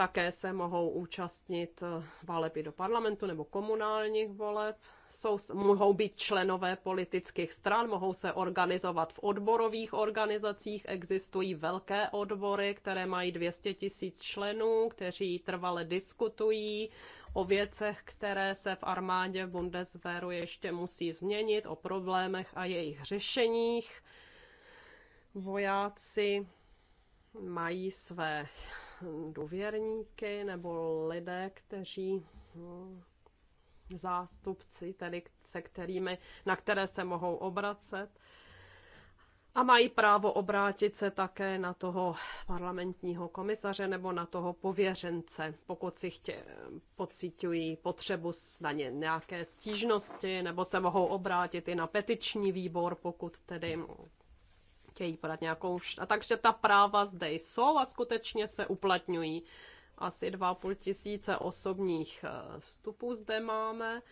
S3: Také se mohou účastnit eh, voleb do parlamentu nebo komunálních voleb. Jsou, mohou být členové politických stran, mohou se organizovat v odborových organizacích. Existují velké odbory, které mají 200 tisíc členů, kteří trvale diskutují o věcech, které se v armádě v Bundeswehru ještě musí změnit, o problémech a jejich řešeních. Vojáci mají své důvěrníky nebo lidé, kteří hm, zástupci, tedy se kterými, na které se mohou obracet. A mají právo obrátit se také na toho parlamentního komisaře nebo na toho pověřence, pokud si chtě, pocitují potřebu na ně nějaké stížnosti, nebo se mohou obrátit i na petiční výbor, pokud tedy chtějí podat nějakou... A takže ta práva zde jsou a skutečně se uplatňují. Asi 2,5 tisíce osobních eh, vstupů zde máme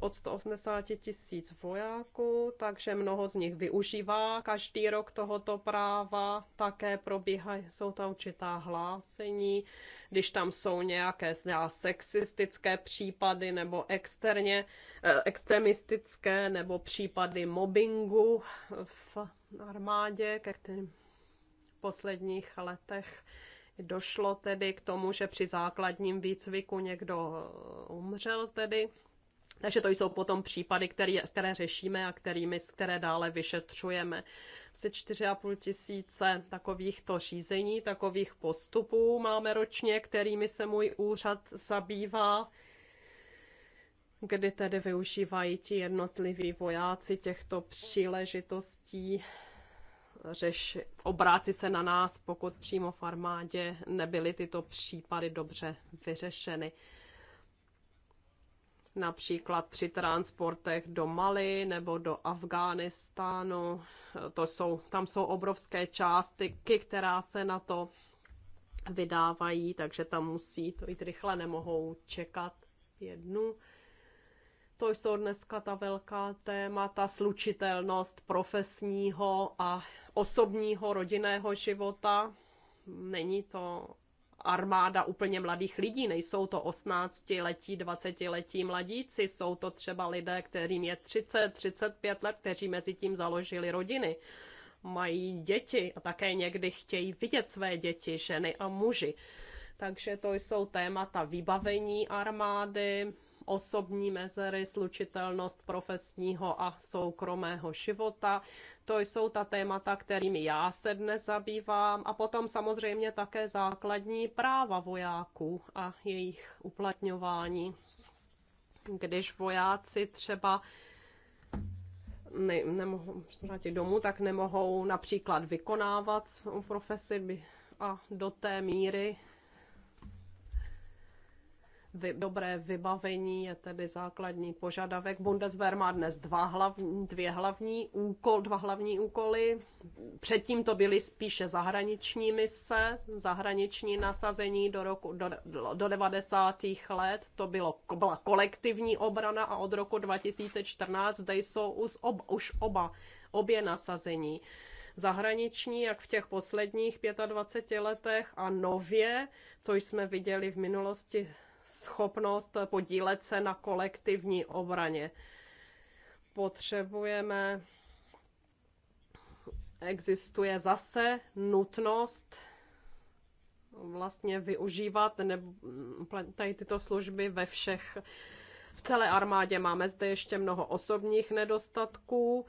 S3: od 180 tisíc vojáků, takže mnoho z nich využívá každý rok tohoto práva. Také probíhají, jsou tam určitá hlásení, když tam jsou nějaké sexistické případy nebo externě, eh, extremistické nebo případy mobbingu v armádě, ke kterým v posledních letech došlo tedy k tomu, že při základním výcviku někdo eh, umřel tedy. Takže to jsou potom případy, které, které řešíme a kterými, které dále vyšetřujeme. Asi 4,5 tisíce takovýchto řízení, takových postupů máme ročně, kterými se můj úřad zabývá kdy tedy využívají ti jednotliví vojáci těchto příležitostí řeš, obrátit se na nás, pokud přímo v armádě nebyly tyto případy dobře vyřešeny. Například při transportech do Mali nebo do Afghánistánu. To jsou, tam jsou obrovské částky, která se na to vydávají, takže tam musí to jít rychle, nemohou čekat jednu. To jsou dneska ta velká ta slučitelnost profesního a osobního rodinného života. Není to armáda úplně mladých lidí, nejsou to 18-letí, 20-letí mladíci, jsou to třeba lidé, kterým je 30, 35 let, kteří mezi tím založili rodiny, mají děti a také někdy chtějí vidět své děti, ženy a muži. Takže to jsou témata vybavení armády, osobní mezery, slučitelnost profesního a soukromého života. To jsou ta témata, kterými já se dnes zabývám a potom samozřejmě také základní práva vojáků a jejich uplatňování. Když vojáci třeba ne, nemohou se vrátit domů, tak nemohou například vykonávat svou profesi a do té míry vy, dobré vybavení je tedy základní požadavek. Bundeswehr má dnes dva hlavní, dvě hlavní úkol, dva hlavní úkoly. Předtím to byly spíše zahraniční mise, zahraniční nasazení do roku do, do 90. let. To bylo, byla kolektivní obrana a od roku 2014 zde jsou už, ob, už oba, obě nasazení. Zahraniční, jak v těch posledních 25 letech a nově, co jsme viděli v minulosti schopnost podílet se na kolektivní obraně. Potřebujeme, existuje zase nutnost vlastně využívat ne, hm, tady tyto služby ve všech, v celé armádě. Máme zde ještě mnoho osobních nedostatků,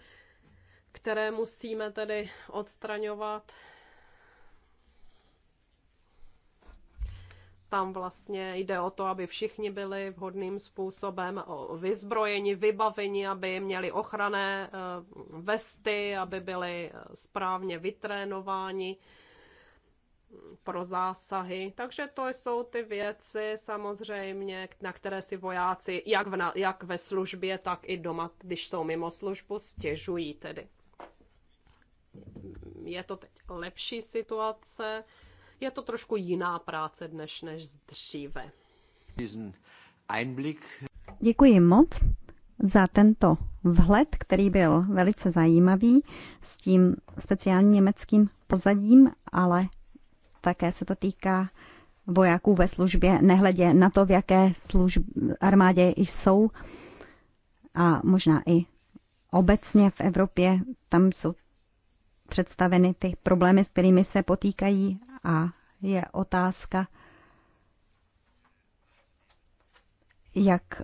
S3: které musíme tedy odstraňovat Tam vlastně jde o to, aby všichni byli vhodným způsobem vyzbrojeni, vybaveni, aby měli ochranné eh, vesty, aby byli eh, správně vytrénováni mm, pro zásahy. Takže to jsou ty věci samozřejmě, na které si vojáci jak, v na, jak ve službě, tak i doma, když jsou mimo službu, stěžují tedy. Je to teď lepší situace je to trošku jiná práce dnes než dříve.
S4: Děkuji moc za tento vhled, který byl velice zajímavý s tím speciálním německým pozadím, ale také se to týká vojáků ve službě, nehledě na to, v jaké služb, armádě jsou a možná i obecně v Evropě, tam jsou představeny ty problémy, s kterými se potýkají a je otázka, jak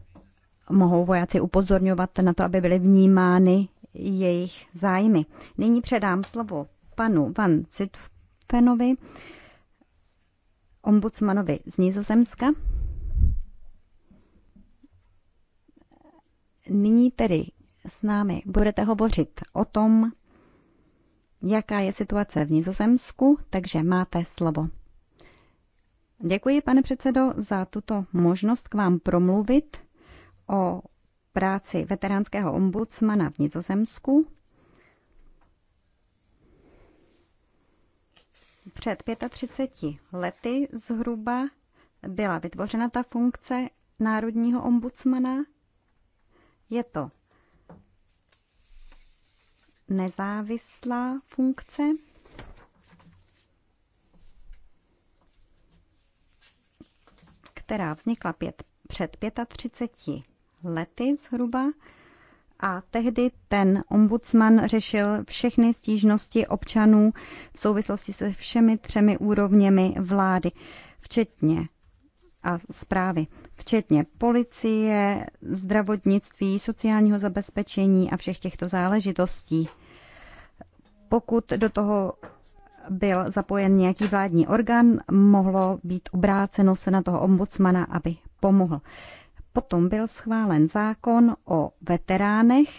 S4: mohou vojáci upozorňovat na to, aby byly vnímány jejich zájmy. Nyní předám slovo panu Van Zitfenovi, ombudsmanovi z Nizozemska. Nyní tedy s námi budete hovořit o tom, jaká je situace v Nizozemsku, takže máte slovo. Děkuji, pane předsedo, za tuto možnost k vám promluvit o práci veteránského ombudsmana v Nizozemsku. Před 35 lety zhruba byla vytvořena ta funkce národního ombudsmana. Je to nezávislá funkce. která vznikla pět, před 35 lety zhruba. A tehdy ten ombudsman řešil všechny stížnosti občanů v souvislosti se všemi třemi úrovněmi vlády, včetně a zprávy, včetně policie, zdravotnictví, sociálního zabezpečení a všech těchto záležitostí. Pokud do toho byl zapojen nějaký vládní orgán, mohlo být obráceno se na toho ombudsmana, aby pomohl. Potom byl schválen zákon o veteránech,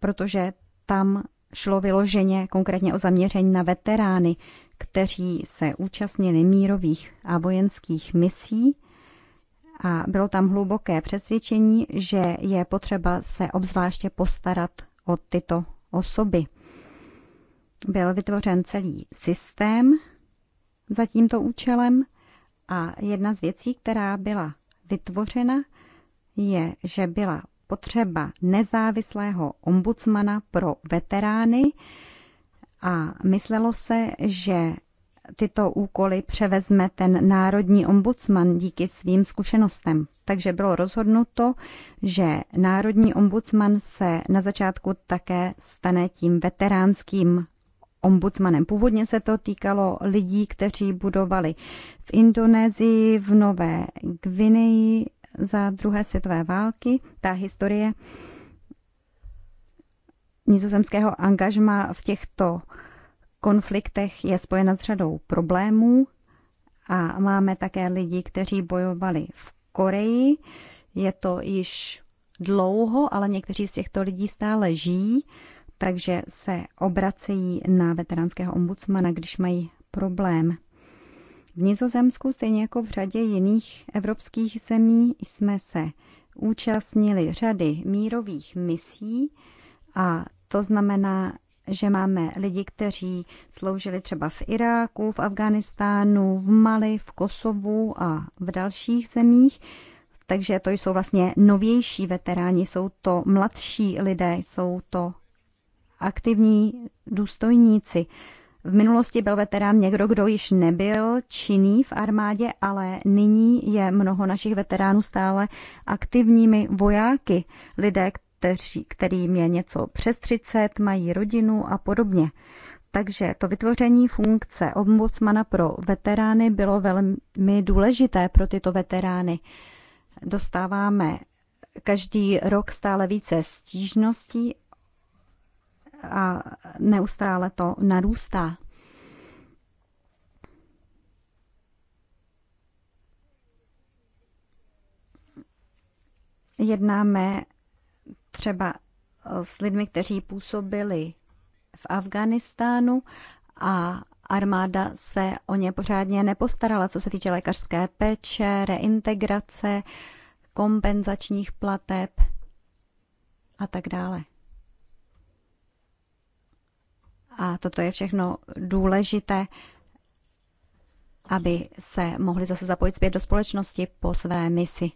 S4: protože tam šlo vyloženě konkrétně o zaměření na veterány, kteří se účastnili mírových a vojenských misí a bylo tam hluboké přesvědčení, že je potřeba se obzvláště postarat o tyto osoby. Byl vytvořen celý systém za tímto účelem a jedna z věcí, která byla vytvořena, je, že byla potřeba nezávislého ombudsmana pro veterány, a myslelo se, že tyto úkoly převezme ten národní ombudsman díky svým zkušenostem. Takže bylo rozhodnuto, že národní ombudsman se na začátku také stane tím veteránským ombudsmanem. Původně se to týkalo lidí, kteří budovali v Indonésii, v Nové Gvineji za druhé světové války. Ta historie nizozemského angažma v těchto konfliktech je spojena s řadou problémů a máme také lidi, kteří bojovali v Koreji. Je to již dlouho, ale někteří z těchto lidí stále žijí, takže se obracejí na veteránského ombudsmana, když mají problém. V Nizozemsku, stejně jako v řadě jiných evropských zemí, jsme se účastnili řady mírových misí, a to znamená, že máme lidi, kteří sloužili třeba v Iráku, v Afganistánu, v Mali, v Kosovu a v dalších zemích. Takže to jsou vlastně novější veteráni, jsou to mladší lidé, jsou to aktivní důstojníci. V minulosti byl veterán někdo, kdo již nebyl činný v armádě, ale nyní je mnoho našich veteránů stále aktivními vojáky, lidé, kteří, kterým je něco přes 30, mají rodinu a podobně. Takže to vytvoření funkce ombudsmana pro veterány bylo velmi důležité pro tyto veterány. Dostáváme každý rok stále více stížností a neustále to narůstá. Jednáme třeba eh, s lidmi, kteří působili v Afganistánu a armáda se o ně pořádně nepostarala, co se týče lékařské péče, reintegrace, kompenzačních plateb a tak dále. A toto je všechno důležité, aby se mohli zase zapojit zpět do společnosti po své misi.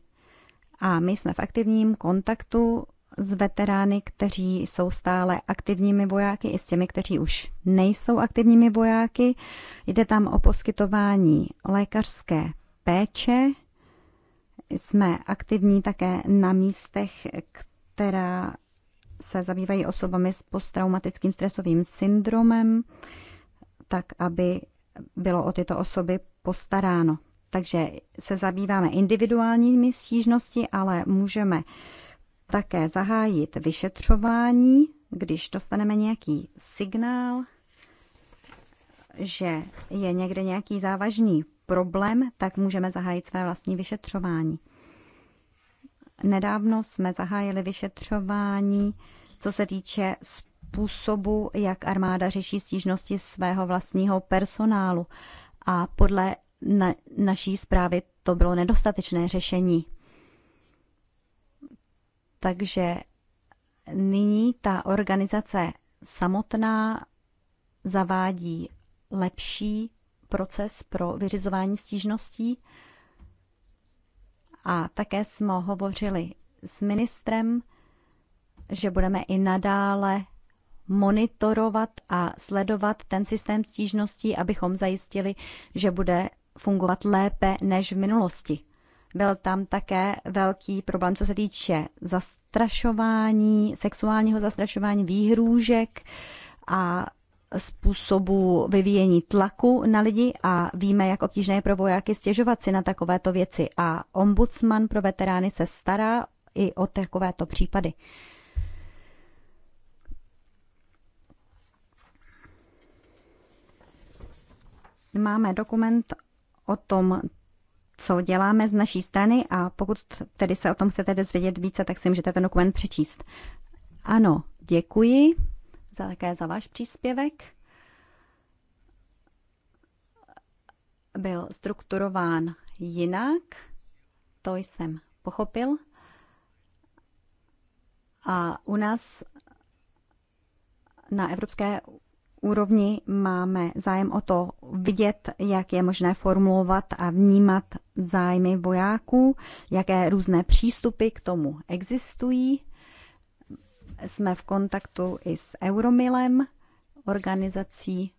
S4: A my jsme v aktivním kontaktu s veterány, kteří jsou stále aktivními vojáky, i s těmi, kteří už nejsou aktivními vojáky. Jde tam o poskytování lékařské péče. Jsme aktivní také na místech, která se zabývají osobami s posttraumatickým stresovým syndromem, tak aby bylo o tyto osoby postaráno. Takže se zabýváme individuálními stížnosti, ale můžeme také zahájit vyšetřování, když dostaneme nějaký signál, že je někde nějaký závažný problém, tak můžeme zahájit své vlastní vyšetřování. Nedávno jsme zahájili vyšetřování, co se týče způsobu, jak armáda řeší stížnosti svého vlastního personálu. A podle na, naší zprávy to bylo nedostatečné řešení. Takže nyní ta organizace samotná zavádí lepší proces pro vyřizování stížností. A také jsme hovořili s ministrem, že budeme i nadále monitorovat a sledovat ten systém stížností, abychom zajistili, že bude fungovat lépe než v minulosti. Byl tam také velký problém, co se týče zastrašování, sexuálního zastrašování, výhrůžek a způsobu vyvíjení tlaku na lidi a víme, jak obtížné je pro vojáky stěžovat si na takovéto věci. A ombudsman pro veterány se stará i o takovéto případy. Máme dokument o tom, co děláme z naší strany a pokud tedy se o tom chcete dozvědět více, tak si můžete ten dokument přečíst. Ano, děkuji za, také za váš příspěvek. Byl strukturován jinak, to jsem pochopil. A u nás na evropské úrovni máme zájem o to vidět, jak je možné formulovat a vnímat zájmy vojáků, jaké různé přístupy k tomu existují. Jsme v kontaktu i s Euromilem, organizací,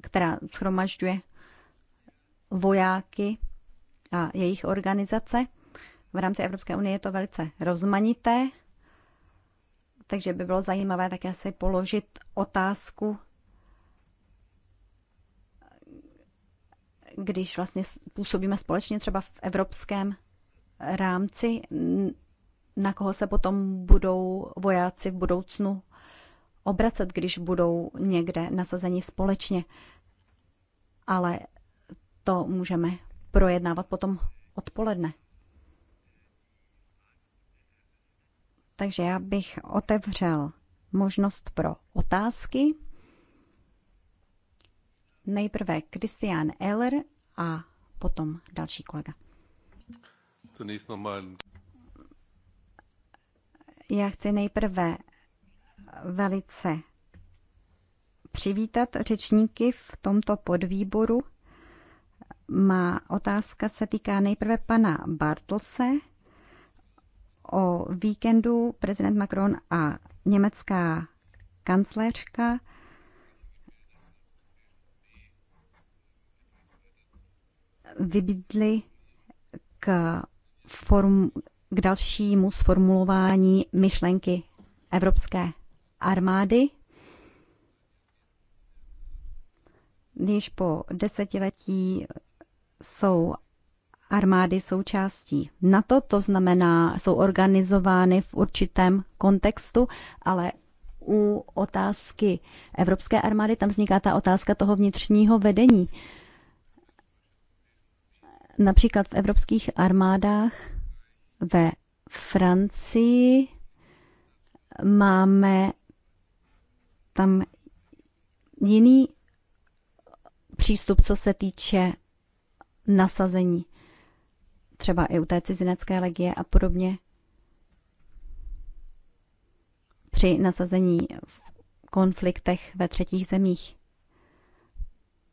S4: která schromažďuje vojáky a jejich organizace. V rámci Evropské unie je to velice rozmanité takže by bylo zajímavé také si položit otázku, když vlastně působíme společně třeba v evropském rámci, na koho se potom budou vojáci v budoucnu obracet, když budou někde nasazeni společně. Ale to můžeme projednávat potom odpoledne. Takže já bych otevřel možnost pro otázky. Nejprve Christian Eller a potom další kolega. Já chci nejprve velice přivítat řečníky v tomto podvýboru. Má otázka se týká nejprve pana Bartlse, o víkendu prezident Macron a německá kancléřka vybídli k, form, k dalšímu sformulování myšlenky evropské armády. Již po desetiletí jsou armády součástí NATO, to znamená, jsou organizovány v určitém kontextu, ale u otázky Evropské armády tam vzniká ta otázka toho vnitřního vedení. Například v evropských armádách ve Francii máme tam jiný přístup, co se týče nasazení třeba i u té cizinecké legie a podobně, při nasazení v konfliktech ve třetích zemích.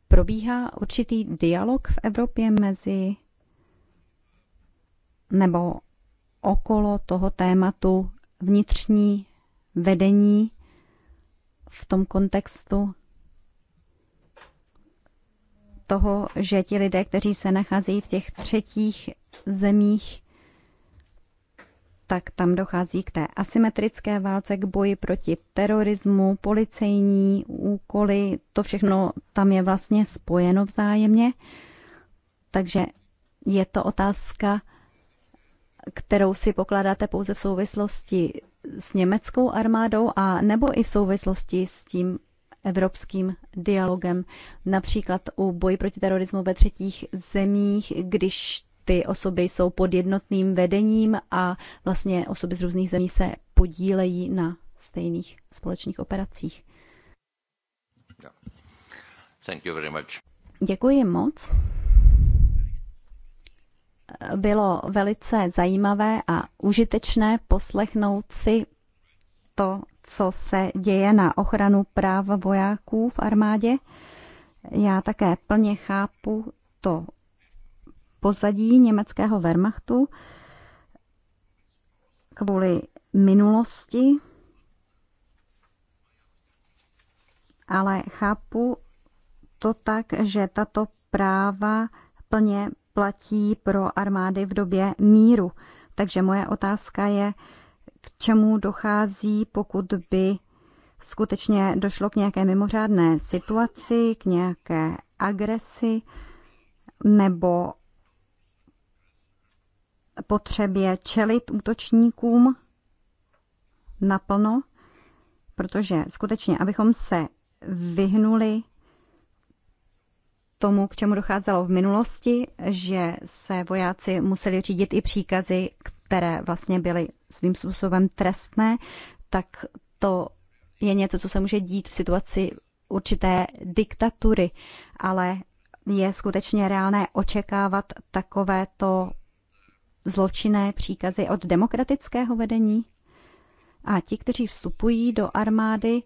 S4: Probíhá určitý dialog v Evropě mezi nebo okolo toho tématu vnitřní vedení v tom kontextu toho, že ti lidé, kteří se nacházejí v těch třetích zemích, tak tam dochází k té asymetrické válce, k boji proti terorismu, policejní úkoly, to všechno tam je vlastně spojeno vzájemně. Takže je to otázka, kterou si pokládáte pouze v souvislosti s německou armádou a nebo i v souvislosti s tím evropským dialogem, například u boji proti terorismu ve třetích zemích, když ty osoby jsou pod jednotným vedením a vlastně osoby z různých zemí se podílejí na stejných společných operacích.
S2: Thank you very much.
S4: Děkuji moc. Bylo velice zajímavé a užitečné poslechnout si to, co se děje na ochranu práv vojáků v armádě. Já také plně chápu to pozadí německého Wehrmachtu kvůli minulosti, ale chápu to tak, že tato práva plně platí pro armády v době míru. Takže moje otázka je, k čemu dochází, pokud by skutečně došlo k nějaké mimořádné situaci, k nějaké agresi nebo potřebě čelit útočníkům naplno, protože skutečně, abychom se vyhnuli tomu, k čemu docházelo v minulosti, že se vojáci museli řídit i příkazy, které vlastně byly svým způsobem trestné, tak to je něco, co se může dít v situaci určité diktatury, ale je skutečně reálné očekávat takovéto zločinné příkazy od demokratického vedení. A ti, kteří vstupují do armády,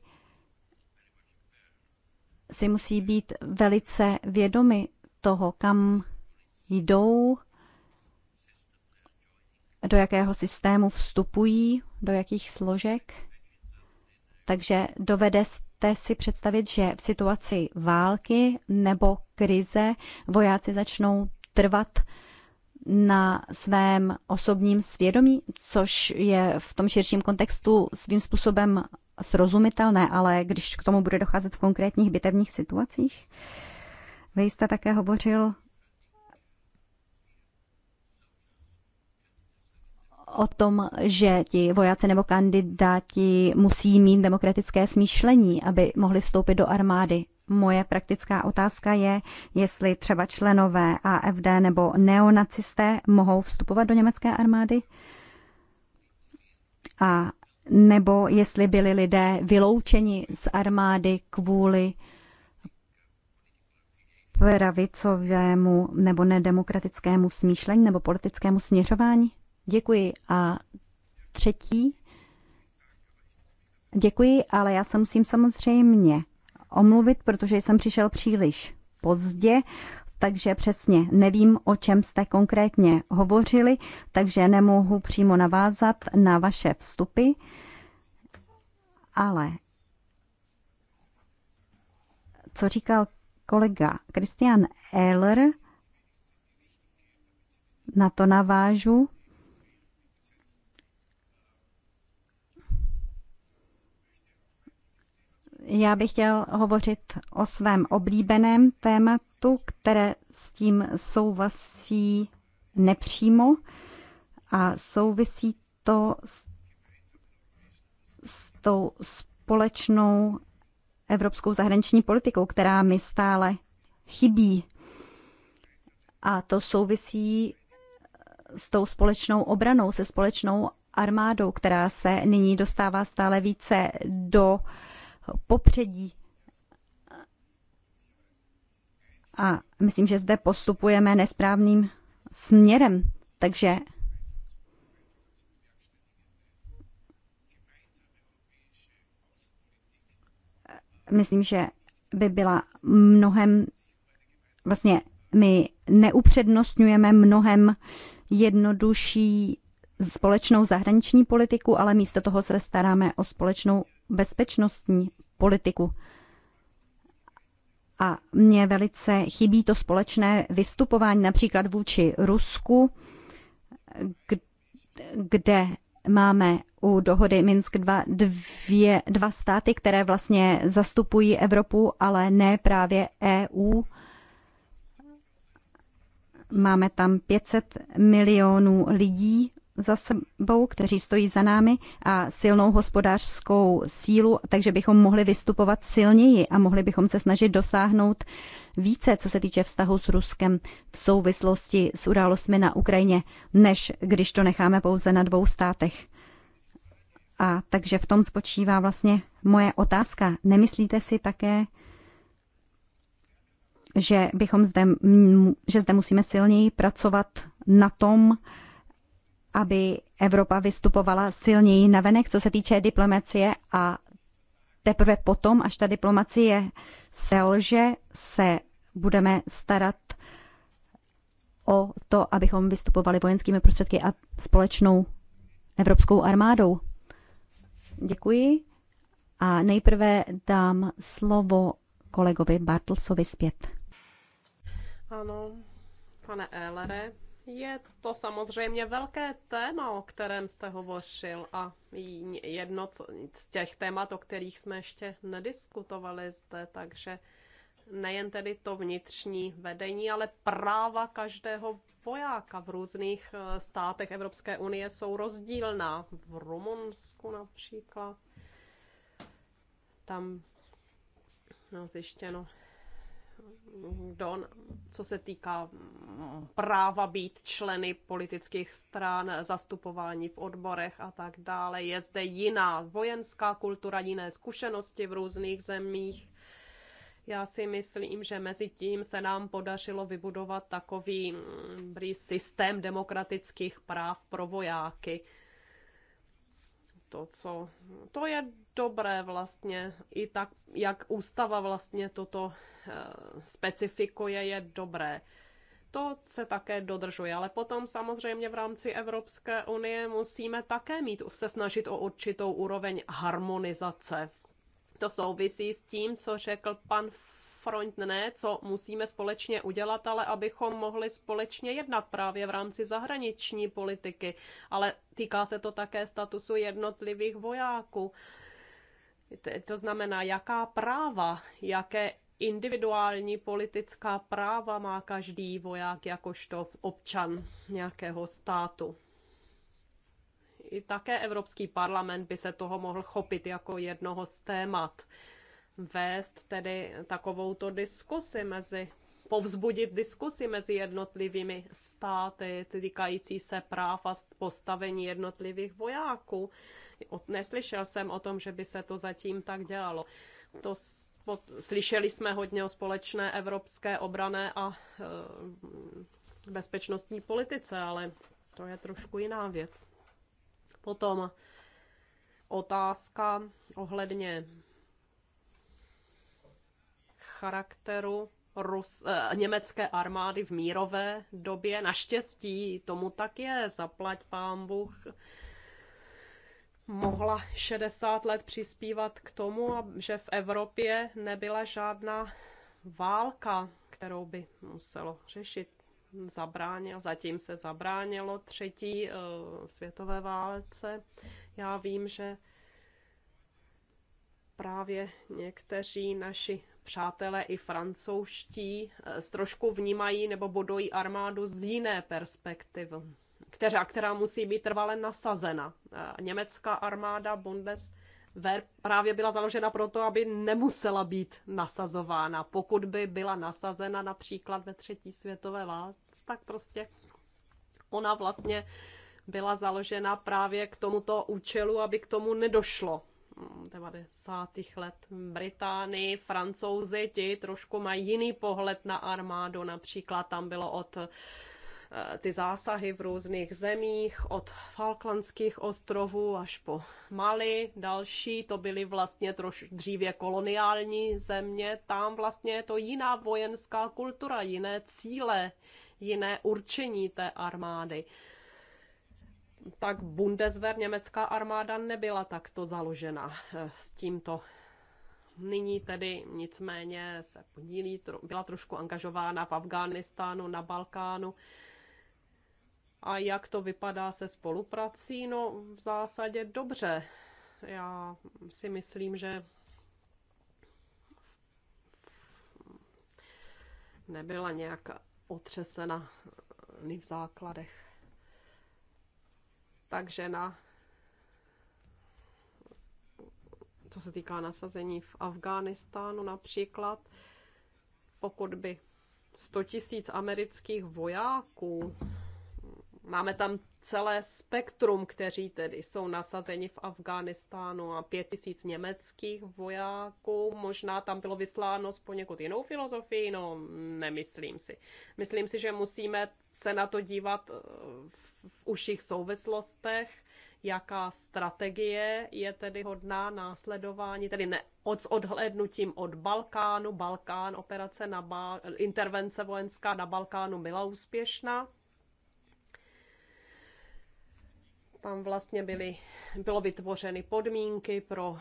S4: si musí být velice vědomi toho, kam jdou, do jakého systému vstupují, do jakých složek. Takže dovedete si představit, že v situaci války nebo krize vojáci začnou trvat na svém osobním svědomí, což je v tom širším kontextu svým způsobem srozumitelné, ale když k tomu bude docházet v konkrétních bitevních situacích. Vy jste také hovořil o tom, že ti vojáci nebo kandidáti musí mít demokratické smýšlení, aby mohli vstoupit do armády. Moje praktická otázka je, jestli třeba členové AFD nebo neonacisté mohou vstupovat do německé armády? A nebo jestli byli lidé vyloučeni z armády kvůli pravicovému nebo nedemokratickému smýšlení nebo politickému směřování? Děkuji. A třetí. Děkuji, ale já se musím samozřejmě omluvit, protože jsem přišel příliš pozdě, takže přesně nevím, o čem jste konkrétně hovořili, takže nemohu přímo navázat na vaše vstupy, ale co říkal kolega Christian Ehler, na to navážu. Já bych chtěl hovořit o svém oblíbeném tématu, které s tím souvisí nepřímo a souvisí to s, s tou společnou evropskou zahraniční politikou, která mi stále chybí. A to souvisí s tou společnou obranou, se společnou armádou, která se nyní dostává stále více do uh, popředí. A myslím, že zde postupujeme nesprávným směrem. Takže myslím, že by byla mnohem, vlastně my neupřednostňujeme mnohem jednodušší společnou zahraniční politiku, ale místo toho se staráme o společnou bezpečnostní politiku. A mně velice chybí to společné vystupování například vůči Rusku, kde máme u dohody Minsk 2 dvě, dva státy, které vlastně zastupují Evropu, ale ne právě EU. Máme tam 500 milionů lidí za sebou, kteří stojí za námi a silnou hospodářskou sílu, takže bychom mohli vystupovat silněji a mohli bychom se snažit dosáhnout více, co se týče vztahu s Ruskem v souvislosti s událostmi na Ukrajině, než když to necháme pouze na dvou státech. A takže v tom spočívá vlastně moje otázka. Nemyslíte si také, že bychom zde, že zde musíme silněji pracovat na tom, aby Evropa vystupovala silněji navenek, co se týče diplomacie a teprve potom, až ta diplomacie selže, se budeme starat o to, abychom vystupovali vojenskými prostředky a společnou evropskou armádou. Děkuji a nejprve dám slovo kolegovi Bartlsovi zpět.
S3: Ano, pane Ehlere, je to samozřejmě velké téma, o kterém jste hovořil a jedno z těch témat, o kterých jsme ještě nediskutovali zde, takže nejen tedy to vnitřní vedení, ale práva každého vojáka v různých eh, státech Evropské unie jsou rozdílná. V Rumunsku například. Tam no, zjištěno, kdo, co se týká práva být členy politických stran, zastupování v odborech a tak dále. Je zde jiná vojenská kultura, jiné zkušenosti v různých zemích. Já si myslím, že mezi tím se nám podařilo vybudovat takový mm, systém demokratických práv pro vojáky. To, co, to je dobré vlastně, i tak, jak ústava vlastně toto eh, specifikuje, je dobré to se také dodržuje, ale potom samozřejmě v rámci Evropské unie musíme také mít se snažit o určitou úroveň harmonizace. To souvisí s tím, co řekl pan front ne, co musíme společně udělat, ale abychom mohli společně jednat právě v rámci zahraniční politiky. Ale týká se to také statusu jednotlivých vojáků. To znamená, jaká práva, jaké individuální politická práva má každý voják jakožto občan nějakého státu. I také Evropský parlament by se toho mohl chopit jako jednoho z témat. Vést tedy takovouto diskusi mezi povzbudit diskusi mezi jednotlivými státy týkající se práv a postavení jednotlivých vojáků. Neslyšel jsem o tom, že by se to zatím tak dělalo. To slyšeli jsme hodně o společné evropské obrané a e, bezpečnostní politice, ale to je trošku jiná věc. Potom otázka ohledně charakteru Rus, eh, německé armády v mírové době. Naštěstí tomu tak je, zaplať pán Bůh. Eh, mohla 60 let přispívat k tomu, že v Evropě nebyla žádná válka, kterou by muselo řešit. Zabránil, zatím se zabránilo třetí uh, světové válce. Já vím, že právě někteří naši přátelé i francouzští eh, trošku vnímají nebo bodují armádu z jiné perspektivy která, která musí být trvale nasazena. Eh, německá armáda Bundeswehr právě byla založena proto, aby nemusela být nasazována. Pokud by byla nasazena například ve třetí světové válce, tak prostě ona vlastně byla založena právě k tomuto účelu, aby k tomu nedošlo. 90. Hmm, let Británii, francouzi, ti trošku mají jiný pohled na armádu, například tam bylo od ty zásahy v různých zemích, od Falklandských ostrovů až po Mali, další, to byly vlastně troš dříve koloniální země, tam vlastně je to jiná vojenská kultura, jiné cíle, jiné určení té armády tak Bundeswehr, německá armáda, nebyla takto založena eh, s tímto. Nyní tedy nicméně se podílí, byla trošku angažována v Afghánistánu, na Balkánu. A jak to vypadá se spoluprací? No, v zásadě dobře. Já si myslím, že nebyla nějak otřesena ani v základech. Takže na co se týká nasazení v Afghánistánu například, pokud by 100 tisíc amerických vojáků Máme tam celé spektrum, kteří tedy jsou nasazeni v Afghánistánu a pět tisíc německých vojáků. Možná tam bylo vysláno s poněkud jinou filozofií, no nemyslím si. Myslím si, že musíme se na to dívat eh, v uších souvislostech, jaká strategie je tedy hodná následování, tedy ne, od, s odhlédnutím od Balkánu, Balkán, operace na ba, intervence vojenská na Balkánu byla úspěšná, Tam vlastně byly, bylo vytvořeny podmínky pro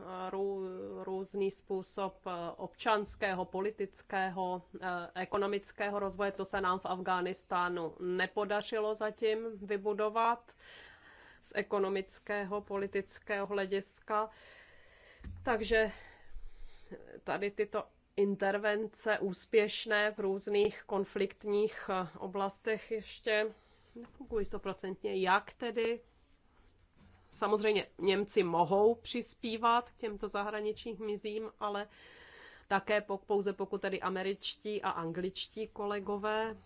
S3: eh, rů, různý způsob eh, občanského, politického, eh, ekonomického rozvoje. To se nám v Afghánistánu nepodařilo zatím vybudovat z ekonomického, politického hlediska. Takže tady tyto intervence úspěšné v různých konfliktních oblastech ještě nefungují stoprocentně. Jak tedy? Samozřejmě Němci mohou přispívat k těmto zahraničních mizím, ale také pouze pokud tedy američtí a angličtí kolegové.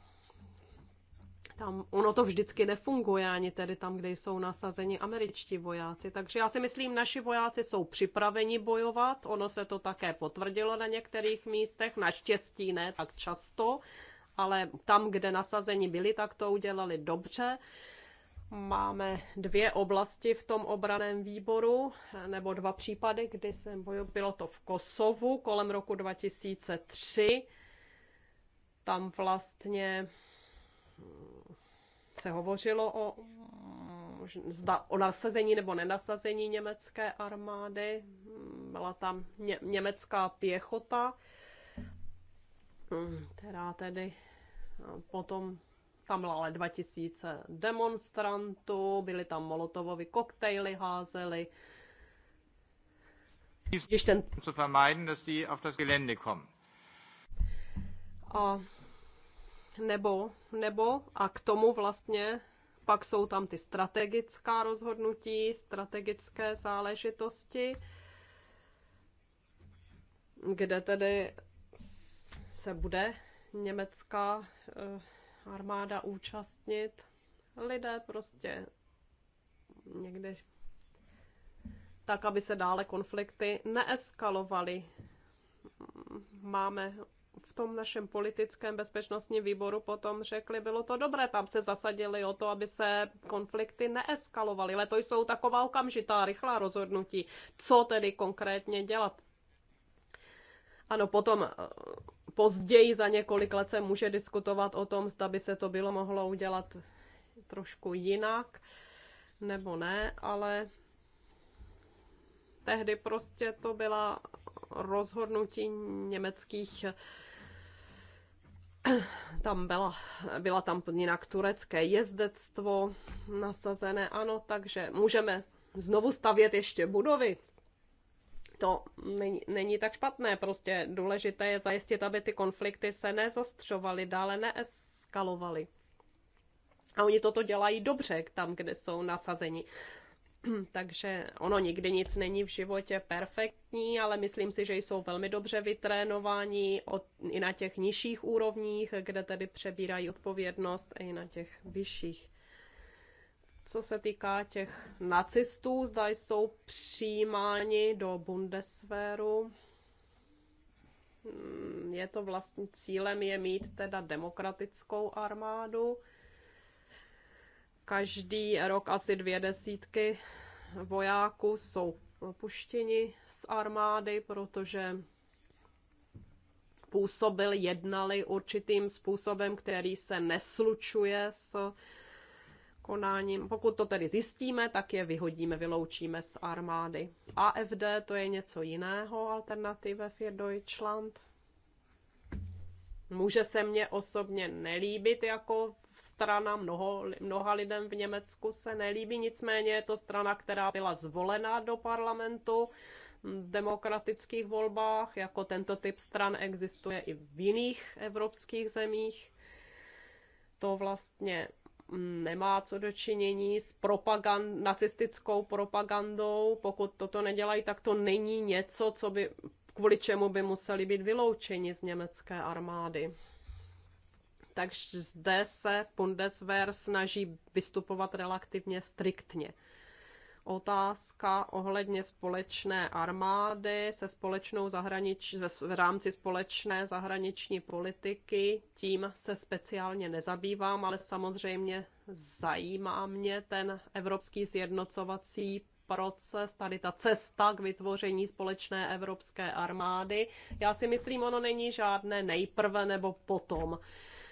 S3: Tam, ono to vždycky nefunguje, ani tedy tam, kde jsou nasazeni američtí vojáci. Takže já si myslím, naši vojáci jsou připraveni bojovat. Ono se to také potvrdilo na některých místech, naštěstí ne tak často, ale tam, kde nasazení byli, tak to udělali dobře. Máme dvě oblasti v tom obraném výboru, nebo dva případy, kdy jsem bojoval. Bylo to v Kosovu kolem roku 2003. Tam vlastně mm, se hovořilo o, mm, zda, o nasazení nebo nenasazení německé armády. Byla tam ně, německá pěchota která tedy no, potom tam byla ale 2000 demonstrantů, byly tam molotovovi koktejly, házely.
S1: Když ten... Zu vermeiden, dass die auf das Gelände kommen.
S3: A nebo, nebo a k tomu vlastně pak jsou tam ty strategická rozhodnutí, strategické záležitosti, kde tedy se bude německá eh, armáda účastnit. Lidé prostě někde tak, aby se dále konflikty neeskalovaly. Máme v tom našem politickém bezpečnostním výboru potom řekli, bylo to dobré, tam se zasadili o to, aby se konflikty neeskalovaly, ale to jsou taková okamžitá, rychlá rozhodnutí, co tedy konkrétně dělat. Ano, potom později za několik let se může diskutovat o tom, zda by se to bylo mohlo udělat trošku jinak nebo ne, ale tehdy prostě to byla rozhodnutí německých tam byla, byla tam jinak turecké jezdectvo nasazené, ano, takže můžeme znovu stavět ještě budovy, to není, není tak špatné. Prostě důležité je zajistit, aby ty konflikty se nezostřovaly, dále neeskalovaly. A oni toto dělají dobře tam, kde jsou nasazeni. Takže ono nikdy nic není v životě perfektní, ale myslím si, že jsou velmi dobře vytrénováni od, i na těch nižších úrovních, kde tedy přebírají odpovědnost, i na těch vyšších co se týká těch nacistů, zda jsou přijímáni do Bundeswehru. Mm, je to vlastně cílem je mít teda demokratickou armádu. Každý rok asi dvě desítky vojáků jsou opuštěni z armády, protože působili, jednali určitým způsobem, který se neslučuje s konáním. Pokud to tedy zjistíme, tak je vyhodíme, vyloučíme z armády. AFD to je něco jiného, alternativa für Deutschland. Může se mě osobně nelíbit jako strana, mnoho, mnoha lidem v Německu se nelíbí, nicméně je to strana, která byla zvolena do parlamentu v demokratických volbách, jako tento typ stran existuje i v jiných evropských zemích. To vlastně nemá co dočinění s propagand, nacistickou propagandou. Pokud toto nedělají, tak to není něco, co by, kvůli čemu by museli být vyloučeni z německé armády. Takže zde se Bundeswehr snaží vystupovat relativně striktně otázka ohledně společné armády se společnou zahranič, v rámci společné zahraniční politiky. Tím se speciálně nezabývám, ale samozřejmě zajímá mě ten evropský zjednocovací proces, tady ta cesta k vytvoření společné evropské armády. Já si myslím, ono není žádné nejprve nebo potom.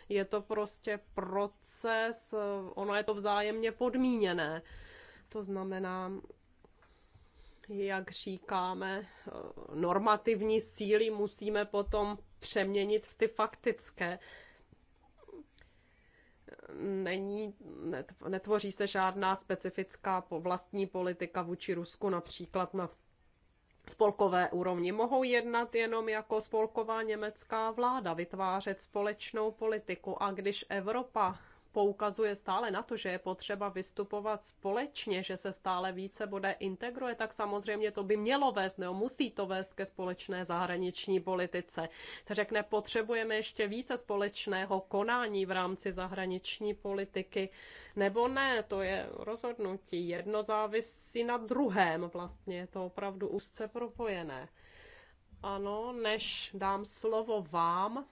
S3: Je to prostě proces, ono je to vzájemně podmíněné. To znamená, jak říkáme, eh, normativní síly musíme potom přeměnit v ty faktické. Není, netvoří se žádná specifická vlastní politika vůči Rusku, například na spolkové úrovni. Mohou jednat jenom jako spolková německá vláda, vytvářet společnou politiku. A když Evropa poukazuje stále na to, že je potřeba vystupovat společně, že se stále více bude integruje, tak samozřejmě to by mělo vést, nebo musí to vést ke společné zahraniční politice. Se řekne, potřebujeme ještě více společného konání v rámci zahraniční politiky, nebo ne, to je rozhodnutí. Jedno závisí na druhém, vlastně je to opravdu úzce propojené. Ano, než dám slovo vám,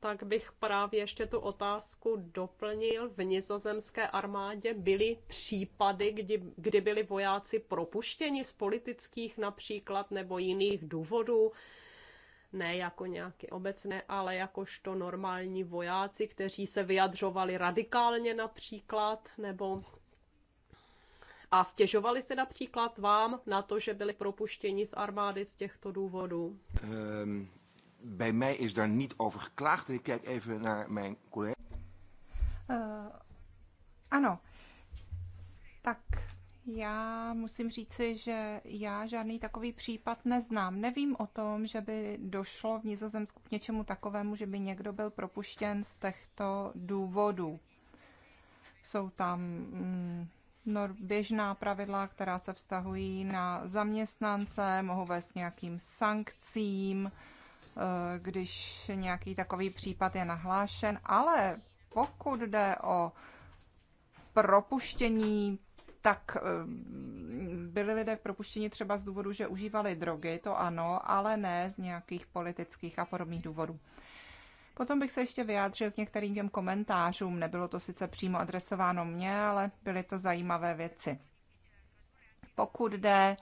S3: tak bych právě ještě tu otázku doplnil. V nizozemské armádě byly případy, kdy, kdy byli vojáci propuštěni z politických například nebo jiných důvodů ne jako nějaké obecné, ale jakožto normální vojáci, kteří se vyjadřovali radikálně například, nebo a stěžovali se například vám na to, že byli propuštěni z armády z těchto důvodů?
S2: Um, bij mij is daar niet over geklaagd. En ik kijk even naar mijn collega.
S1: Uh, ano. Tak já musím říci, že já žádný takový případ neznám. Nevím o tom, že by došlo v Nizozemsku k něčemu takovému, že by někdo byl propuštěn z těchto důvodů. Jsou tam mm, běžná pravidla, která se vztahují na zaměstnance, mohou vést nějakým sankcím, Eh, když nějaký takový případ je nahlášen, ale pokud jde o propuštění, tak eh, byli lidé propuštěni třeba z důvodu, že užívali drogy, to ano, ale ne z nějakých politických a podobných důvodů. Potom bych se ještě vyjádřil k některým těm komentářům. Nebylo to sice přímo adresováno mně, ale byly to zajímavé věci. Pokud jde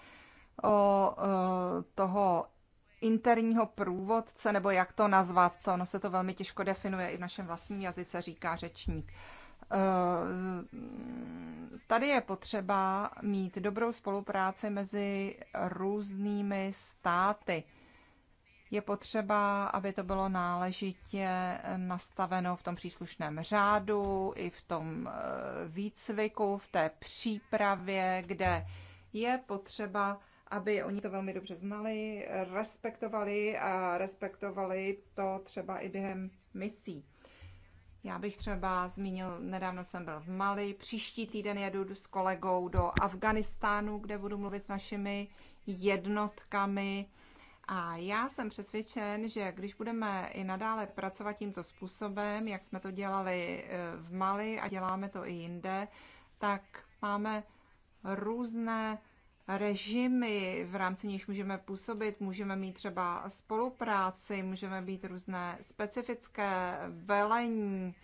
S1: o eh, toho interního průvodce, nebo jak to nazvat, ono se to velmi těžko definuje, i v našem vlastním jazyce říká řečník. Eh, tady je potřeba mít dobrou spolupráci mezi různými státy. Je potřeba, aby to bylo náležitě nastaveno v tom příslušném řádu, i v tom eh, výcviku, v té přípravě, kde je potřeba aby oni to velmi dobře znali, respektovali a respektovali to třeba i během misí. Já bych třeba zmínil, nedávno jsem byl v Mali, příští týden jedu s kolegou do Afganistánu, kde budu mluvit s našimi jednotkami. A já jsem přesvědčen, že když budeme i nadále pracovat tímto způsobem, jak jsme to dělali e, v Mali a děláme to i jinde, tak máme různé režimy, v rámci nich můžeme působit, můžeme mít třeba spolupráci, můžeme být různé specifické velení.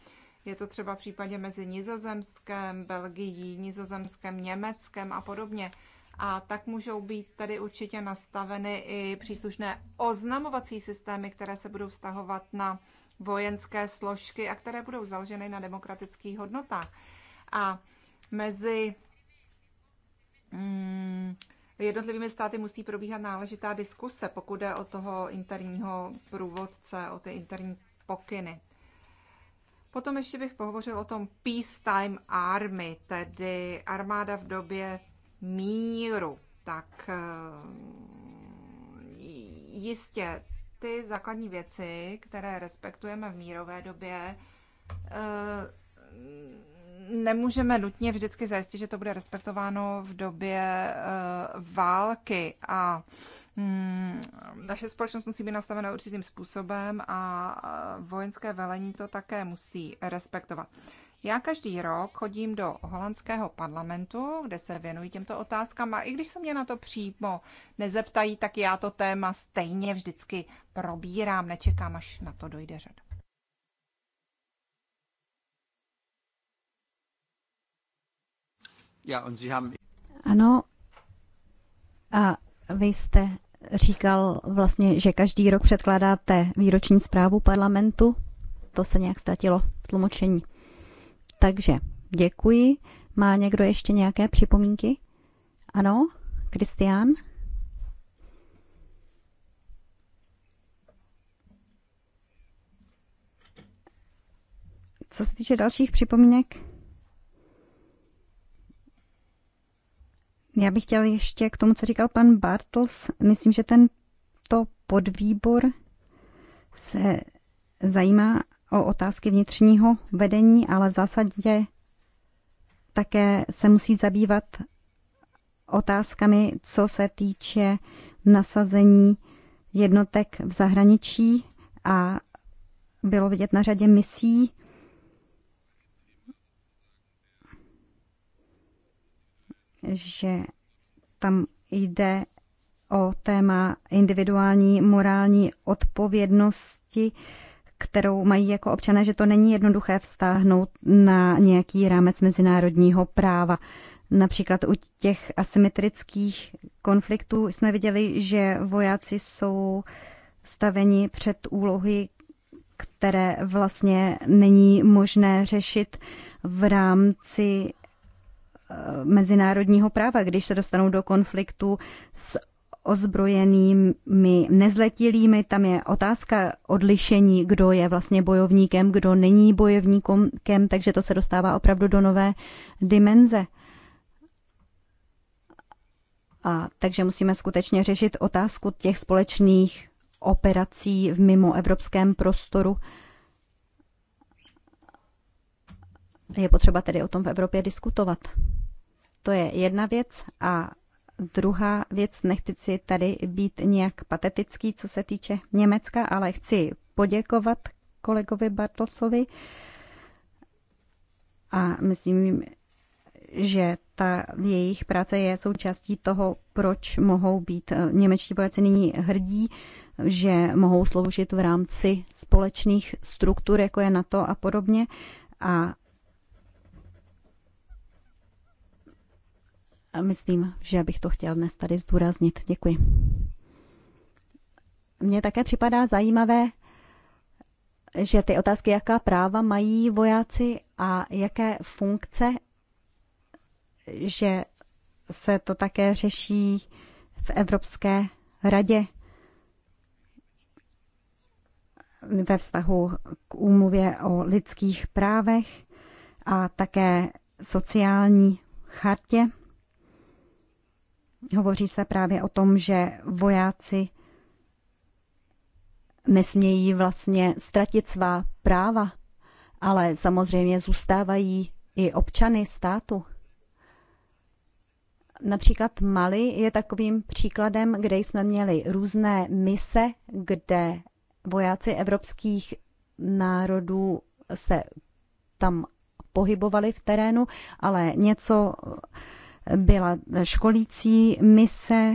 S1: Je to třeba v případě mezi Nizozemskem, Belgií, Nizozemskem, Německem a podobně. A tak můžou být tady určitě nastaveny i příslušné oznamovací systémy, které se budou vztahovat na vojenské složky a které budou založeny na demokratických hodnotách. A mezi Mm, jednotlivými státy musí probíhat náležitá diskuse, pokud jde o toho interního průvodce, o ty interní pokyny. Potom ještě bych pohovořil o tom peacetime army, tedy armáda v době míru. Tak eh, jistě ty základní věci, které respektujeme v mírové době, eh, nemůžeme nutně vždycky zajistit, že to bude respektováno v době eh, války a mm, naše společnost musí být nastavena určitým způsobem a eh, vojenské velení to také musí respektovat. Já každý rok chodím do holandského parlamentu, kde se věnuji těmto otázkám a i když se mě na to přímo nezeptají, tak já to téma stejně vždycky probírám, nečekám, až na to dojde řada.
S4: Ano, a vy jste říkal vlastně, že každý rok předkládáte výroční zprávu parlamentu. To se nějak ztratilo v tlumočení. Takže děkuji. Má někdo ještě nějaké připomínky? Ano, Kristián? Co se týče dalších připomínek? Já bych chtěla ještě k tomu, co říkal pan Bartels. Myslím, že tento podvýbor se zajímá o otázky vnitřního vedení, ale v zásadě také se musí zabývat otázkami, co se týče nasazení jednotek v zahraničí a bylo vidět na řadě misí, že tam jde o téma individuální morální odpovědnosti, kterou mají jako občané, že to není jednoduché vztáhnout na nějaký rámec mezinárodního práva. Například u těch asymetrických konfliktů jsme viděli, že vojáci jsou staveni před úlohy, které vlastně není možné řešit v rámci Eh, mezinárodního práva, když se dostanou do konfliktu s ozbrojenými nezletilými. Tam je otázka odlišení, kdo je vlastně bojovníkem, kdo není bojovníkem, takže to se dostává opravdu do nové dimenze. A takže musíme skutečně řešit otázku těch společných operací v mimoevropském prostoru. Je potřeba tedy o tom v Evropě diskutovat. To je jedna věc a druhá věc, nechci si tady být nějak patetický, co se týče Německa, ale chci poděkovat kolegovi Bartelsovi a myslím, že ta jejich práce je součástí toho, proč mohou být eh, němečtí vojáci nyní hrdí, že mohou sloužit v rámci společných struktur, jako je NATO a podobně. A myslím, že bych to chtěl dnes tady zdůraznit. Děkuji. Mně také připadá zajímavé, že ty otázky, jaká práva mají vojáci a jaké funkce, že se to také řeší v Evropské radě ve vztahu k úmluvě o lidských právech a také sociální chartě. Hovoří se právě o tom, že vojáci nesmějí vlastně ztratit svá práva, ale samozřejmě zůstávají i občany státu. Například Mali je takovým příkladem, kde jsme měli různé mise, kde vojáci evropských národů se tam pohybovali v terénu, ale něco byla školící mise,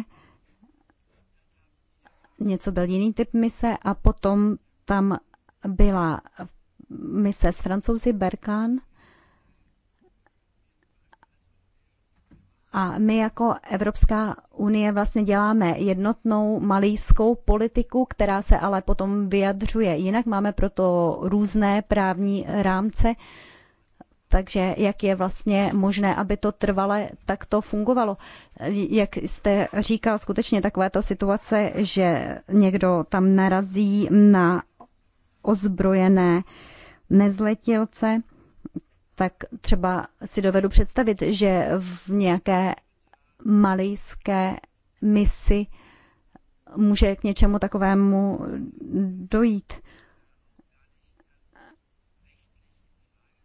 S4: něco byl jiný typ mise a potom tam byla mise s francouzi Berkán A my jako Evropská unie vlastně děláme jednotnou malijskou politiku, která se ale potom vyjadřuje jinak. Máme proto různé právní rámce. Uh, takže jak je vlastně možné, aby to trvale takto fungovalo? Jak jste říkal, skutečně takovéto situace, že někdo tam narazí na ozbrojené nezletilce, tak třeba si dovedu představit, že v nějaké malijské misi může k něčemu takovému dojít.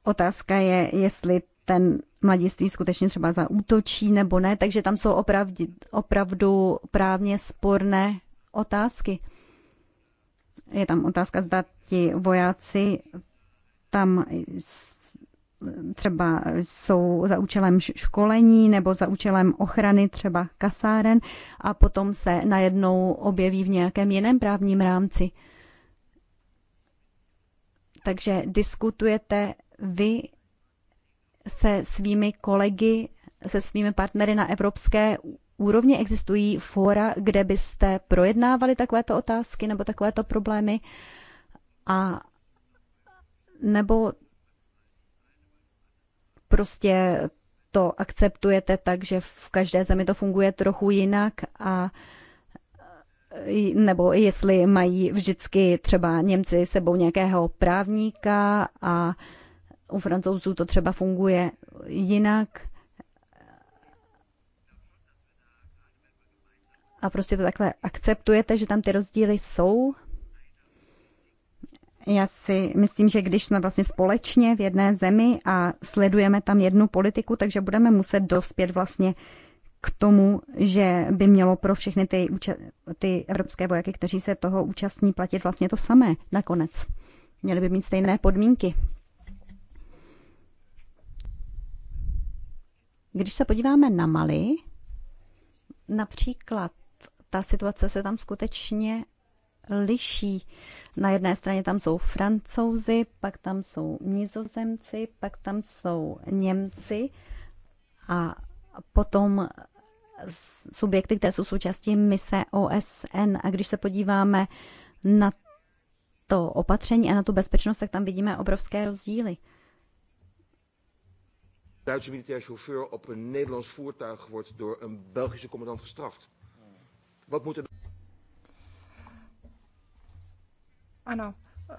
S4: Otázka je, jestli ten mladiství skutečně třeba zaútočí nebo ne, takže tam jsou opravdu, opravdu právně sporné otázky. Je tam otázka, zda ti vojáci tam třeba jsou za účelem školení nebo za účelem ochrany třeba kasáren a potom se najednou objeví v nějakém jiném právním rámci. Takže diskutujete vy se svými kolegy, se svými partnery na evropské úrovni existují fóra, kde byste projednávali takovéto otázky nebo takovéto problémy a nebo prostě to akceptujete tak, že v každé zemi to funguje trochu jinak a nebo jestli mají vždycky třeba Němci sebou nějakého právníka a u francouzů to třeba funguje jinak. A prostě to takhle akceptujete, že tam ty rozdíly jsou? Já si myslím, že když jsme vlastně společně v jedné zemi a sledujeme tam jednu politiku, takže budeme muset dospět vlastně k tomu, že by mělo pro všechny ty, ty evropské vojáky, kteří se toho účastní, platit vlastně to samé nakonec. Měli by mít stejné podmínky. Když se podíváme na Mali, například ta situace se tam skutečně liší. Na jedné straně tam jsou francouzi, pak tam jsou nizozemci, pak tam jsou Němci a potom subjekty, které jsou součástí mise OSN. A když se podíváme na to opatření a na tu bezpečnost, tak tam vidíme obrovské rozdíly.
S2: Duitse militair chauffeur op een Nederlands voertuig wordt door een Belgische commandant gestraft. Wat moet er...
S1: Ano, uh,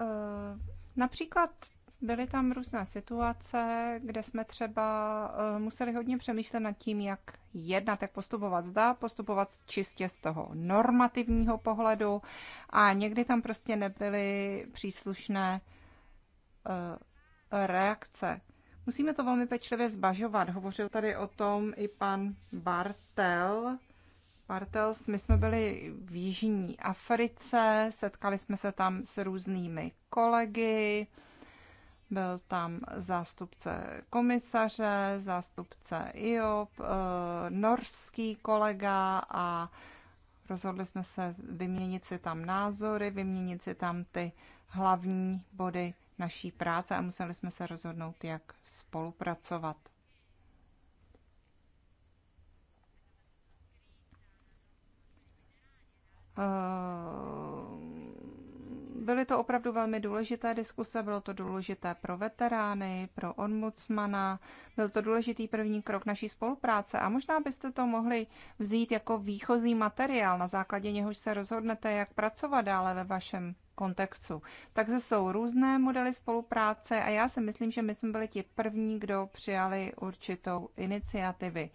S1: například byly tam různé situace, kde jsme třeba uh, museli hodně přemýšlet nad tím, jak jednat, jak postupovat zda, postupovat čistě z toho normativního pohledu a někdy tam prostě nebyly příslušné uh, reakce. Musíme to velmi pečlivě zbažovat. Hovořil tady o tom i pan Bartel. Bartels, my jsme byli v Jižní Africe, setkali jsme se tam s různými kolegy, byl tam zástupce komisaře, zástupce IOP, eh, norský kolega a rozhodli jsme se vyměnit si tam názory, vyměnit si tam ty hlavní body naší práce a museli jsme se rozhodnout, jak spolupracovat. Eh, byly to opravdu velmi důležité diskuse, bylo to důležité pro veterány, pro ombudsmana, byl to důležitý první krok naší spolupráce a možná byste to mohli vzít jako výchozí materiál, na základě něhož se rozhodnete, jak pracovat dále ve vašem kontextu. Takže jsou různé modely spolupráce a já si myslím, že my jsme byli ti první, kdo přijali určitou iniciativy.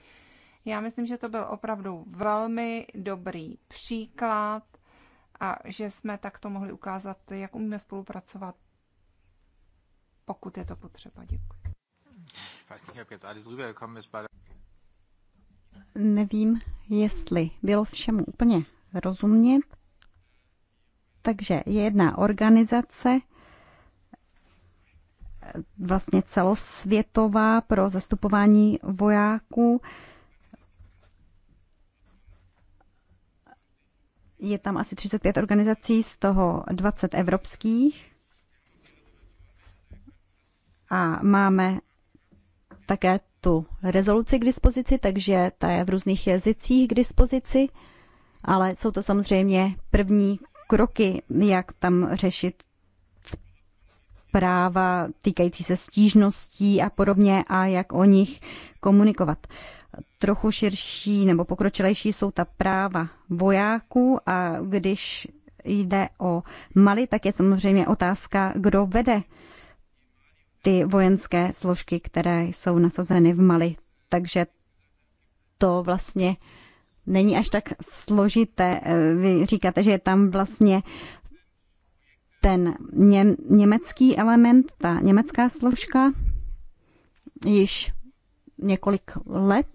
S1: Já myslím, že to byl opravdu velmi dobrý příklad a že jsme takto mohli ukázat, jak umíme spolupracovat, pokud je to potřeba. Děkuji.
S4: Nevím, jestli bylo všemu úplně rozumět. Takže je jedna organizace, vlastně celosvětová pro zastupování vojáků. Je tam asi 35 organizací, z toho 20 evropských. A máme také tu rezoluci k dispozici, takže ta je v různých jazycích k dispozici, ale jsou to samozřejmě první kroky, jak tam řešit práva týkající se stížností a podobně a jak o nich komunikovat. Trochu širší nebo pokročilejší jsou ta práva vojáků a když jde o Mali, tak je samozřejmě otázka, kdo vede ty vojenské složky, které jsou nasazeny v Mali. Takže to vlastně není až tak složité. Eh, vy říkáte, že je tam vlastně ten ně, německý element, ta německá složka, již několik let.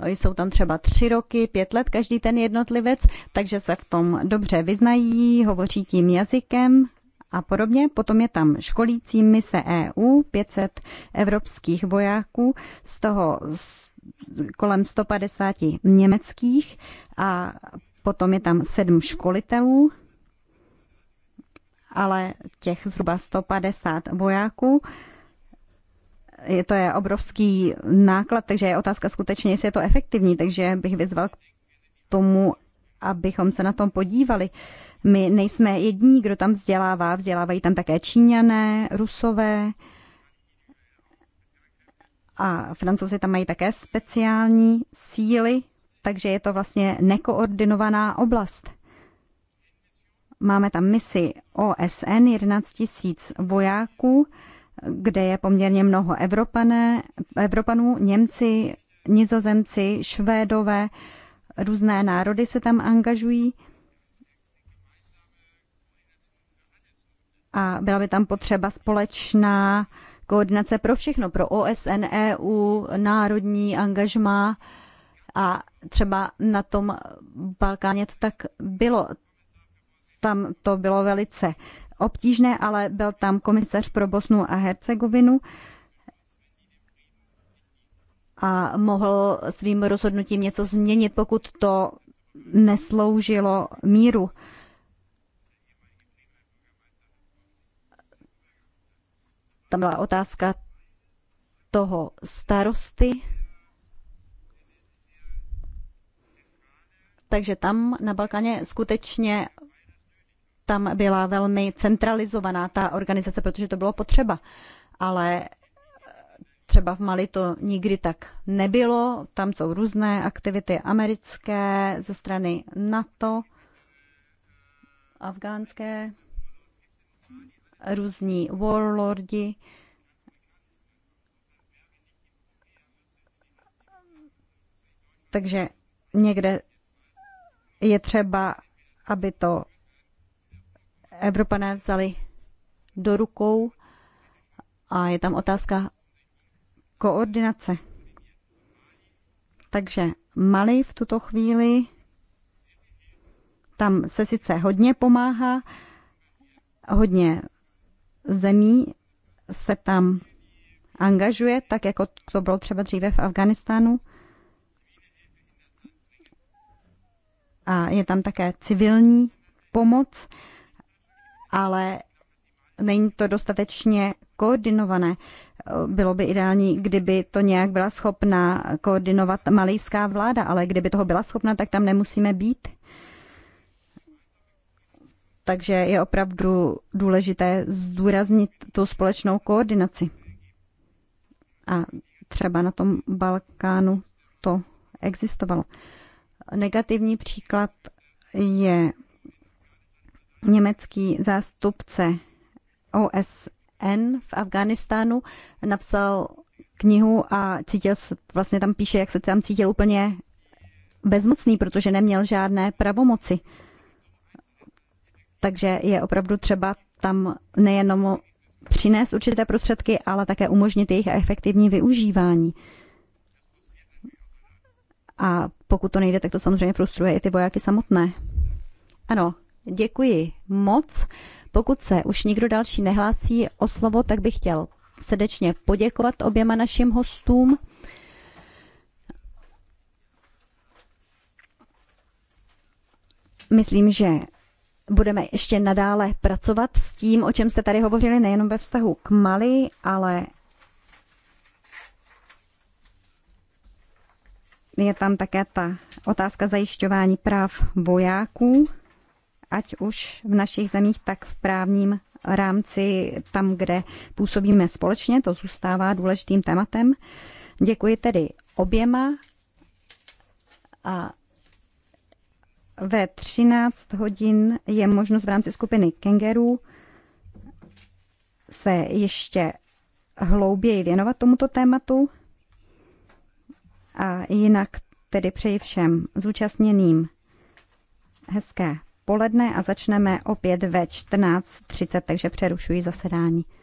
S4: Eh, jsou tam třeba tři roky, pět let každý ten jednotlivec, takže se v tom dobře vyznají, hovoří tím jazykem a podobně. Potom je tam školící mise EU, 500 evropských vojáků, z toho kolem 150 německých a potom je tam sedm školitelů, ale těch zhruba 150 vojáků. Je to je obrovský náklad, takže je otázka skutečně, jestli je to efektivní, takže bych vyzval k tomu, abychom se na tom podívali. My nejsme jediní, kdo tam vzdělává, vzdělávají tam také Číňané, Rusové, a francouzi tam mají také speciální síly, takže je to vlastně nekoordinovaná oblast. Máme tam misi OSN 11 tisíc vojáků, kde je poměrně mnoho Evropané, Evropanů, Němci, Nizozemci, Švédové, různé národy se tam angažují. A byla by tam potřeba společná koordinace pro všechno, pro OSN, EU, národní angažma a třeba na tom Balkáně to tak bylo. Tam to bylo velice obtížné, ale byl tam komisař pro Bosnu a Hercegovinu a mohl svým rozhodnutím něco změnit, pokud to nesloužilo míru. Tam byla otázka toho starosty. Takže tam na Balkáně skutečně tam byla velmi centralizovaná ta organizace, protože to bylo potřeba. Ale třeba v Mali to nikdy tak nebylo. Tam jsou různé aktivity americké ze strany NATO, afgánské různí warlordi. Takže někde je třeba, aby to Evropané vzali do rukou a je tam otázka koordinace. Takže Mali v tuto chvíli tam se sice hodně pomáhá, hodně zemí se tam angažuje, tak jako to bylo třeba dříve v Afganistánu. A je tam také civilní pomoc, ale není to dostatečně koordinované. Bylo by ideální, kdyby to nějak byla schopna koordinovat malijská vláda, ale kdyby toho byla schopna, tak tam nemusíme být. Takže je opravdu důležité zdůraznit tu společnou koordinaci. A třeba na tom Balkánu to existovalo. Negativní příklad je německý zástupce OSN v Afghánistánu napsal knihu a cítil se, vlastně tam píše, jak se tam cítil úplně bezmocný, protože neměl žádné pravomoci. Uh, takže je opravdu třeba tam nejenom přinést určité prostředky, ale také umožnit jejich efektivní využívání. A pokud to nejde, tak to samozřejmě frustruje i ty vojáky samotné. Ano, děkuji moc. Pokud se už nikdo další nehlásí o slovo, tak bych chtěl srdečně poděkovat oběma našim hostům. Myslím, že budeme ještě nadále pracovat s tím, o čem jste tady hovořili, nejenom ve vztahu k Mali, ale je tam také ta otázka zajišťování práv vojáků, ať už v našich zemích, tak v právním rámci tam, kde působíme společně. To zůstává důležitým tématem. Děkuji tedy oběma a ve 13 hodin je možnost v rámci skupiny Kengerů se ještě hlouběji věnovat tomuto tématu. A jinak tedy přeji všem zúčastněným hezké poledne a začneme opět ve 14.30, takže přerušuji zasedání.